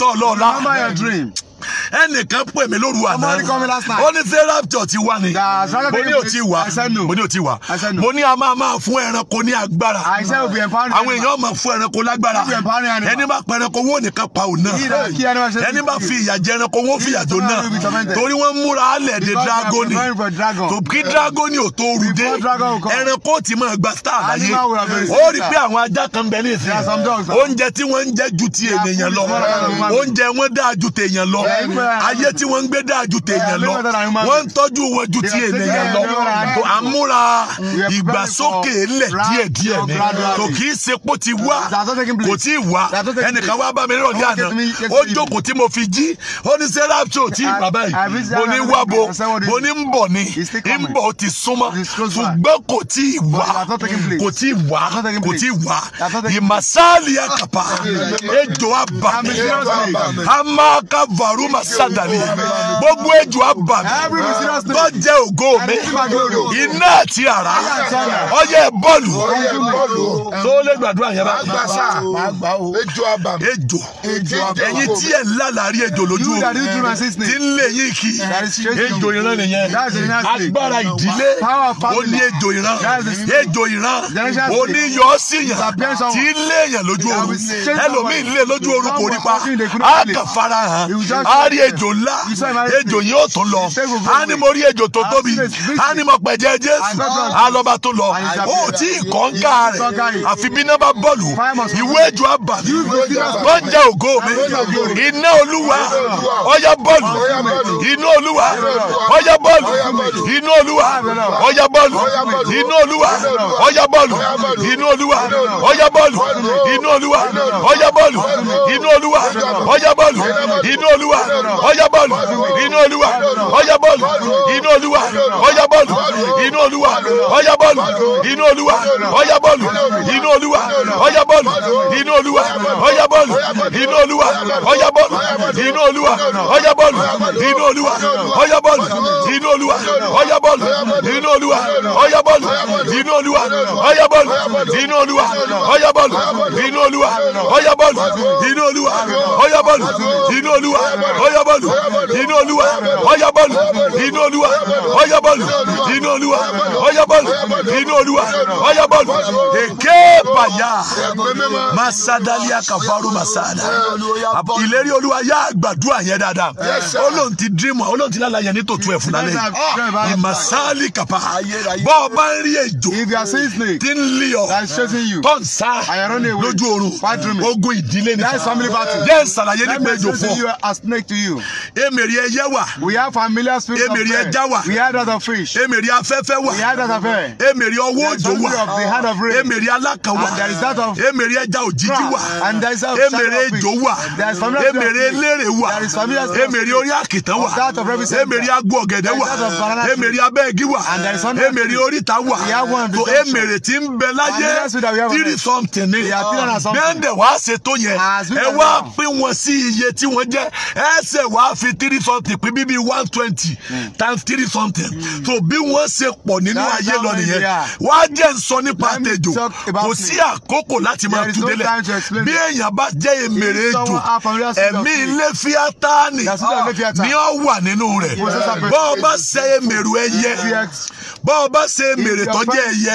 tọ́ ọ lọ́la. remember your dream ẹnìkan pè mí lóru àná ó ní ṣé rapture ti wá ni mo ní ò ti wá mo ní ò ti wá mo ní a máa máa fún ẹranko ní agbára àwọn èèyàn máa fún ẹranko lágbára ẹni bá pa ẹranko wọn ò nìkan pa òun náà ẹni bá fi ìyà jẹ ẹranko wọn ò fi ìyà jò náà torí wọ́n múra alẹ̀ de dragoni tó kí dragoni ò tó rú dé ẹranko ti máa gba star láyé ó rí pé àwọn ajá kan bẹ ní ìsìn oúnjẹ tí wọ́n ń jẹ ju ti ènìyàn lọ oúnjẹ wọn dáa ju tèèyàn lọ ayé tí wọ́n ń gbé dáa ju tèèyàn lọ wọ́n ń tọ́jú wọn ju ti ènìyàn lọ àmúra ìgbàsókè ńlẹ̀ díẹ̀díẹ̀ ni kò kì í ṣe pó ti wá kò tí ì wá ẹnìkan wá bá mi rọ̀ ní àná ó jókòó tí mo fi jí ó ní sẹ́ rapture tí bàbá yìí mo ní wá bo mo ní ń bọ̀ ni ń bọ̀ ó ti súnmọ́ ṣùgbọ́n kò tí ì wá kò tí ì wá kò tí ì wá ìmàsáàlì àkàpà ejò àbàmì àmàkà Karuma Sadali. Gbogbo ejò àbà mi. Tó jẹ́ ògo mi. Iná àti àrá. Ọyẹ bọ́ọ̀lù. Tó lè gbàdúrà yẹn bá. Ejò àbà mi. Ejò. Ẹyin tí ẹ̀ ń lálàrí ejò lójú omi. ń lè yín kí. Ejò ìran nìyẹn. Agbára ìdílé. O ní ejò ìran. Ejò ìran. O ní yọ sí yàn. Tí ń lé yàn lójú oorun. Ẹlòmíì ń lé lójú oorun kò rí A kàn fara hàn á rí ejò ńlá ejò yóò tún lọ á ní mo rí ejò tó tóbi á ní mo pẹ̀jẹ́ jésù á lọ́ba tó lọ ó tí ìkọ́ńká rẹ̀ àfi bí náà bá bọ́ọ̀lù ìwé ejò àbàmì tó ń jẹ́ ògo mi iná olúwa ọ̀yá bọ́ọ̀lù iná olúwa ọ̀yá bọ́ọ̀lù iná olúwa ọ̀yá bọ́ọ̀lù iná olúwa ọ̀yá bọ́ọ̀lù iná olúwa ọ̀yá bọ́ọ̀lù iná olúwa ọ̀yá bọ́ọ̀lù iná olúwa ọ̀yá bọ́ọ̀lù iná olúwa ọyá bọ́ọ̀lù inú olúwa ọyá bọ́ọ̀lù inú olúwa ọyá bọ́ọ̀lù inú olúwa ọyá bọ́ọ̀lù inú olúwa ọyá bọ́ọ̀lù inú olúwa ọyá bọ́ọ̀lù inú olúwa ọyá bọ́ọ̀lù inú olúwa ọyá bọ́ọ̀lù inú olúwa ọyá bọ́ọ̀lù inú olúwa ọyá bọ́ọ̀lù inú olúwa ọyá bọ́ọ̀lù inú olúwa ọyá bọ́ọ̀lù inú olúwa ọyá bọ́ọ̀lù inú olúwa ọyá bọ́ọ̀lù inú olúwa ọyá bọ́ọ̀lù inú olúwa ọyá bọ́ọ̀lù inú olúwa ọyá bọ́ọ̀lù inú olúwa ọyá bọ́ọ̀lù inú olúwa ọyá bọ́ọ̀lù inú olúwa ọyá bọ́ọ̀lù inú olúwa ọyá bọ́ọ̀lù èké bàyà masadaliya kàfàrú masada ìlérí olúwa yá àgbàdua yẹn dáadáa olóhùn ti dírímù olóhùn ti lálà yẹn ní tòtú ẹ̀ fún lálẹ́ yìí ah, ìmàsálì kàpá bọ́ọ̀ bá ń rí ejò tí ń lé ọ tọ́ǹsà lójú oorun ogun ìdílé nìkan yẹn sàlàyé nípa ejò fún ọ speak to you. Èmèrè ẹyẹ wà. We have familiar spirit of prayer. Èmèrè ẹja wà. We have that of fish. Èmèrè afẹ́fẹ́ wà. We had that of air. Èmèrè ọwọ́ òjò wà. There is the hand of rain. Èmèrè alákan wà. And there is that of Èmèrè ẹja òjijì wà. And there is that of shadow fish. Èmèrè ejò wà. There is familiar spirit of fish. Èmèrè elérè wà. There is familiar spirit of fish. Èmèrè orí àkìtàn wà. Of that of every center. agbo ọ̀gẹ̀dẹ̀ wà. There is that of banana tree. Èmèrè abẹ́ igi And there is one. Èmèrè oríta wà. We have one. So èmèrè ti ń bẹ láyé. Three something ni. Bẹ́ẹ̀ dẹ̀ wá ṣètò yẹn. Ẹ wá pín ẹsẹ̀ wàá fi three something pé bíbí one twenty hmm. times three something hmm. so bí wọ́n ṣe pọ̀ nínú ayé lọ nìyẹn wàá jẹ́ nsọ nípa àtẹ̀jò kò sí àkókò láti máa tú bí èèyàn bá jẹ́ èmèrè ètò ẹ̀mí ilé fíátánì ah, ni ó wà nínú rẹ̀ bọ́ọ̀ bá ṣe èmèrè ẹyẹ bọ́ọ̀ bá ṣe èmèrè tọ́jú ẹyẹ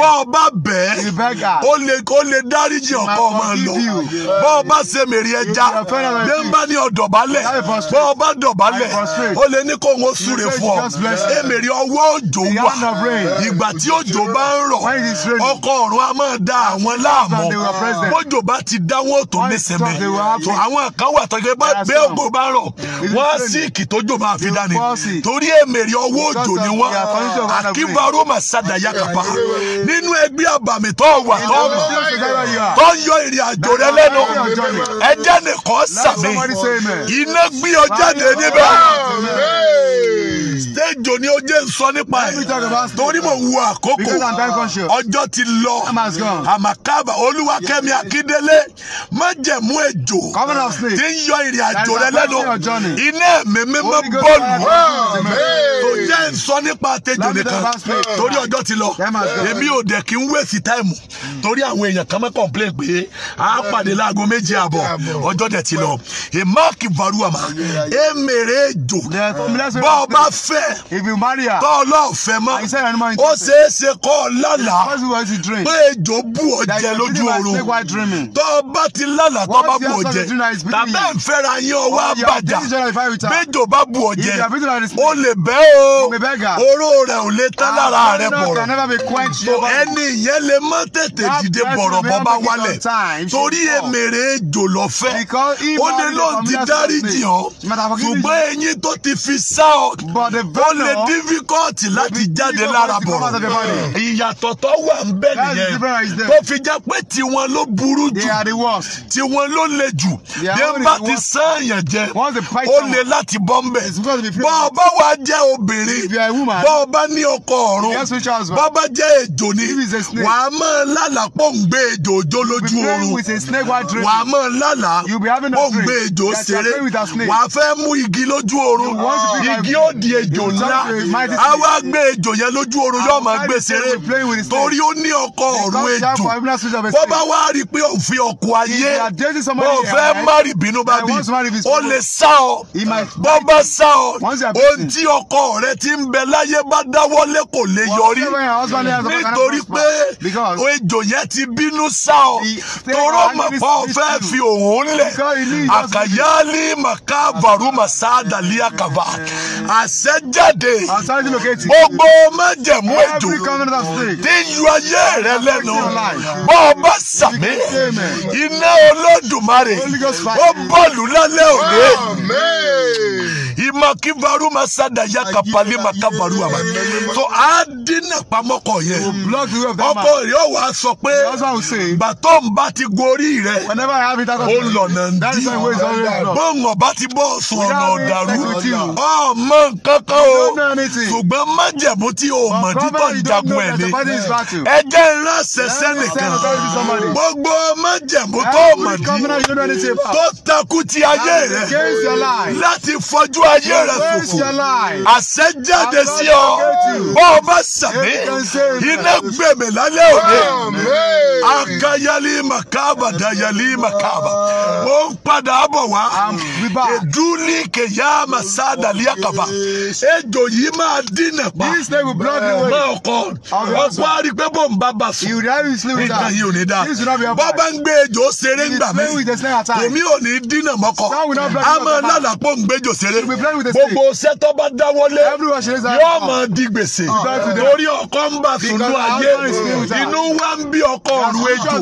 bọ́ọ̀ bá bẹ́ẹ̀ ó lè dáríjì ọkọ ọmọ lọ bọ́ọ̀ bá ṣe èmèrè ẹja bí bá ní ọ̀dọ̀ bá dọ̀bálẹ̀ bọ́ ọba dọ̀bálẹ̀ ó lè ní kó ń súre fún ọ èmèrè ọwọ́ òjò wà ìgbà tí òjò bá ń rọ̀ ọkọ̀ ọ̀run a máa da àwọn láàmú bójò bá ti dáwọ́ tó mẹsẹ̀mẹ́ tó àwọn kan wà tọ́jú bá gbé ògbó bá rọ̀ wọ́n á sí ìkìtójò máa fi dání torí èmèrè ọwọ́ òjò ni wọ́n akíba roma sadaya kapa nínú ẹgbẹ́ àbàmì tó wà tó mọ̀ tó yọ ìrìn àjò rẹ lẹ́nu ẹjẹ́ nìkan sàmì iná gbé ọ jáde níbẹ̀ stage ni ó jẹ́ sọ nípa ẹ̀ torí mo wu àkókò ọjọ́ ti lọ àmàkàbà olúwakẹ́mi akíndélé májẹ̀mú ejò tí ń yọ ìrìn àjò rẹ lẹ́nu iná ẹ̀mí mímọ́ bọ́ọ̀lù tó jẹ́ ń sọ nípa àtẹjọ nìkan torí ọjọ́ ti lọ èmi ò dẹ̀ kí ń wéèsì táìmù torí àwọn èèyàn kan mọ́ complain pé a pàdé láago méje àbọ̀ ọjọ́ dẹ̀ ti lọ emaki varuama emere jo bọ́ ọ bá fẹ́ tọ́ ọ lọ́ọ́ fẹ́ mọ́ ó ṣeé ṣe kọ́ ọ lálàá pé ejò bù ọ jẹ lójú oorun tọ́ ọ bá ti lálàá tọ́ bá bù ọ jẹ tàbí ẹ̀ ń fẹ́ra yín ọ wá bàjá méjò bá bù ọ jẹ ó lè bẹ́ o oró rẹ ò lè tán ah, lára rẹ bọ̀rọ̀ so ẹni yẹn lè má tètè dìde bọ̀rọ̀ bọ́ bá wálẹ̀ torí èmèrè jòlọ fẹ́ ó lè lọ ti dáríjì ọ́ ṣùgbọ́n eyín tó ti fi sá ọ ó lè dífíkọ́ọ̀tì láti jáde lára bọ̀rọ̀ ìyàtọ̀ tó wà ń bẹ nìyẹn tó fi jẹ́ pé tiwọn ló burú jù tiwọn ló le jù bí n bá ti sàn yẹn ó lè láti bọ́ ń bẹ̀ bọ́ ọ bá wa jẹ́ obìnrin ni bọ́ ọ bá ní ọkọ ọ̀run bọ́ bá jẹ́ ejò ni wà á máa lálàá pọ̀ ń gbé ejò òjò lójú oorun wà á máa lálàá pọ̀ ń gbé ejò ṣeré wà á fẹ́ mú igi lójú oorun igi ó di ejò ńlá á wá gbé ejò yẹn lójú oorun yóò máa gbé ṣeré torí ó ní ọkọ ọ̀run ejò bọ́ bá wá rí i pé òfin ọkọ ayé ó fẹ́ má rí bínú bá bí ó lè sá ọ bọ́ bá sá ọ ohun tí ọkọ rẹ tí ń bẹ láyé bá dáwọ́lé kò lè yọrí nítorí pé ejò yẹn ti bínú sá ọ toró mọ̀pá ọ̀fẹ́ fi òun lẹ̀ àkàyálí màkà bàrú màsá dàlí àkàbà eh. àṣẹjáde gbogbo májẹ̀mú ejò tí yọ ayé rẹ lẹ́nu bọ́ ọ bá sàmì iná olódùmarè ó bọ́ọ̀lù lálẹ́ òde imakivaru masada yakapali makavaru ama so a dínà pamọ́ kọ yẹn ọkọ rẹ ọ wá sọ pé bàtọ́ n bá ti gorí rẹ ó lọ̀nà ndí bóńgọ̀ bá ti bọ́ sùn ọ̀nà ọ̀dàrú ọmọ nkankan o ṣùgbọ́n májẹ̀mú tí o mọ̀ títọ̀ jagun ẹ̀ ni ẹ jẹ́ ńlá sẹ́sẹ́ nìkan gbogbo májẹ̀mú tó mọ̀ tí tó takú ti ayé rẹ láti fọjú ayé rẹ fùfù àṣẹjáde sí ọ bọ́ ọ bá sàmì iná gbèmí lálẹ́ òní akayali makaba dayali makaba mo ń padà bọ̀ wá ìdúlí kẹyà màsá dàlíyà kàfà ejò yìí máa dínà pa máa kọ ọkọ àrí pé bò ń bá bá sùn nígbà yìí ò ní dá bàbá ń gbé ejò ṣeré ńgbà mi èmi ò ní dínà mọ́kọ àmọ́ lálàpọ̀ ń gbé ejò ṣeré. The gbogbo sẹ́tọ́ bá dáwọ́lé yóò máa di gbèsè ah. torí ọkọ ń bà sùn ní ayé inú wa ń bí ọkọ ọ̀rù ejò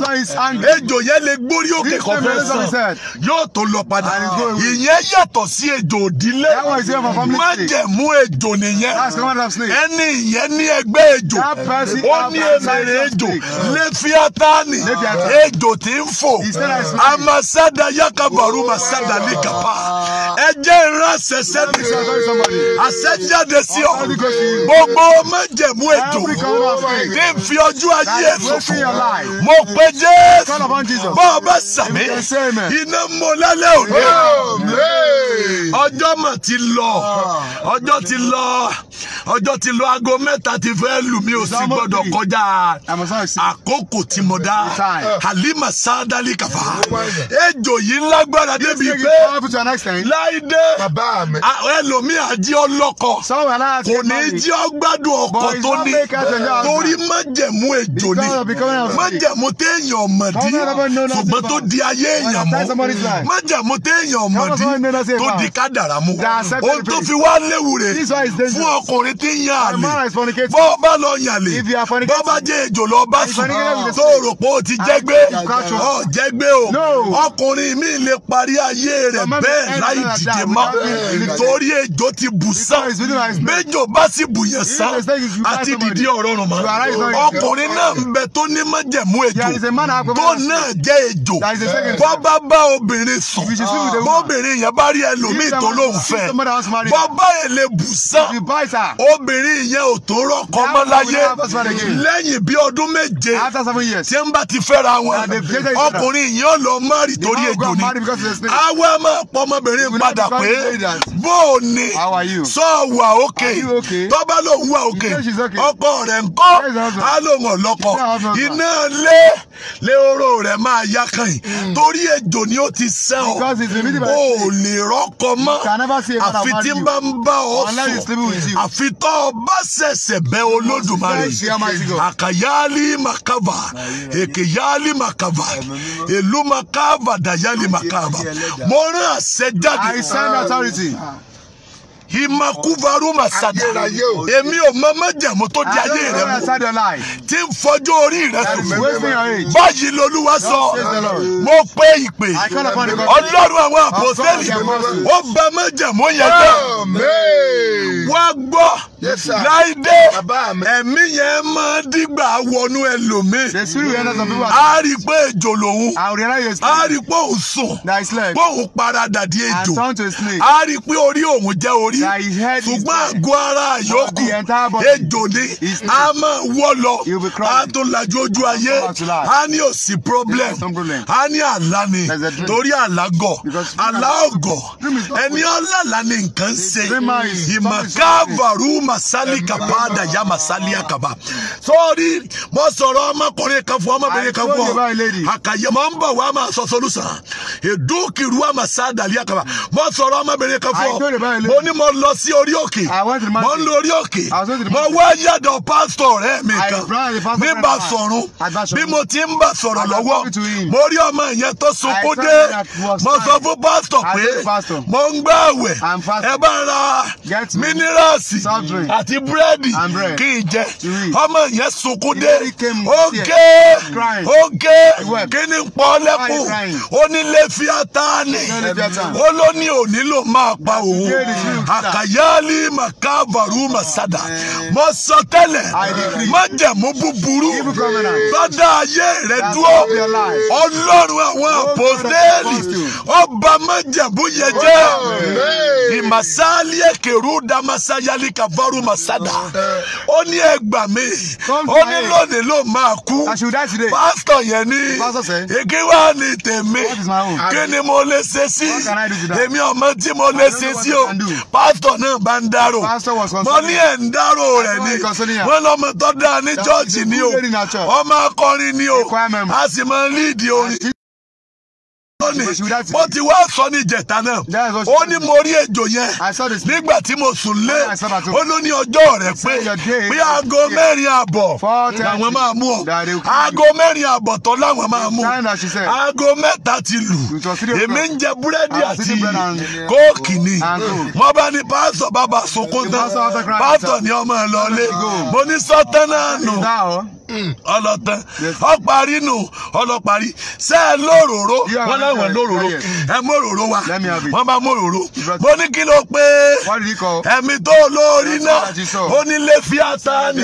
ejò yẹn lè gbórí òkè kan fẹ́ sàn yóò tó lọ padà ìyẹn yàtọ̀ sí ejò òdílé má jẹ̀mú ejò nìyẹn ẹni ìyẹn ní ẹgbẹ́ ejò ó ní èmèrè ejò lẹ́fíátánì ejò tí ń fò amasada yakabaru masada ní kapa ẹ jẹ́ ìránṣẹ́ I said, àṣẹjá de sí ọ gbogbo méjèmú ètò kí n fi ọjọ́ ayé fòfò mo pe jésù bọ́ ọ bẹ sàmì iná mo lálẹ́ òní ọjọ́ mà ti lọ ah. ọjọ́ ti lọ ọjọ́ ti lọ aago mẹ́ta ti fẹ́ lù mí ò sì gbọ́dọ̀ kọjá àkókò tí mo dá halima sadali kafa ejò yìí lágbára débi pé láìdé Ah, ẹlòmíì àjí ọlọ́kọ kò ní jí ọgbádùn ọkọ tó ní torí májẹ̀mú ejò ni májẹ̀mú téèyàn mọ̀dí ṣùgbọ́n tó di ayé èèyàn mọ́ májẹ̀mú téèyàn mọ̀dí tó di kádàrá mú ohun tó fi wá léwu rè fún ọkùnrin tí ń yan àlè bọ́ lọ yàn lè bọ́ jẹ́ ejò lọ bá sùn tó rò pé o ti jẹ́gbé ọ jẹ́gbé o ọkùnrin mi lè parí ayé rẹ̀ bẹ́ẹ̀ láì dìde mọ́ nítorí ejò ti bù sán méjò bá sì bùyàn sán àti dìde ọ̀rọ̀ rùn ọkùnrin náà ń bẹ tó ní májẹ̀mú ejò tó náà jẹ́ ejò bọ́ bá bá obìnrin sùn bọ́ obìnrin yẹn bá rí ẹlòmíì tó ló fẹ́ bọ́ bá èlé bù sán obìnrin yẹn ò tó rọ́kọ mọ́ láyé lẹ́yìn bí ọdún méje tí ń bá ti fẹ́ra wọn ọkùnrin yẹn ò lọ mọ́rì torí ejò ni àwọn ọmọ ọmọbìnrin padà pé bó o ní sọ wà òkè tọ́ba ló wà òkè ọkọ rẹ̀ ń kọ́ á ló hàn lọ́kọ̀ iná lé lé oró rẹ̀ máa yá kan yìí mm. torí ejò ni ó ti sẹ́ ọ o ò lè rọ́kọ mọ́ àfi tí n bá ń bá ọ sùn àfi tọ́ ọ bá ṣẹ̀ṣẹ̀ bẹ olódùmarè àkàyálì màkàbà èkèyálì màkàbà èlú màkàbà dàyálì màkàbà mo àṣẹ jáde imakuvaru masada èmi ò mọ mẹjẹmú tó di ayé rẹ mú tí ń fọjọ́ orí rẹ sùn báyìí lolúwa sọ mo pé ìpè ọlọ́run àwọn àpòsẹ́lì ó bá mẹjẹmú yẹn jẹ́ wá gbọ́ láìdé ẹ̀mí yẹn máa dìgbà wọnú ẹlòmíì a rí pé ejò lòun a rí pé òun sùn pé òun paradà di ejò a rí i pé orí òun jẹ́ orí ṣùgbọ́n àgọ́ ara yòókù ejò ni a máa wọ́ lọ a tó lajú ojú ayé a ní òsì problem a ní àlá ni torí àlá àlá ọ̀gọ̀ ẹni ọ̀làlá ni nǹkan ṣe ìmọ̀ káàbàrú masali kapada ya masali akaba sọ́ọ́rí mo sọ̀rọ̀ ọmọkùnrin kan fún ọmọbìnrin kan fún ọ àkàyè mo ń bọ̀ wá máa sọ solúsàn èdúkìrú àmàsá dàlí akaba mo sọ̀rọ̀ ọmọbìnrin kan fún ọ mo ní mo lọ sí orí òkè mo ń lọ orí òkè mo wá yàdọ̀ pásítọ̀ rẹ̀ mi kan nígbà sọ̀rùn bí mo ti ń bà sọ̀rọ̀ lọ́wọ́ mo rí ọmọ yẹn tó sunkún dé mo sọ fún pásítọ̀ pé mo ń gbààwẹ̀ ẹ bá ra mínírààsì àti búrẹ́dì kí n jẹ ọmọ yẹn sunkún dé ókè ókè kí ni pọ́ lẹ́kùn ó ní lẹ́fíátá ni ó ló ní òní ló máa pa òun àkàyálì màkàbàrú màsàdà mo sọ tẹ́lẹ̀ má jẹ̀mú búburú bàdá ayé rẹ dúró ọlọ́run àwọn àpòtẹ́ẹ̀lì ọba má jẹ̀mú yẹn jẹ́ ìmàsáálì èkèrú damasayálì kàfọ́ lọ́rùn masada ó ní ẹgbà mi ó ní lónìí ló máa kú pásítọ̀ yẹn ní igi wá ní tèmi kí ni mo lè ṣe sí èmi ọmọ tí mo lè ṣe sí o pásítọ̀ náà bá ń dárò mo ní ẹ̀ ń dárò rẹ̀ ni wọ́n lọ́mọ tó dáa ní chọ́ọ̀chì ni o ọmọ akọrin ni o a sì máa ń lídìí orin lónìí mo ti wá sọ ní ìjẹta náà ó ní mo rí ejò yẹn nígbà tí mo sùn lé ó ló ní ọjọ́ rẹ pé bí aago mẹ́rin àbọ̀ làwọn máa mú ọ aago mẹ́rin àbọ̀ tó làwọn máa mú aago mẹ́ta ti lù èmi ń jẹ búrẹ́dì àti kóòkì ni wọ́n bá ní pásítọ̀ bàbá sokó tán pásítọ̀ ni ọmọ ẹ̀ lọ́lé mo ní sọ́tánà nù. Mm, ọlọtàn ọparí nù ọlọparí ṣe é lóróró wọn láwọn lóróró ẹ móróró wa wọn bá móróró mo ní kí ló pé ẹ̀mí tó lórí náà ó ní lefiatani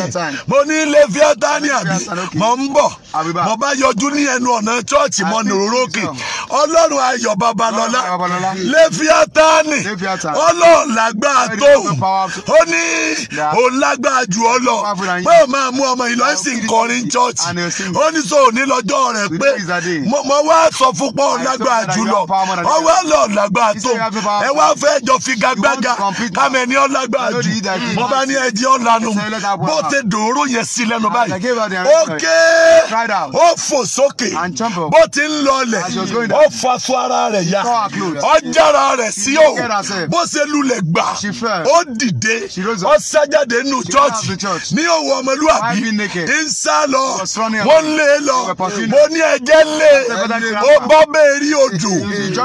mo ní lefiatani àbí mo ń bọ̀ mo bá yọjú ní ẹnu ọ̀nà chọ́ọ̀chì mọ́ nìrórókè ọlọ́run ayọ̀ babalọ́lá lefiatani ọlọ́ọ̀lágbá tó ó ní òun lágbá ju ọ lọ pé ó máa mú ọmọ ìlọsìn k kọrin church ó ní sọ òní lọ́jọ́ rẹ̀ pé mo wá sọ fún pọ́ lágbára jùlọ ọwọ́ lọ lágbára tó ẹ wá fẹ́ jọ figagbága kámẹ́ ní ọ jù mo bá ní ẹjẹ́ ọ bó ti dòóró yẹn sí lẹ́nu báyìí ó ké ó fò sókè bó ti ń lọlẹ̀ ó fa aṣọ ara rẹ̀ ya ọjàra rẹ̀ sí o bó ṣe lulẹ̀ gbà ó dìde ó sájáde nù church ní òwò ọmọlúwàbí ń s sá lọ wọ́n lé e lọ mo ní ẹ̀jẹ̀ lé e. bọ́ bẹ́ẹ̀ rí odò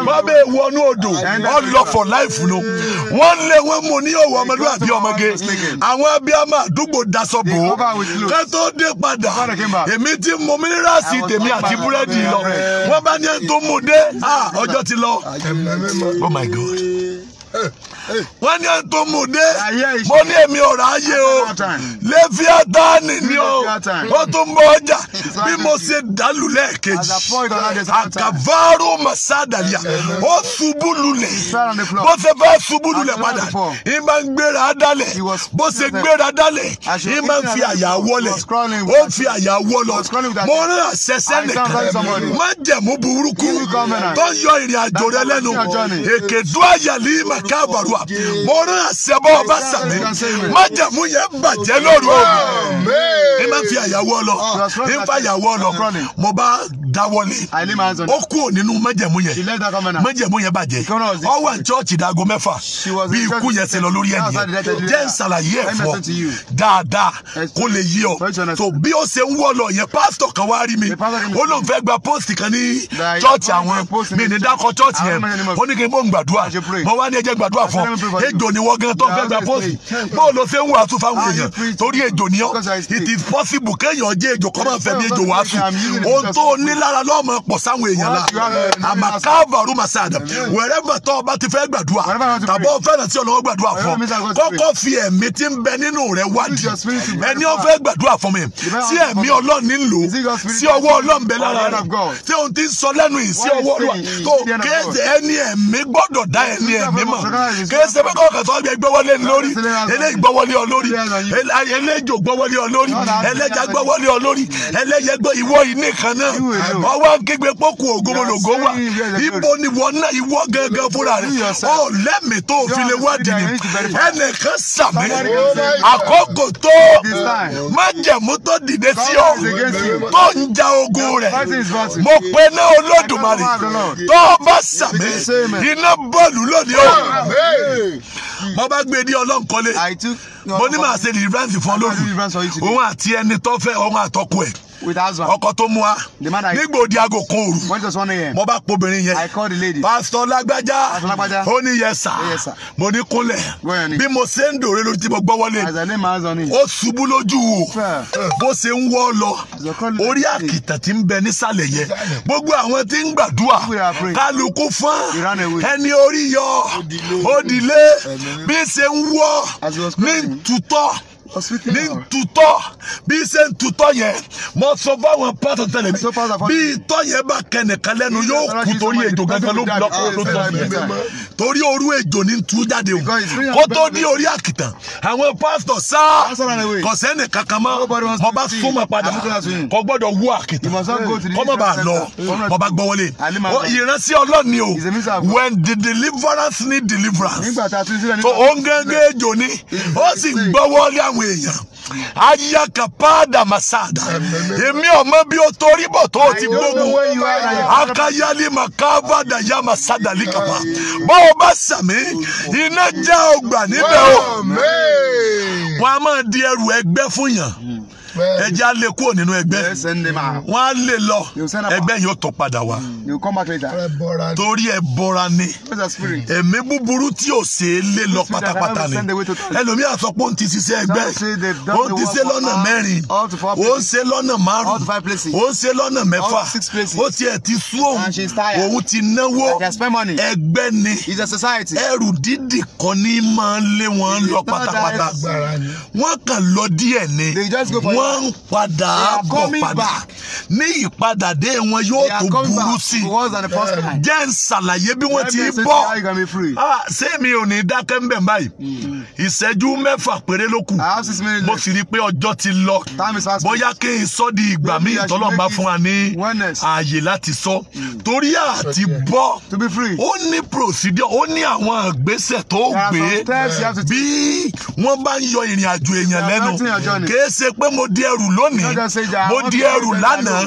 bọ́ bẹ́ẹ̀ wọnú odò wọ́n lọ for life lọ wọ́n lé e wọ́n mo ní òwò ọmọlúwàbí ọmọge àwọn abiyamọ àdúgbò daṣọ bò ó ká tó dé padà èmi ti mú mínírààsì tèmi àti búrẹ́dì lọ wọ́n bá ní ẹ̀ tó mú dé ah, ọjọ́ ti lọ. Oh my God wọ́n ní ètò mòdé mo ní èmi ọ̀rọ̀ ayé o Léfíátánì ni o ó tún bọ́ ọjà bí mo ṣe dàlù lẹ́ẹ̀kejì àkàvárò màsádàlíà ó ṣubú lulẹ̀ bó ṣe fẹ́ ṣubú lulẹ̀ padà ì máa ń gbéra dálẹ̀ bó ṣe gbéra dálẹ̀ ì máa ń fi àyà wọlẹ̀ ó fi àyà wọlọ mo ń rà ṣẹṣẹ nìkan má jẹ̀mú burúkú tó yọ ìrìn àjò rẹ lẹ́nu èkè dúàyà lima àká àbàrùwà mo rán àṣẹ bọ́ ọba sàmì májàmú yẹn bàjẹ́ lóru o ní máa fi àyàwó lọ ní fa àyàwó lọ mo bá dáwọ́lé ó kú nínú májàmú yẹn májàmú yẹn bàjẹ́ ọ wà dago mẹ́fà bí ikú yẹn ṣe lọ lórí ẹ̀yẹ jẹ́ ń ẹ̀ fọ́ dáadáa kó lè yí ọ tó bí ó ṣe ń wọ́ lọ yẹn pásítọ̀ kan wá rí mi ó lóun fẹ́ gba póòsì kan ní chọ́ọ̀chì oh, àwọn mi ní dákọ̀ chọ́ọ̀chì yẹn ó ní kí n bó ń gbàdúrà mo wá ní ẹj jẹ́ gbàdúrà fún ọ ejò ni wọ́n gan tó fẹ́ gba pósì bóò ló ṣe ń wàásù fáwọn èèyàn torí ejò ni ọ it is possible kéèyàn jẹ́ ejò kọ́ máa fẹ́ bí ejò wàásù ohun tó ní lára lọ́ọ́ máa pọ̀ sáwọn èèyàn la àmàkàbàrú màsáàdà wherever tó o bá ti fẹ́ gbàdúrà tàbọ̀ fẹ́ràn tí ọlọ́wọ́ gbàdúrà fún ọ kọ́kọ́ fi ẹ̀mí tí ń bẹ nínú rẹ wádìí ẹni ó fẹ́ gbàdúrà fún mi tí ẹ̀mí ọlọ́run ní lò sí ọwọ́ ọlọ́run bẹ lára rẹ tí ohun ti ń sọ lẹ́nu yìí sí ọwọ́ ọlọ́run tó kéde ẹni ẹ̀mí gbọ́dọ̀ dá ẹni ẹ̀mí mọ̀ kẹsẹ pé kọkàn sọ bẹ gbọwọlé lórí eléyìí gbọwọlé ọ lórí eléjò gbọwọlé ọ lórí ẹlẹ́jà gbọwọlé ọ lórí ẹlẹ́yẹ gbọ ìwọ ìní kan náà ọwọ kígbe pọkù ògomològo wa ibo ni wọn náà ìwọ gangan fúnra rẹ ọ lẹ́mì tó fi lè wádìí ni ẹnìkan sàmì àkókò tó májẹ̀mú tó dìde sí ọ tó ń ja ogun rẹ mo pe náà Olódùmarè tó bá sàmì eh. iná bọ́ọ̀lù lónìí o mo bá gbé e ní ọlọ́run kọ́lé mo ní màá ṣe deliverance fún ọlọ́run òun àti ẹni tó fẹ́ òun àtọ́kù ẹ̀ ọkọ tó mú wa nígbà òdi aago kan òru mo bá pobìnrin yẹn pásítọ̀ lágbájá ó ní yẹ sà mo ní kúnlẹ̀ bí mo ṣe ń dòre lójú tí mo gbọ́ wọlé ó ṣubú lójú wò bó ṣe ń wọ́ lọ orí àkìtàn tí ń bẹ nísàlẹ̀ yẹn gbogbo àwọn tí ń gbàdúrà kálukú fún ẹni orí yọ òdìlé bí ṣe ń wọ́ ní tutọ́ ní tutọ́ bí ṣe ń tutọ́ yẹn mo sọ fáwọn pásọ tẹlẹ mi bí itọ́ yẹn bá kẹnìkan lẹ́nu yóò kú torí ejò gangan ló lọ kó ló sọ yẹn torí orú ejò ní tú jáde o kó tó ní orí àkìtàn àwọn pásítọ̀ sá kò sẹ́ni kankan mọ́ mo bá súnmọ́ padà kò gbọ́dọ̀ wú àkìtàn kó má bàa lọ mo bá gbọ́ wọlé ìránṣẹ́ ọlọ́ni o when the deliverance need deliverance so ó ń gẹ́gẹ́ ejò ni ó sì àwọn èèyàn ayakapada masada èmi ọmọ bí o torí bọ̀ tó o ti gbógun akayali makavada ya masada likapa báwo bá sàmì iná já ọgbà níbẹ̀ o wọn a máa di ẹrù ẹgbẹ́ fún yàn ẹjẹ́ á lè kúrò nínú ẹgbẹ́ wọ́n á lè lọ ẹgbẹ́ yìí ó tó padà wá mm. torí ẹ bọ́ra ni ẹ̀mí búburú tí ò ṣe é lé lọ pátápátá ni ẹlòmíì àsọpọ̀ ń ti ṣiṣẹ́ ẹgbẹ́ ó ń ti ṣe lọ́nà mẹ́rin ó ń ṣe lọ́nà márùn-ún ó ń ṣe lọ́nà mẹ́fà ó tiẹ̀ ti sú òun òun ti náwó ẹgbẹ́ ni ẹrù dídì kan ní máa ń lé wọn lọ pátápátá wọ́n kàn lọ díẹ̀ ni wọ́n wọ́n ń padà bọ̀ padà ní ìpadàdé wọn yóò tó burú sí i jẹ́ ń ṣàlàyé bí wọ́n ti bọ́ ah, ṣé mi ò ní dákẹ́ ń bẹ̀ báyìí mm. ìṣẹ́jú mẹ́fà péré ló kù mo sì rí i pé ọjọ́ ti lọ bóyá kí n sọ di ìgbà míì tọ́lọ́mà fún wa ní ààyè láti sọ mm. torí àti bọ́ ó ní procedure ó ní àwọn àgbésẹ̀ tó gbé bí wọ́n bá ń yọ ìrìn àjò èèyàn lẹ́nu kì í ṣe pé mo di ẹrù lónìí mo di ẹrù lánàá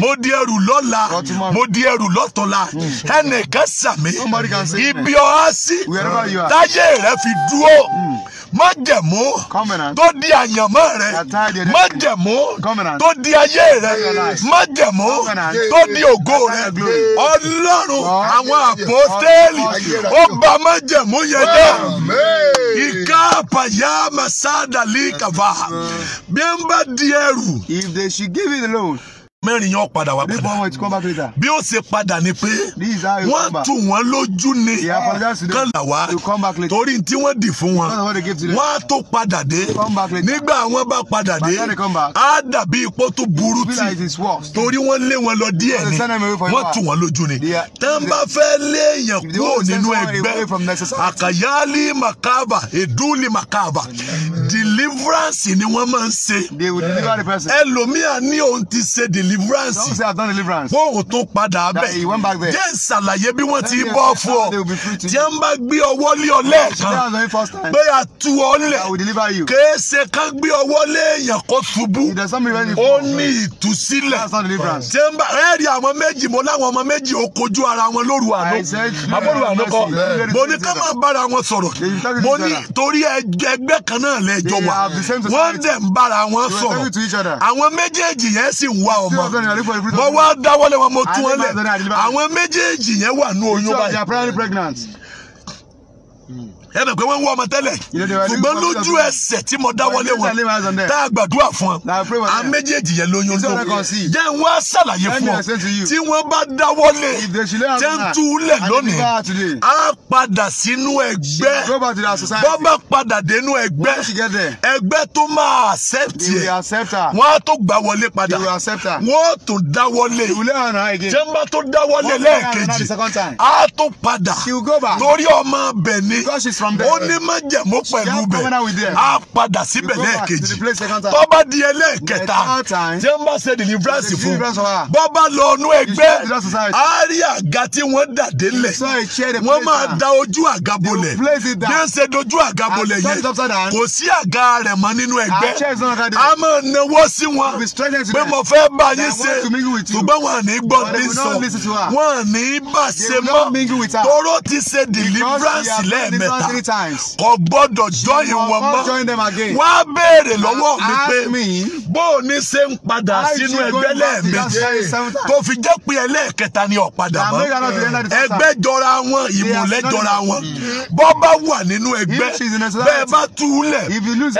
mo di ẹrù lọ́la mo di ẹrù lọ́tọ̀la hmm. ẹnìkan sàmì ibi ọ̀há sí táyé rẹ fi dúró hmm. májẹ̀mú tó di àyànmọ́ rẹ májẹ̀mú tó di ayé rẹ májẹ̀mú tó di ògo rẹ ọlọ́run àwọn àpótẹ́ẹ̀lì ó bà májẹ̀mú yẹn jẹ́ ìkáàpàyà màsádàlì kàfà bí ń bá di if they should give you the loan. mẹ́rin yẹn padà wá padà bí ó ṣe padà ni pé wọ́n tù wọ́n lójú ni kán là wá torí tí wọ́n dì fún wọn wọ́n á tó padà dé nígbà wọ́n bá padà dé á dàbí ipò tó burú tì torí wọ́n lé wọn lọ díẹ̀ ni wọ́n tù wọ́n lójú ni tán bá fẹ́ lé èèyàn kúrò nínú ẹgbẹ́ àkàyálì màkàbà èdúlì màkàbà deliverance ni wọ́n máa ń ṣe ẹlòmíà ní òun ti ṣe deliverance deliverance. Don't say I've done deliverance. Kó o tó padà bẹ̀. That he went back there. Jẹ́ ìsàlàyé bí wọ́n ti bọ́ fún ọ. Tí wọ́n bá gbé ọwọ́ lé ọ lẹ́ẹ̀kan. Pé a tu ọ lẹ̀. I will deliver you. Kéèsè ká gbé ọwọ́ léèyàn kó ṣubú. Ó ní ìtúsílẹ̀. That's not deliverance. Tí wọ́n bá ẹ rí àwọn méjì mo láwọn ọmọ méjì ó kojú ara wọn lóru àná. Àbúrò àná kọ. Mo ní ká máa bára wọn sọ̀rọ̀. Mo ní torí ẹgbẹ́ kan náà lẹ́jọ wà. Wọ́n dẹ̀ ń bára wọn sọ̀rọ̀. Àwọn méjèèjì yẹn sì ń wá ọmọ mo wá dáwọ́lé wọn mo tún wọn lẹ̀ àwọn méjèèjì yẹn wà ní oyún báyìí ẹ bẹ̀ pé wọ́n ń wọ́ ọmọ tẹ́lẹ̀ ṣùgbọ́n lójú ẹsẹ̀ tí mo dáwọ́lé wọn tá a gbàdúrà fún ọ a méjèèjì yẹn lóyún ló jẹ́ ń wá ṣàlàyé fún ọ tí wọ́n bá dáwọ́lé jẹ́ ń túlẹ̀ lónìí á padà sínú ẹgbẹ́ bọ́ padà dénú ẹgbẹ́ ẹgbẹ́ tó máa accept yẹ wọ́n á tó gbà wọlé padà wọ́n á tó dáwọ́lé jẹ́ ń bá tó dáwọ́lé lẹ́ẹ̀kejì á tó padà lórí ọmọ bẹ̀ ni from there. ó ní májẹ̀mú pẹ̀lú bẹ̀ á padà síbẹ̀ lẹ́ẹ̀kejì tó bá di ẹlẹ́ẹ̀kẹta tí wọ́n bá ṣe deliverance fún bọ́ bá lọ ọ̀nù ẹgbẹ́ á rí àga tí wọ́n dà délẹ̀ wọ́n máa da ojú àga bolẹ̀ bí wọ́n ṣe dojú àga bolẹ̀ yẹn kò sí àga rẹ̀ mọ́ nínú ẹgbẹ́ a máa nawọ́ sí wọn pé mo fẹ́ bá yín ṣe ṣùgbọ́n wọn ní gbọ́ ní sọ wọn ní bá ṣe mọ́ toró ti ṣe deliverance lẹ́ẹ̀mẹ́ta three times. kò gbọ́dọ̀ join wọn mọ́. join them again. wọ́n á béèrè lọ́wọ́ mi pé bó o ní ṣe ń padà sínú ẹgbẹ́ lẹ́ẹ̀mejì tó fi jẹ́ pé ẹlẹ́ẹ̀kẹta ni ọ̀padà mọ́. ẹgbẹ́ jọra wọn ìmùlẹ̀ jọra wọn. bọ́ bá wà nínú ẹgbẹ́ bẹ́ẹ̀ bá túlẹ̀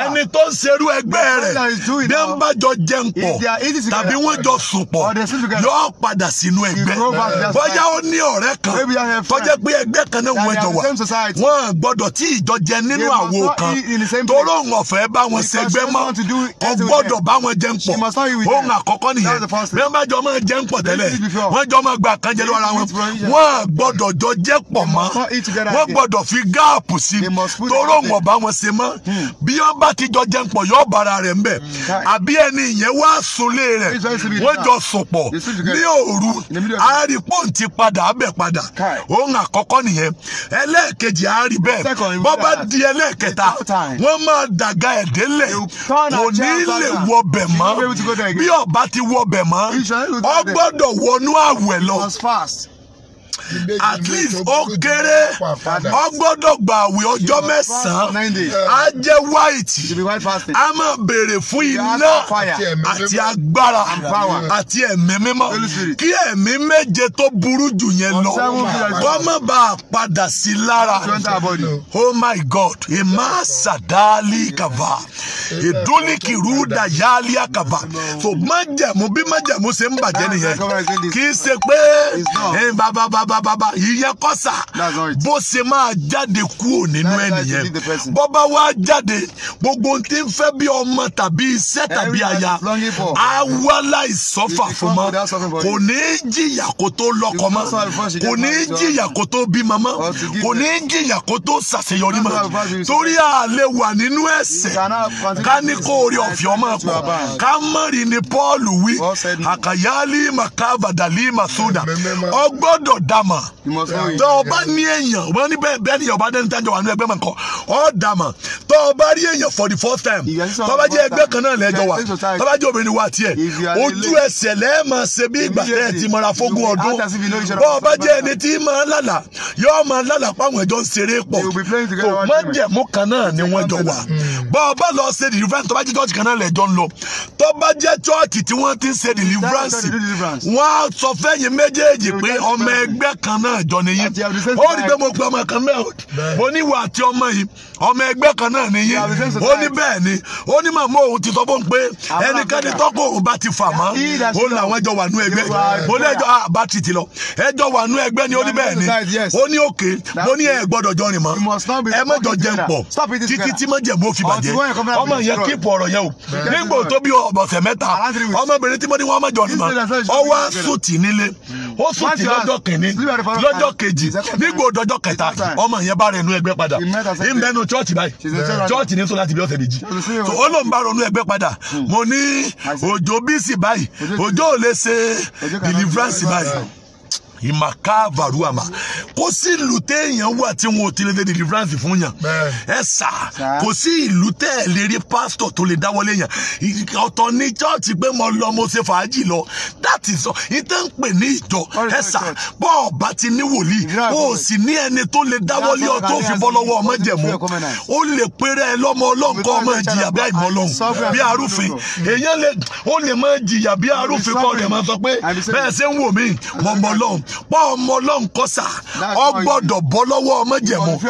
ẹni tó ń ṣerú ẹgbẹ́ rẹ̀ ní ń bá jọ jẹun pọ̀ tàbí wọ́n jọ sùn pọ̀ yóò padà sínú ẹgbẹ́ bọ́yá ó ní ọ̀rẹ́ kan tó pé ẹgbẹ́ kan náà wọ́n jọ wà wọ́n gbọ́dọ̀ gbọ́dọ̀ tí ìjọ jẹ nínú àwo kan torí òun ọ̀fẹ́ bá wọn ṣẹgbẹ́ mọ́ kò gbọ́dọ̀ bá wọn jẹun pọ̀ òun àkọ́kọ́ nìyẹn bí wọ́n bá jọ máa jẹun pọ̀ tẹ́lẹ̀ wọ́n jọ máa gba àkànjẹ lọ́ra wọn wọ́n gbọ́dọ̀ jọ jẹ́ pọ̀ mọ́ wọ́n gbọ́dọ̀ fi gáàpù sí torí òun ọ̀bá wọn ṣe mọ́ hmm. bí wọ́n bá ti jọ jẹun pọ̀ yọ bàrà rẹ̀ ńbẹ̀ hmm. àbí ẹni ìyẹn wá sunlé rẹ̀ wọ́n jọ sùn ní òru àárí pọ́ǹtì padà abẹ́ padà òun àkọ́kọ́ nìyẹn ẹlẹ́ẹ̀kejì àárí bẹ́ẹ̀ bọ́ bá di ẹlẹ́ẹ̀kẹta wọ́n máa dàga ẹ̀dẹ́ lẹ̀ kò ní lè wọ bẹ̀ mọ́ bí ọba ti wọ bẹ̀ mọ́ ọ gbọ́dọ̀ wọnú àwẹ̀ lọ at least ó kéré ó gbọ́dọ̀ gba àwẹ̀ ọjọ́ mẹ́sàn-án á jẹ́ white á máa béèrè fún iná àti agbára àti ẹ̀mí mímọ́ kí ẹ̀mí méje tó burú jù yẹn lọ kó má bàa padà sí lára oh my god emma sadali kava eduniki ruda yali akava so májẹ̀mú bí májẹ̀mú ṣe ń bàjẹ́ nìyẹn kì í ṣe pé bàbá eh, bàbá bàbàbàbà ìyẹkọ́sà bó ṣe máa jáde kúrò nínú ẹnìyẹn bọ́bá wá jáde gbogbo ohun tí ń fẹ́ bí ọmọ tàbí iṣẹ́ tàbí aya awala ìsọ́fà fún mọ́ kò ní jìyà kó tó lọ́kọ mọ́ kò ní jìyà kó tó bímọ mọ́ kò ní jìyà kó tó ṣàṣeyọrí mọ́ torí a lè wà nínú ẹ̀ṣẹ̀ ká kó orí ọ̀fẹ́ ọmọ pọ̀ ká ni Paul wí àkàyálì màkàbàdàlì màsódà ọgbọ́dọ̀ dá dà mà tọ́ ọ bá ní èèyàn wọ́n ní bẹ́ẹ̀ ni ọba dẹ́ni tájọ wà ní ẹgbẹ́ mọ̀ kọ́ ọ Dama. mà tọ́ ọ bá rí èèyàn for the first time tọ́ bá jẹ́ ẹgbẹ́ kan náà lẹ́jọ́ wa tọ́ bá jẹ́ obìnrin wa tiẹ̀ ojú ẹsẹ̀ lẹ́ẹ̀mọ̀ ṣe bí ìgbà tẹ́ ẹ ti mọ̀ra fógún ọdún bọ́ ọ bá jẹ́ ẹni tí máa lálà yóò máa lálà páwọn ẹjọ́ ń ṣeré pọ̀ kò má jẹ̀mú kan náà ni wọ́n jọ wà mm. bọ́ ọ lọ ṣe deliverance tọ́ bá jẹ́ church kan náà lẹ́jọ́ ń lọ tọ́ bá jẹ́ church tí wọ́n ti ń ṣe deliverance wọ́n á sọ fẹ́yìn méjèèjì pé ọmọ ẹgbẹ́ ẹgbẹ́ kan náà jọ nìyí ó rí i pé mo pe ọmọ kan náà mo ní ìwà àti ọmọ yìí ọmọ ẹgbẹ́ kan náà nìyí ó ní bẹ́ẹ̀ ni ó ní màmá òun ti sọ pé ẹnikẹ́ni tọ́kọ̀ òun bá ti fà mọ́ òun làwọn ẹjọ́ wà nú ẹgbẹ́ mo ní ẹjọ́ ah, bá ti ti lọ ẹjọ́ wà nú ẹgbẹ́ ni ó ní bẹ́ẹ̀ ni ó ní òkè mo ní ẹ gbọ́dọ̀ jọ rìn mọ́ ẹ mọ̀jọ jẹun pọ̀ títí tí mọ̀ mọ́ fi bàjẹ́ ọmọ yẹn kí ipò ọ̀rọ̀ yẹn o nígbà tó bí ọ̀sẹ̀ mẹ́ta ọmọbìnrin tí mọ́ nínú chọ́ọ̀chì báyìí chọ́ọ̀chì ní sọ láti bí ọ̀sẹ̀ méjì so ó ló ń bá ronú ẹgbẹ́ padà hmm. mo ní òjò bíìsì báyìí òjò ò lè ṣe deliverance báyìí ìmàkàbàrúàmà kò sí ìlú téèyàn wà tí wọn ò ti lè dé deliverance fún yàn ẹ sà kò sí ìlú tẹ́ ẹ lè rí pásítọ̀ tó lè dáwọ́lé yàn ọ̀tọ̀ ní chọ́ọ̀chì pé mo lọ mo ṣe fàájì lọ that is all ìtẹ́ ń pè ní ìjọ ẹ sà bọ́ ọ̀bá ti ní wòlíì o sì ní ẹni tó lè dáwọ́lé ọ tó fi bọ́ lọ́wọ́ ọmọ jẹ̀mú ó lè péré ẹ lọ́mọ ọlọ́nkọ́ ọmọ ìjìyà bí àìmọ́ ọlọ́run bí arúfin èèyàn lè ó lè mọ ìjìyà bí arúfin kọ́ ọ̀rẹ́ mọ́ sọ pé bẹ́ẹ̀ ṣe ń wò mí mọ́ ọmọ pọ́ ọmọ ọlọ́run kọ́sà ọ gbọ́dọ̀ bọ́ lọ́wọ́ májẹ̀mú is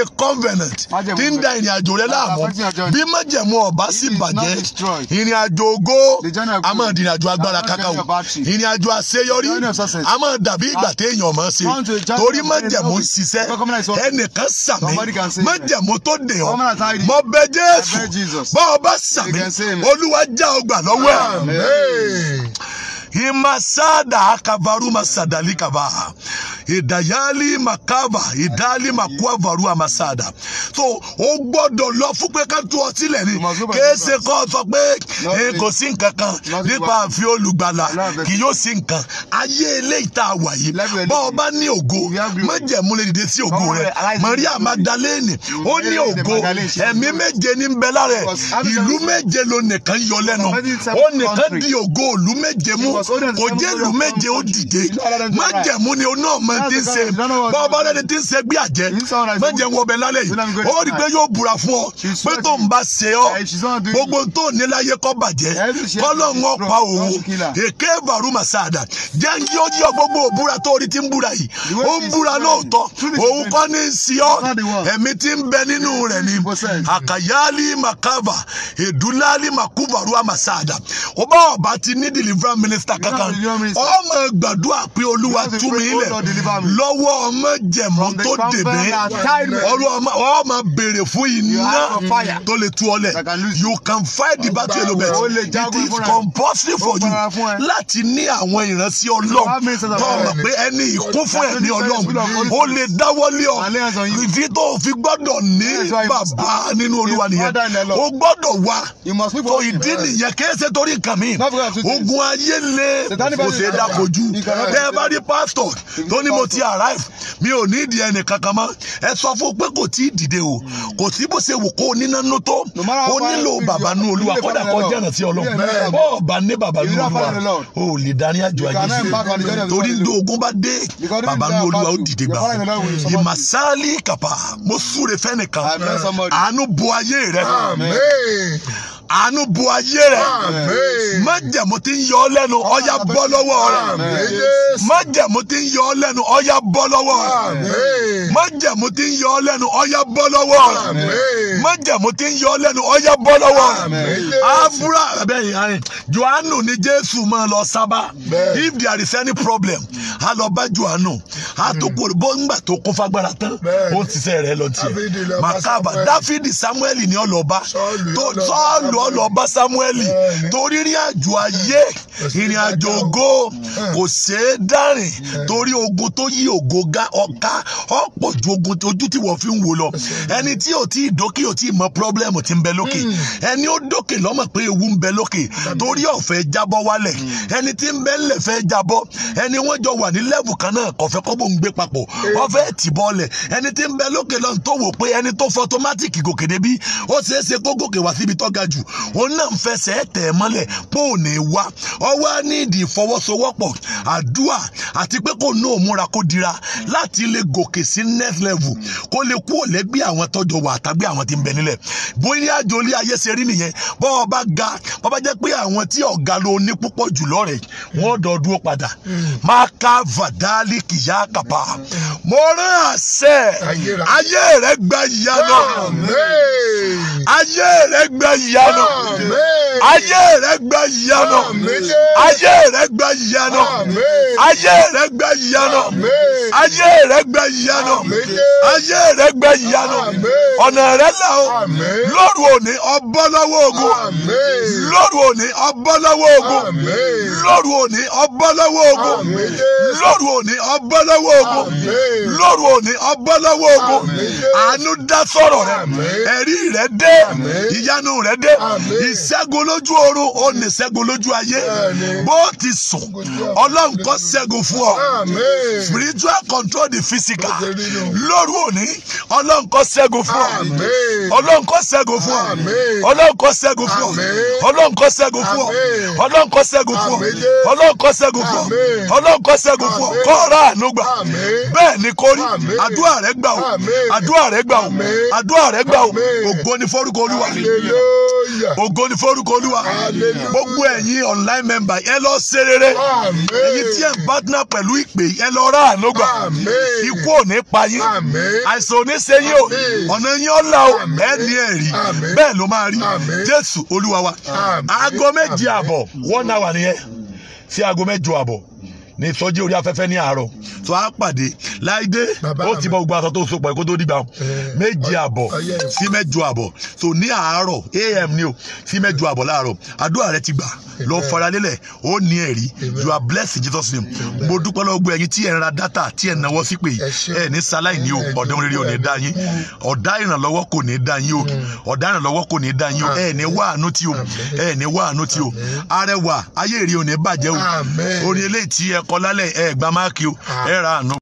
a covenant tí ń da ìrìn àjò rẹ láàmú bí májẹ̀mú ọ̀bá sì bàjẹ́ ìrìn àjò ògo a máa di ìrìn àjò agbára kákàwò ìrìn àjò àṣeyọrí a máa dàbí ìgbà ah, téèyàn máa ṣe torí májẹ̀mú ṣiṣẹ́ ẹnìkan sàmì májẹ̀mú tó dè ọ́ mọ bẹ Jésù bọ́ ọ sàmì olúwa já ọgbà lọ́wọ́ ẹ̀ imasada akavaru sadalika baha idayali makava ìdálì makua varu amasada so ó gbọ́dọ̀ lọ fún pé ká tú ọtí lẹ̀ ni kéésì sọ pé eh, kò sí nǹkan kan nípa àfi olùgbàlà kì yóò sí nǹkan ayé eléyìí tá a wà yìí bọ́ ọ bá ní ògo májẹ̀mú lè dìde sí ògo rẹ̀ Maria Magdalene ó ní ògo ẹ̀mí méje ní bẹ lára ìlú méje ló nìkan yọ lẹ́nu ó nìkan di ògo ìlú méje mú kò jẹ́lu méje ó dìde májẹ̀mú ni oná ọmọ ti ń ṣe bọ́ọ̀bá rẹ̀ ti ń ṣe gbé àjẹ́ májẹ̀mú ọbẹ̀ lálẹ́ yìí ó rí pé yóò búra fún ọ pé tó ń bá ṣe ọ gbogbo tó ní láyé kọ́ bàjẹ́ kọ́lọ́ọ̀n ọ̀pá òun èké bàrú màsáàdà jẹ́ yí ó yọ gbogbo òbúra tó rí ti ń búra yìí ó ń búra lóòótọ́ òun kọ́ ní í ṣe ọ ẹ̀mí ti ń bẹ nínú rẹ̀ ni àkàyálì màkàvà èdúlálì màkúbàrú àmàsáàdà ó bá ọ̀bá ti ní deliverance minister kankan ọmọ gbàdúrà pé olúwa tú mi oh, lẹ̀ lọ́wọ́ ọmọ jẹ̀mọ́ tó dèbè ọmọ béèrè fún iná tó lè tú ọ lẹ̀ you can fight the battle elobet it is compulsory for you láti ní àwọn ìrántí ọlọ́run tó mọ̀ pé ẹni ìkún fún ẹ̀mí ọlọ́run ó lè dáwọ́lé ọ ìdí tó fi gbọ́dọ̀ ní bàbá nínú olúwa nìyẹn ó gbọ́dọ̀ wá tó ìdí nìyẹn kí torí nǹkan mi ogun ayé nílé kò ṣeé dákojú tẹ ẹ bá rí pásítọ̀ tó ní mo ti arrive mi ò ní ìdí ẹnì kankan mọ́ ẹ sọ fún pé kò tí ì dìde o kò sí bó ṣe wù kó onínánú tó ó nílò bàbá nú olúwa kódà kó jẹ́ràn sí ọlọ́run bó bá ní bàbá nú olúwa o lè darí àjọ ayé sí i torí ní ogun bá dé bàbá nú olúwa ó dìde gbà ìmàsálí kàpà mo súre fẹ́nìkan àánú bo ayé rẹ àánú bu ayé rẹ̀ májẹ̀mú tí ń yọ ọ́ lẹ́nu ọ̀yá bọ́ lọ́wọ́ rẹ̀ májẹ̀mú tí ń yọ ọ́ lẹ́nu ọ̀yá bọ́ lọ́wọ́ rẹ̀ májẹ̀mú tí ń yọ ọ́ lẹ́nu ọ̀yá bọ́ lọ́wọ́ rẹ̀ májẹ̀mú tí ń yọ ọ́ lẹ́nu ọ̀yá bọ́ lọ́wọ́ rẹ̀ abúlé abẹ́yìn ayin johannu ni jésù máa lọ sábà if there is any problem a lọ bá johannu a tó kó bó ńgbà tó kó fagbára tán ó ti sẹ́ rẹ̀ lọ tiẹ̀ màkàbà dáfídì samuel ni ọ lọ bá tó sọ́ọ̀lù Olúwa lọ bá Sámúẹ́lì torí ìrìn àjò ayé ìrìn àjò ògo kò ṣeé dárìn torí ogun tó yí ògo ọ̀ka ọ̀pọ̀ ju ogun ojú tí wọ́n fi ń wò lọ ẹni tí ò tí ì dókè ò tí ì mọ pírọ́blẹ́mù tí ń bẹ lókè hmm. ẹni ó dókè lọ́mọ pé ewu ń bẹ lókè torí ọ̀fẹ́ jábọ́ wálẹ̀ hmm. ẹni tí ń bẹ ńlẹ̀ fẹ́ jábọ́ ẹni wọ́n jọ wà ní lẹ́bù kan náà kọ̀fẹ́ kọ́bò ń gbé papọ̀ ọ̀fẹ́ tì bọ́ọ̀lẹ̀ ẹni tí ń bẹ lókè lọ́n tó wò pé ẹni tó fọ́tọ́mátìkì gòkè débí ó ṣeé kó gòkè wá síbi tó jù òun náà ń fẹsẹ̀ tẹ̀ mọ́lẹ̀ pé ò ní wá ọwọ́ ní ìdí ìfọwọ́sowọ́pọ̀ àdúà àti pé kò ní òmúra kó dira láti lè gòkè sí next level kó lè kú òlẹ́gbẹ́ àwọn tọ́jọ wà tàbí àwọn tí ń bẹ nílẹ̀ bóyá àjò ilé ayé ṣe rí nìyẹn bọ́ ọ bá ga bọ́ bá jẹ́ pé àwọn tí ọ̀gá ló ní púpọ̀ jù lọ́rẹ̀ wọ́n dọ̀dúró padà máa ká vàdálì kìyà kàpá mo rán àṣẹ ayé rẹ gba ìyá náà ayé rẹ gba ìyá ìyanu ayé rẹ gba ìyanu ayé rẹ gba ìyanu ayé rẹ gba ìyanu ayé rẹ gba ìyanu ayé rẹ gba ìyanu ọ̀nà rẹ là o lóru òní ọbọ̀ lọ́wọ́ ogun lóru òní ọbọ̀ lọ́wọ́ ogun lóru òní ọbọ̀ lọ́wọ́ ogun lóru òní ọbọ̀ lọ́wọ́ ogun lóru òní ọbọ̀ lọ́wọ́ ogun àánú dá sọ̀rọ̀ rẹ ẹ̀rí rẹ dé ìyanu rẹ dé ìṣẹ́gun lójú oorun ó ní ìṣẹ́gun lójú ayé bó ti sùn ọlọ́run kó ṣẹ́gun fún ọ spiritual control the physical lóru òní ọlọ́run kó ṣẹ́gun fún ọ ọlọ́run kó ṣẹ́gun fún ọ ọlọ́run kó ṣẹ́gun fún ọ ọlọ́run kó ṣẹ́gun fún ọ ọlọ́run kó ṣẹ́gun fún ọ ọlọ́run kó ṣẹ́gun fún ọ ọlọ́run kó ṣẹ́gun fún ọ kó rà àánú gbà bẹ́ẹ̀ ni kó rí àdúrà rẹ gbà ó àdúrà rẹ gbà ó àdúrà rẹ gbà ó ògo ni olúwa mi ògo ni forúkọ olúwa gbogbo ẹ̀yin online member ẹ lọ ṣe rere ẹ̀yin tí ẹ̀ ń partner pẹ̀lú ìpè ẹ lọ rà ànúgbà ikú ò ní pa yín àìsàn ò ní ṣe yín o ọ̀nà yín ọ̀la o ẹ ní ẹ̀rí bẹ́ẹ̀ ló máa rí jésù olúwa wa aago méje àbọ̀ one hour nìyẹn sí aago mẹ́jọ àbọ̀ ní sọ́jí orí afẹ́fẹ́ ní àárọ̀ tó a pàdé láìdé ó ti bọ́ gbogbo aṣọ tó so pọ̀ kó tó dìgbà méje àbọ̀ sí mẹ́jọ àbọ̀ so ní àárọ̀ am ni o sí mẹ́jọ àbọ̀ láàárọ̀ àdúrà rẹ ti gbà lọ faralélẹ̀ ó ní ẹ̀rí you are blessed Jesus name mo dúpẹ́ lọ́gbọ́ ẹ̀yin tí ẹ̀ ń ra dátà tí ẹ̀ ń náwó sí pé ẹ̀ ní sáláì ní o ọ̀dọ́ rere ò ní dá yín ọ̀dá ìrànlọ́wọ́ kò ní dá yín o ọ̀dá ìrànlọ́wọ́ kò ní dá yín o ẹ̀ ní wá àánú tí o ẹ̀ ní wá àánú tí o arẹwà ayé èrè ò ní bàjẹ́ o orin eléyìí tí ẹ kọ lálẹ́ ẹ gba máàkì o ah. ẹ ra àánú.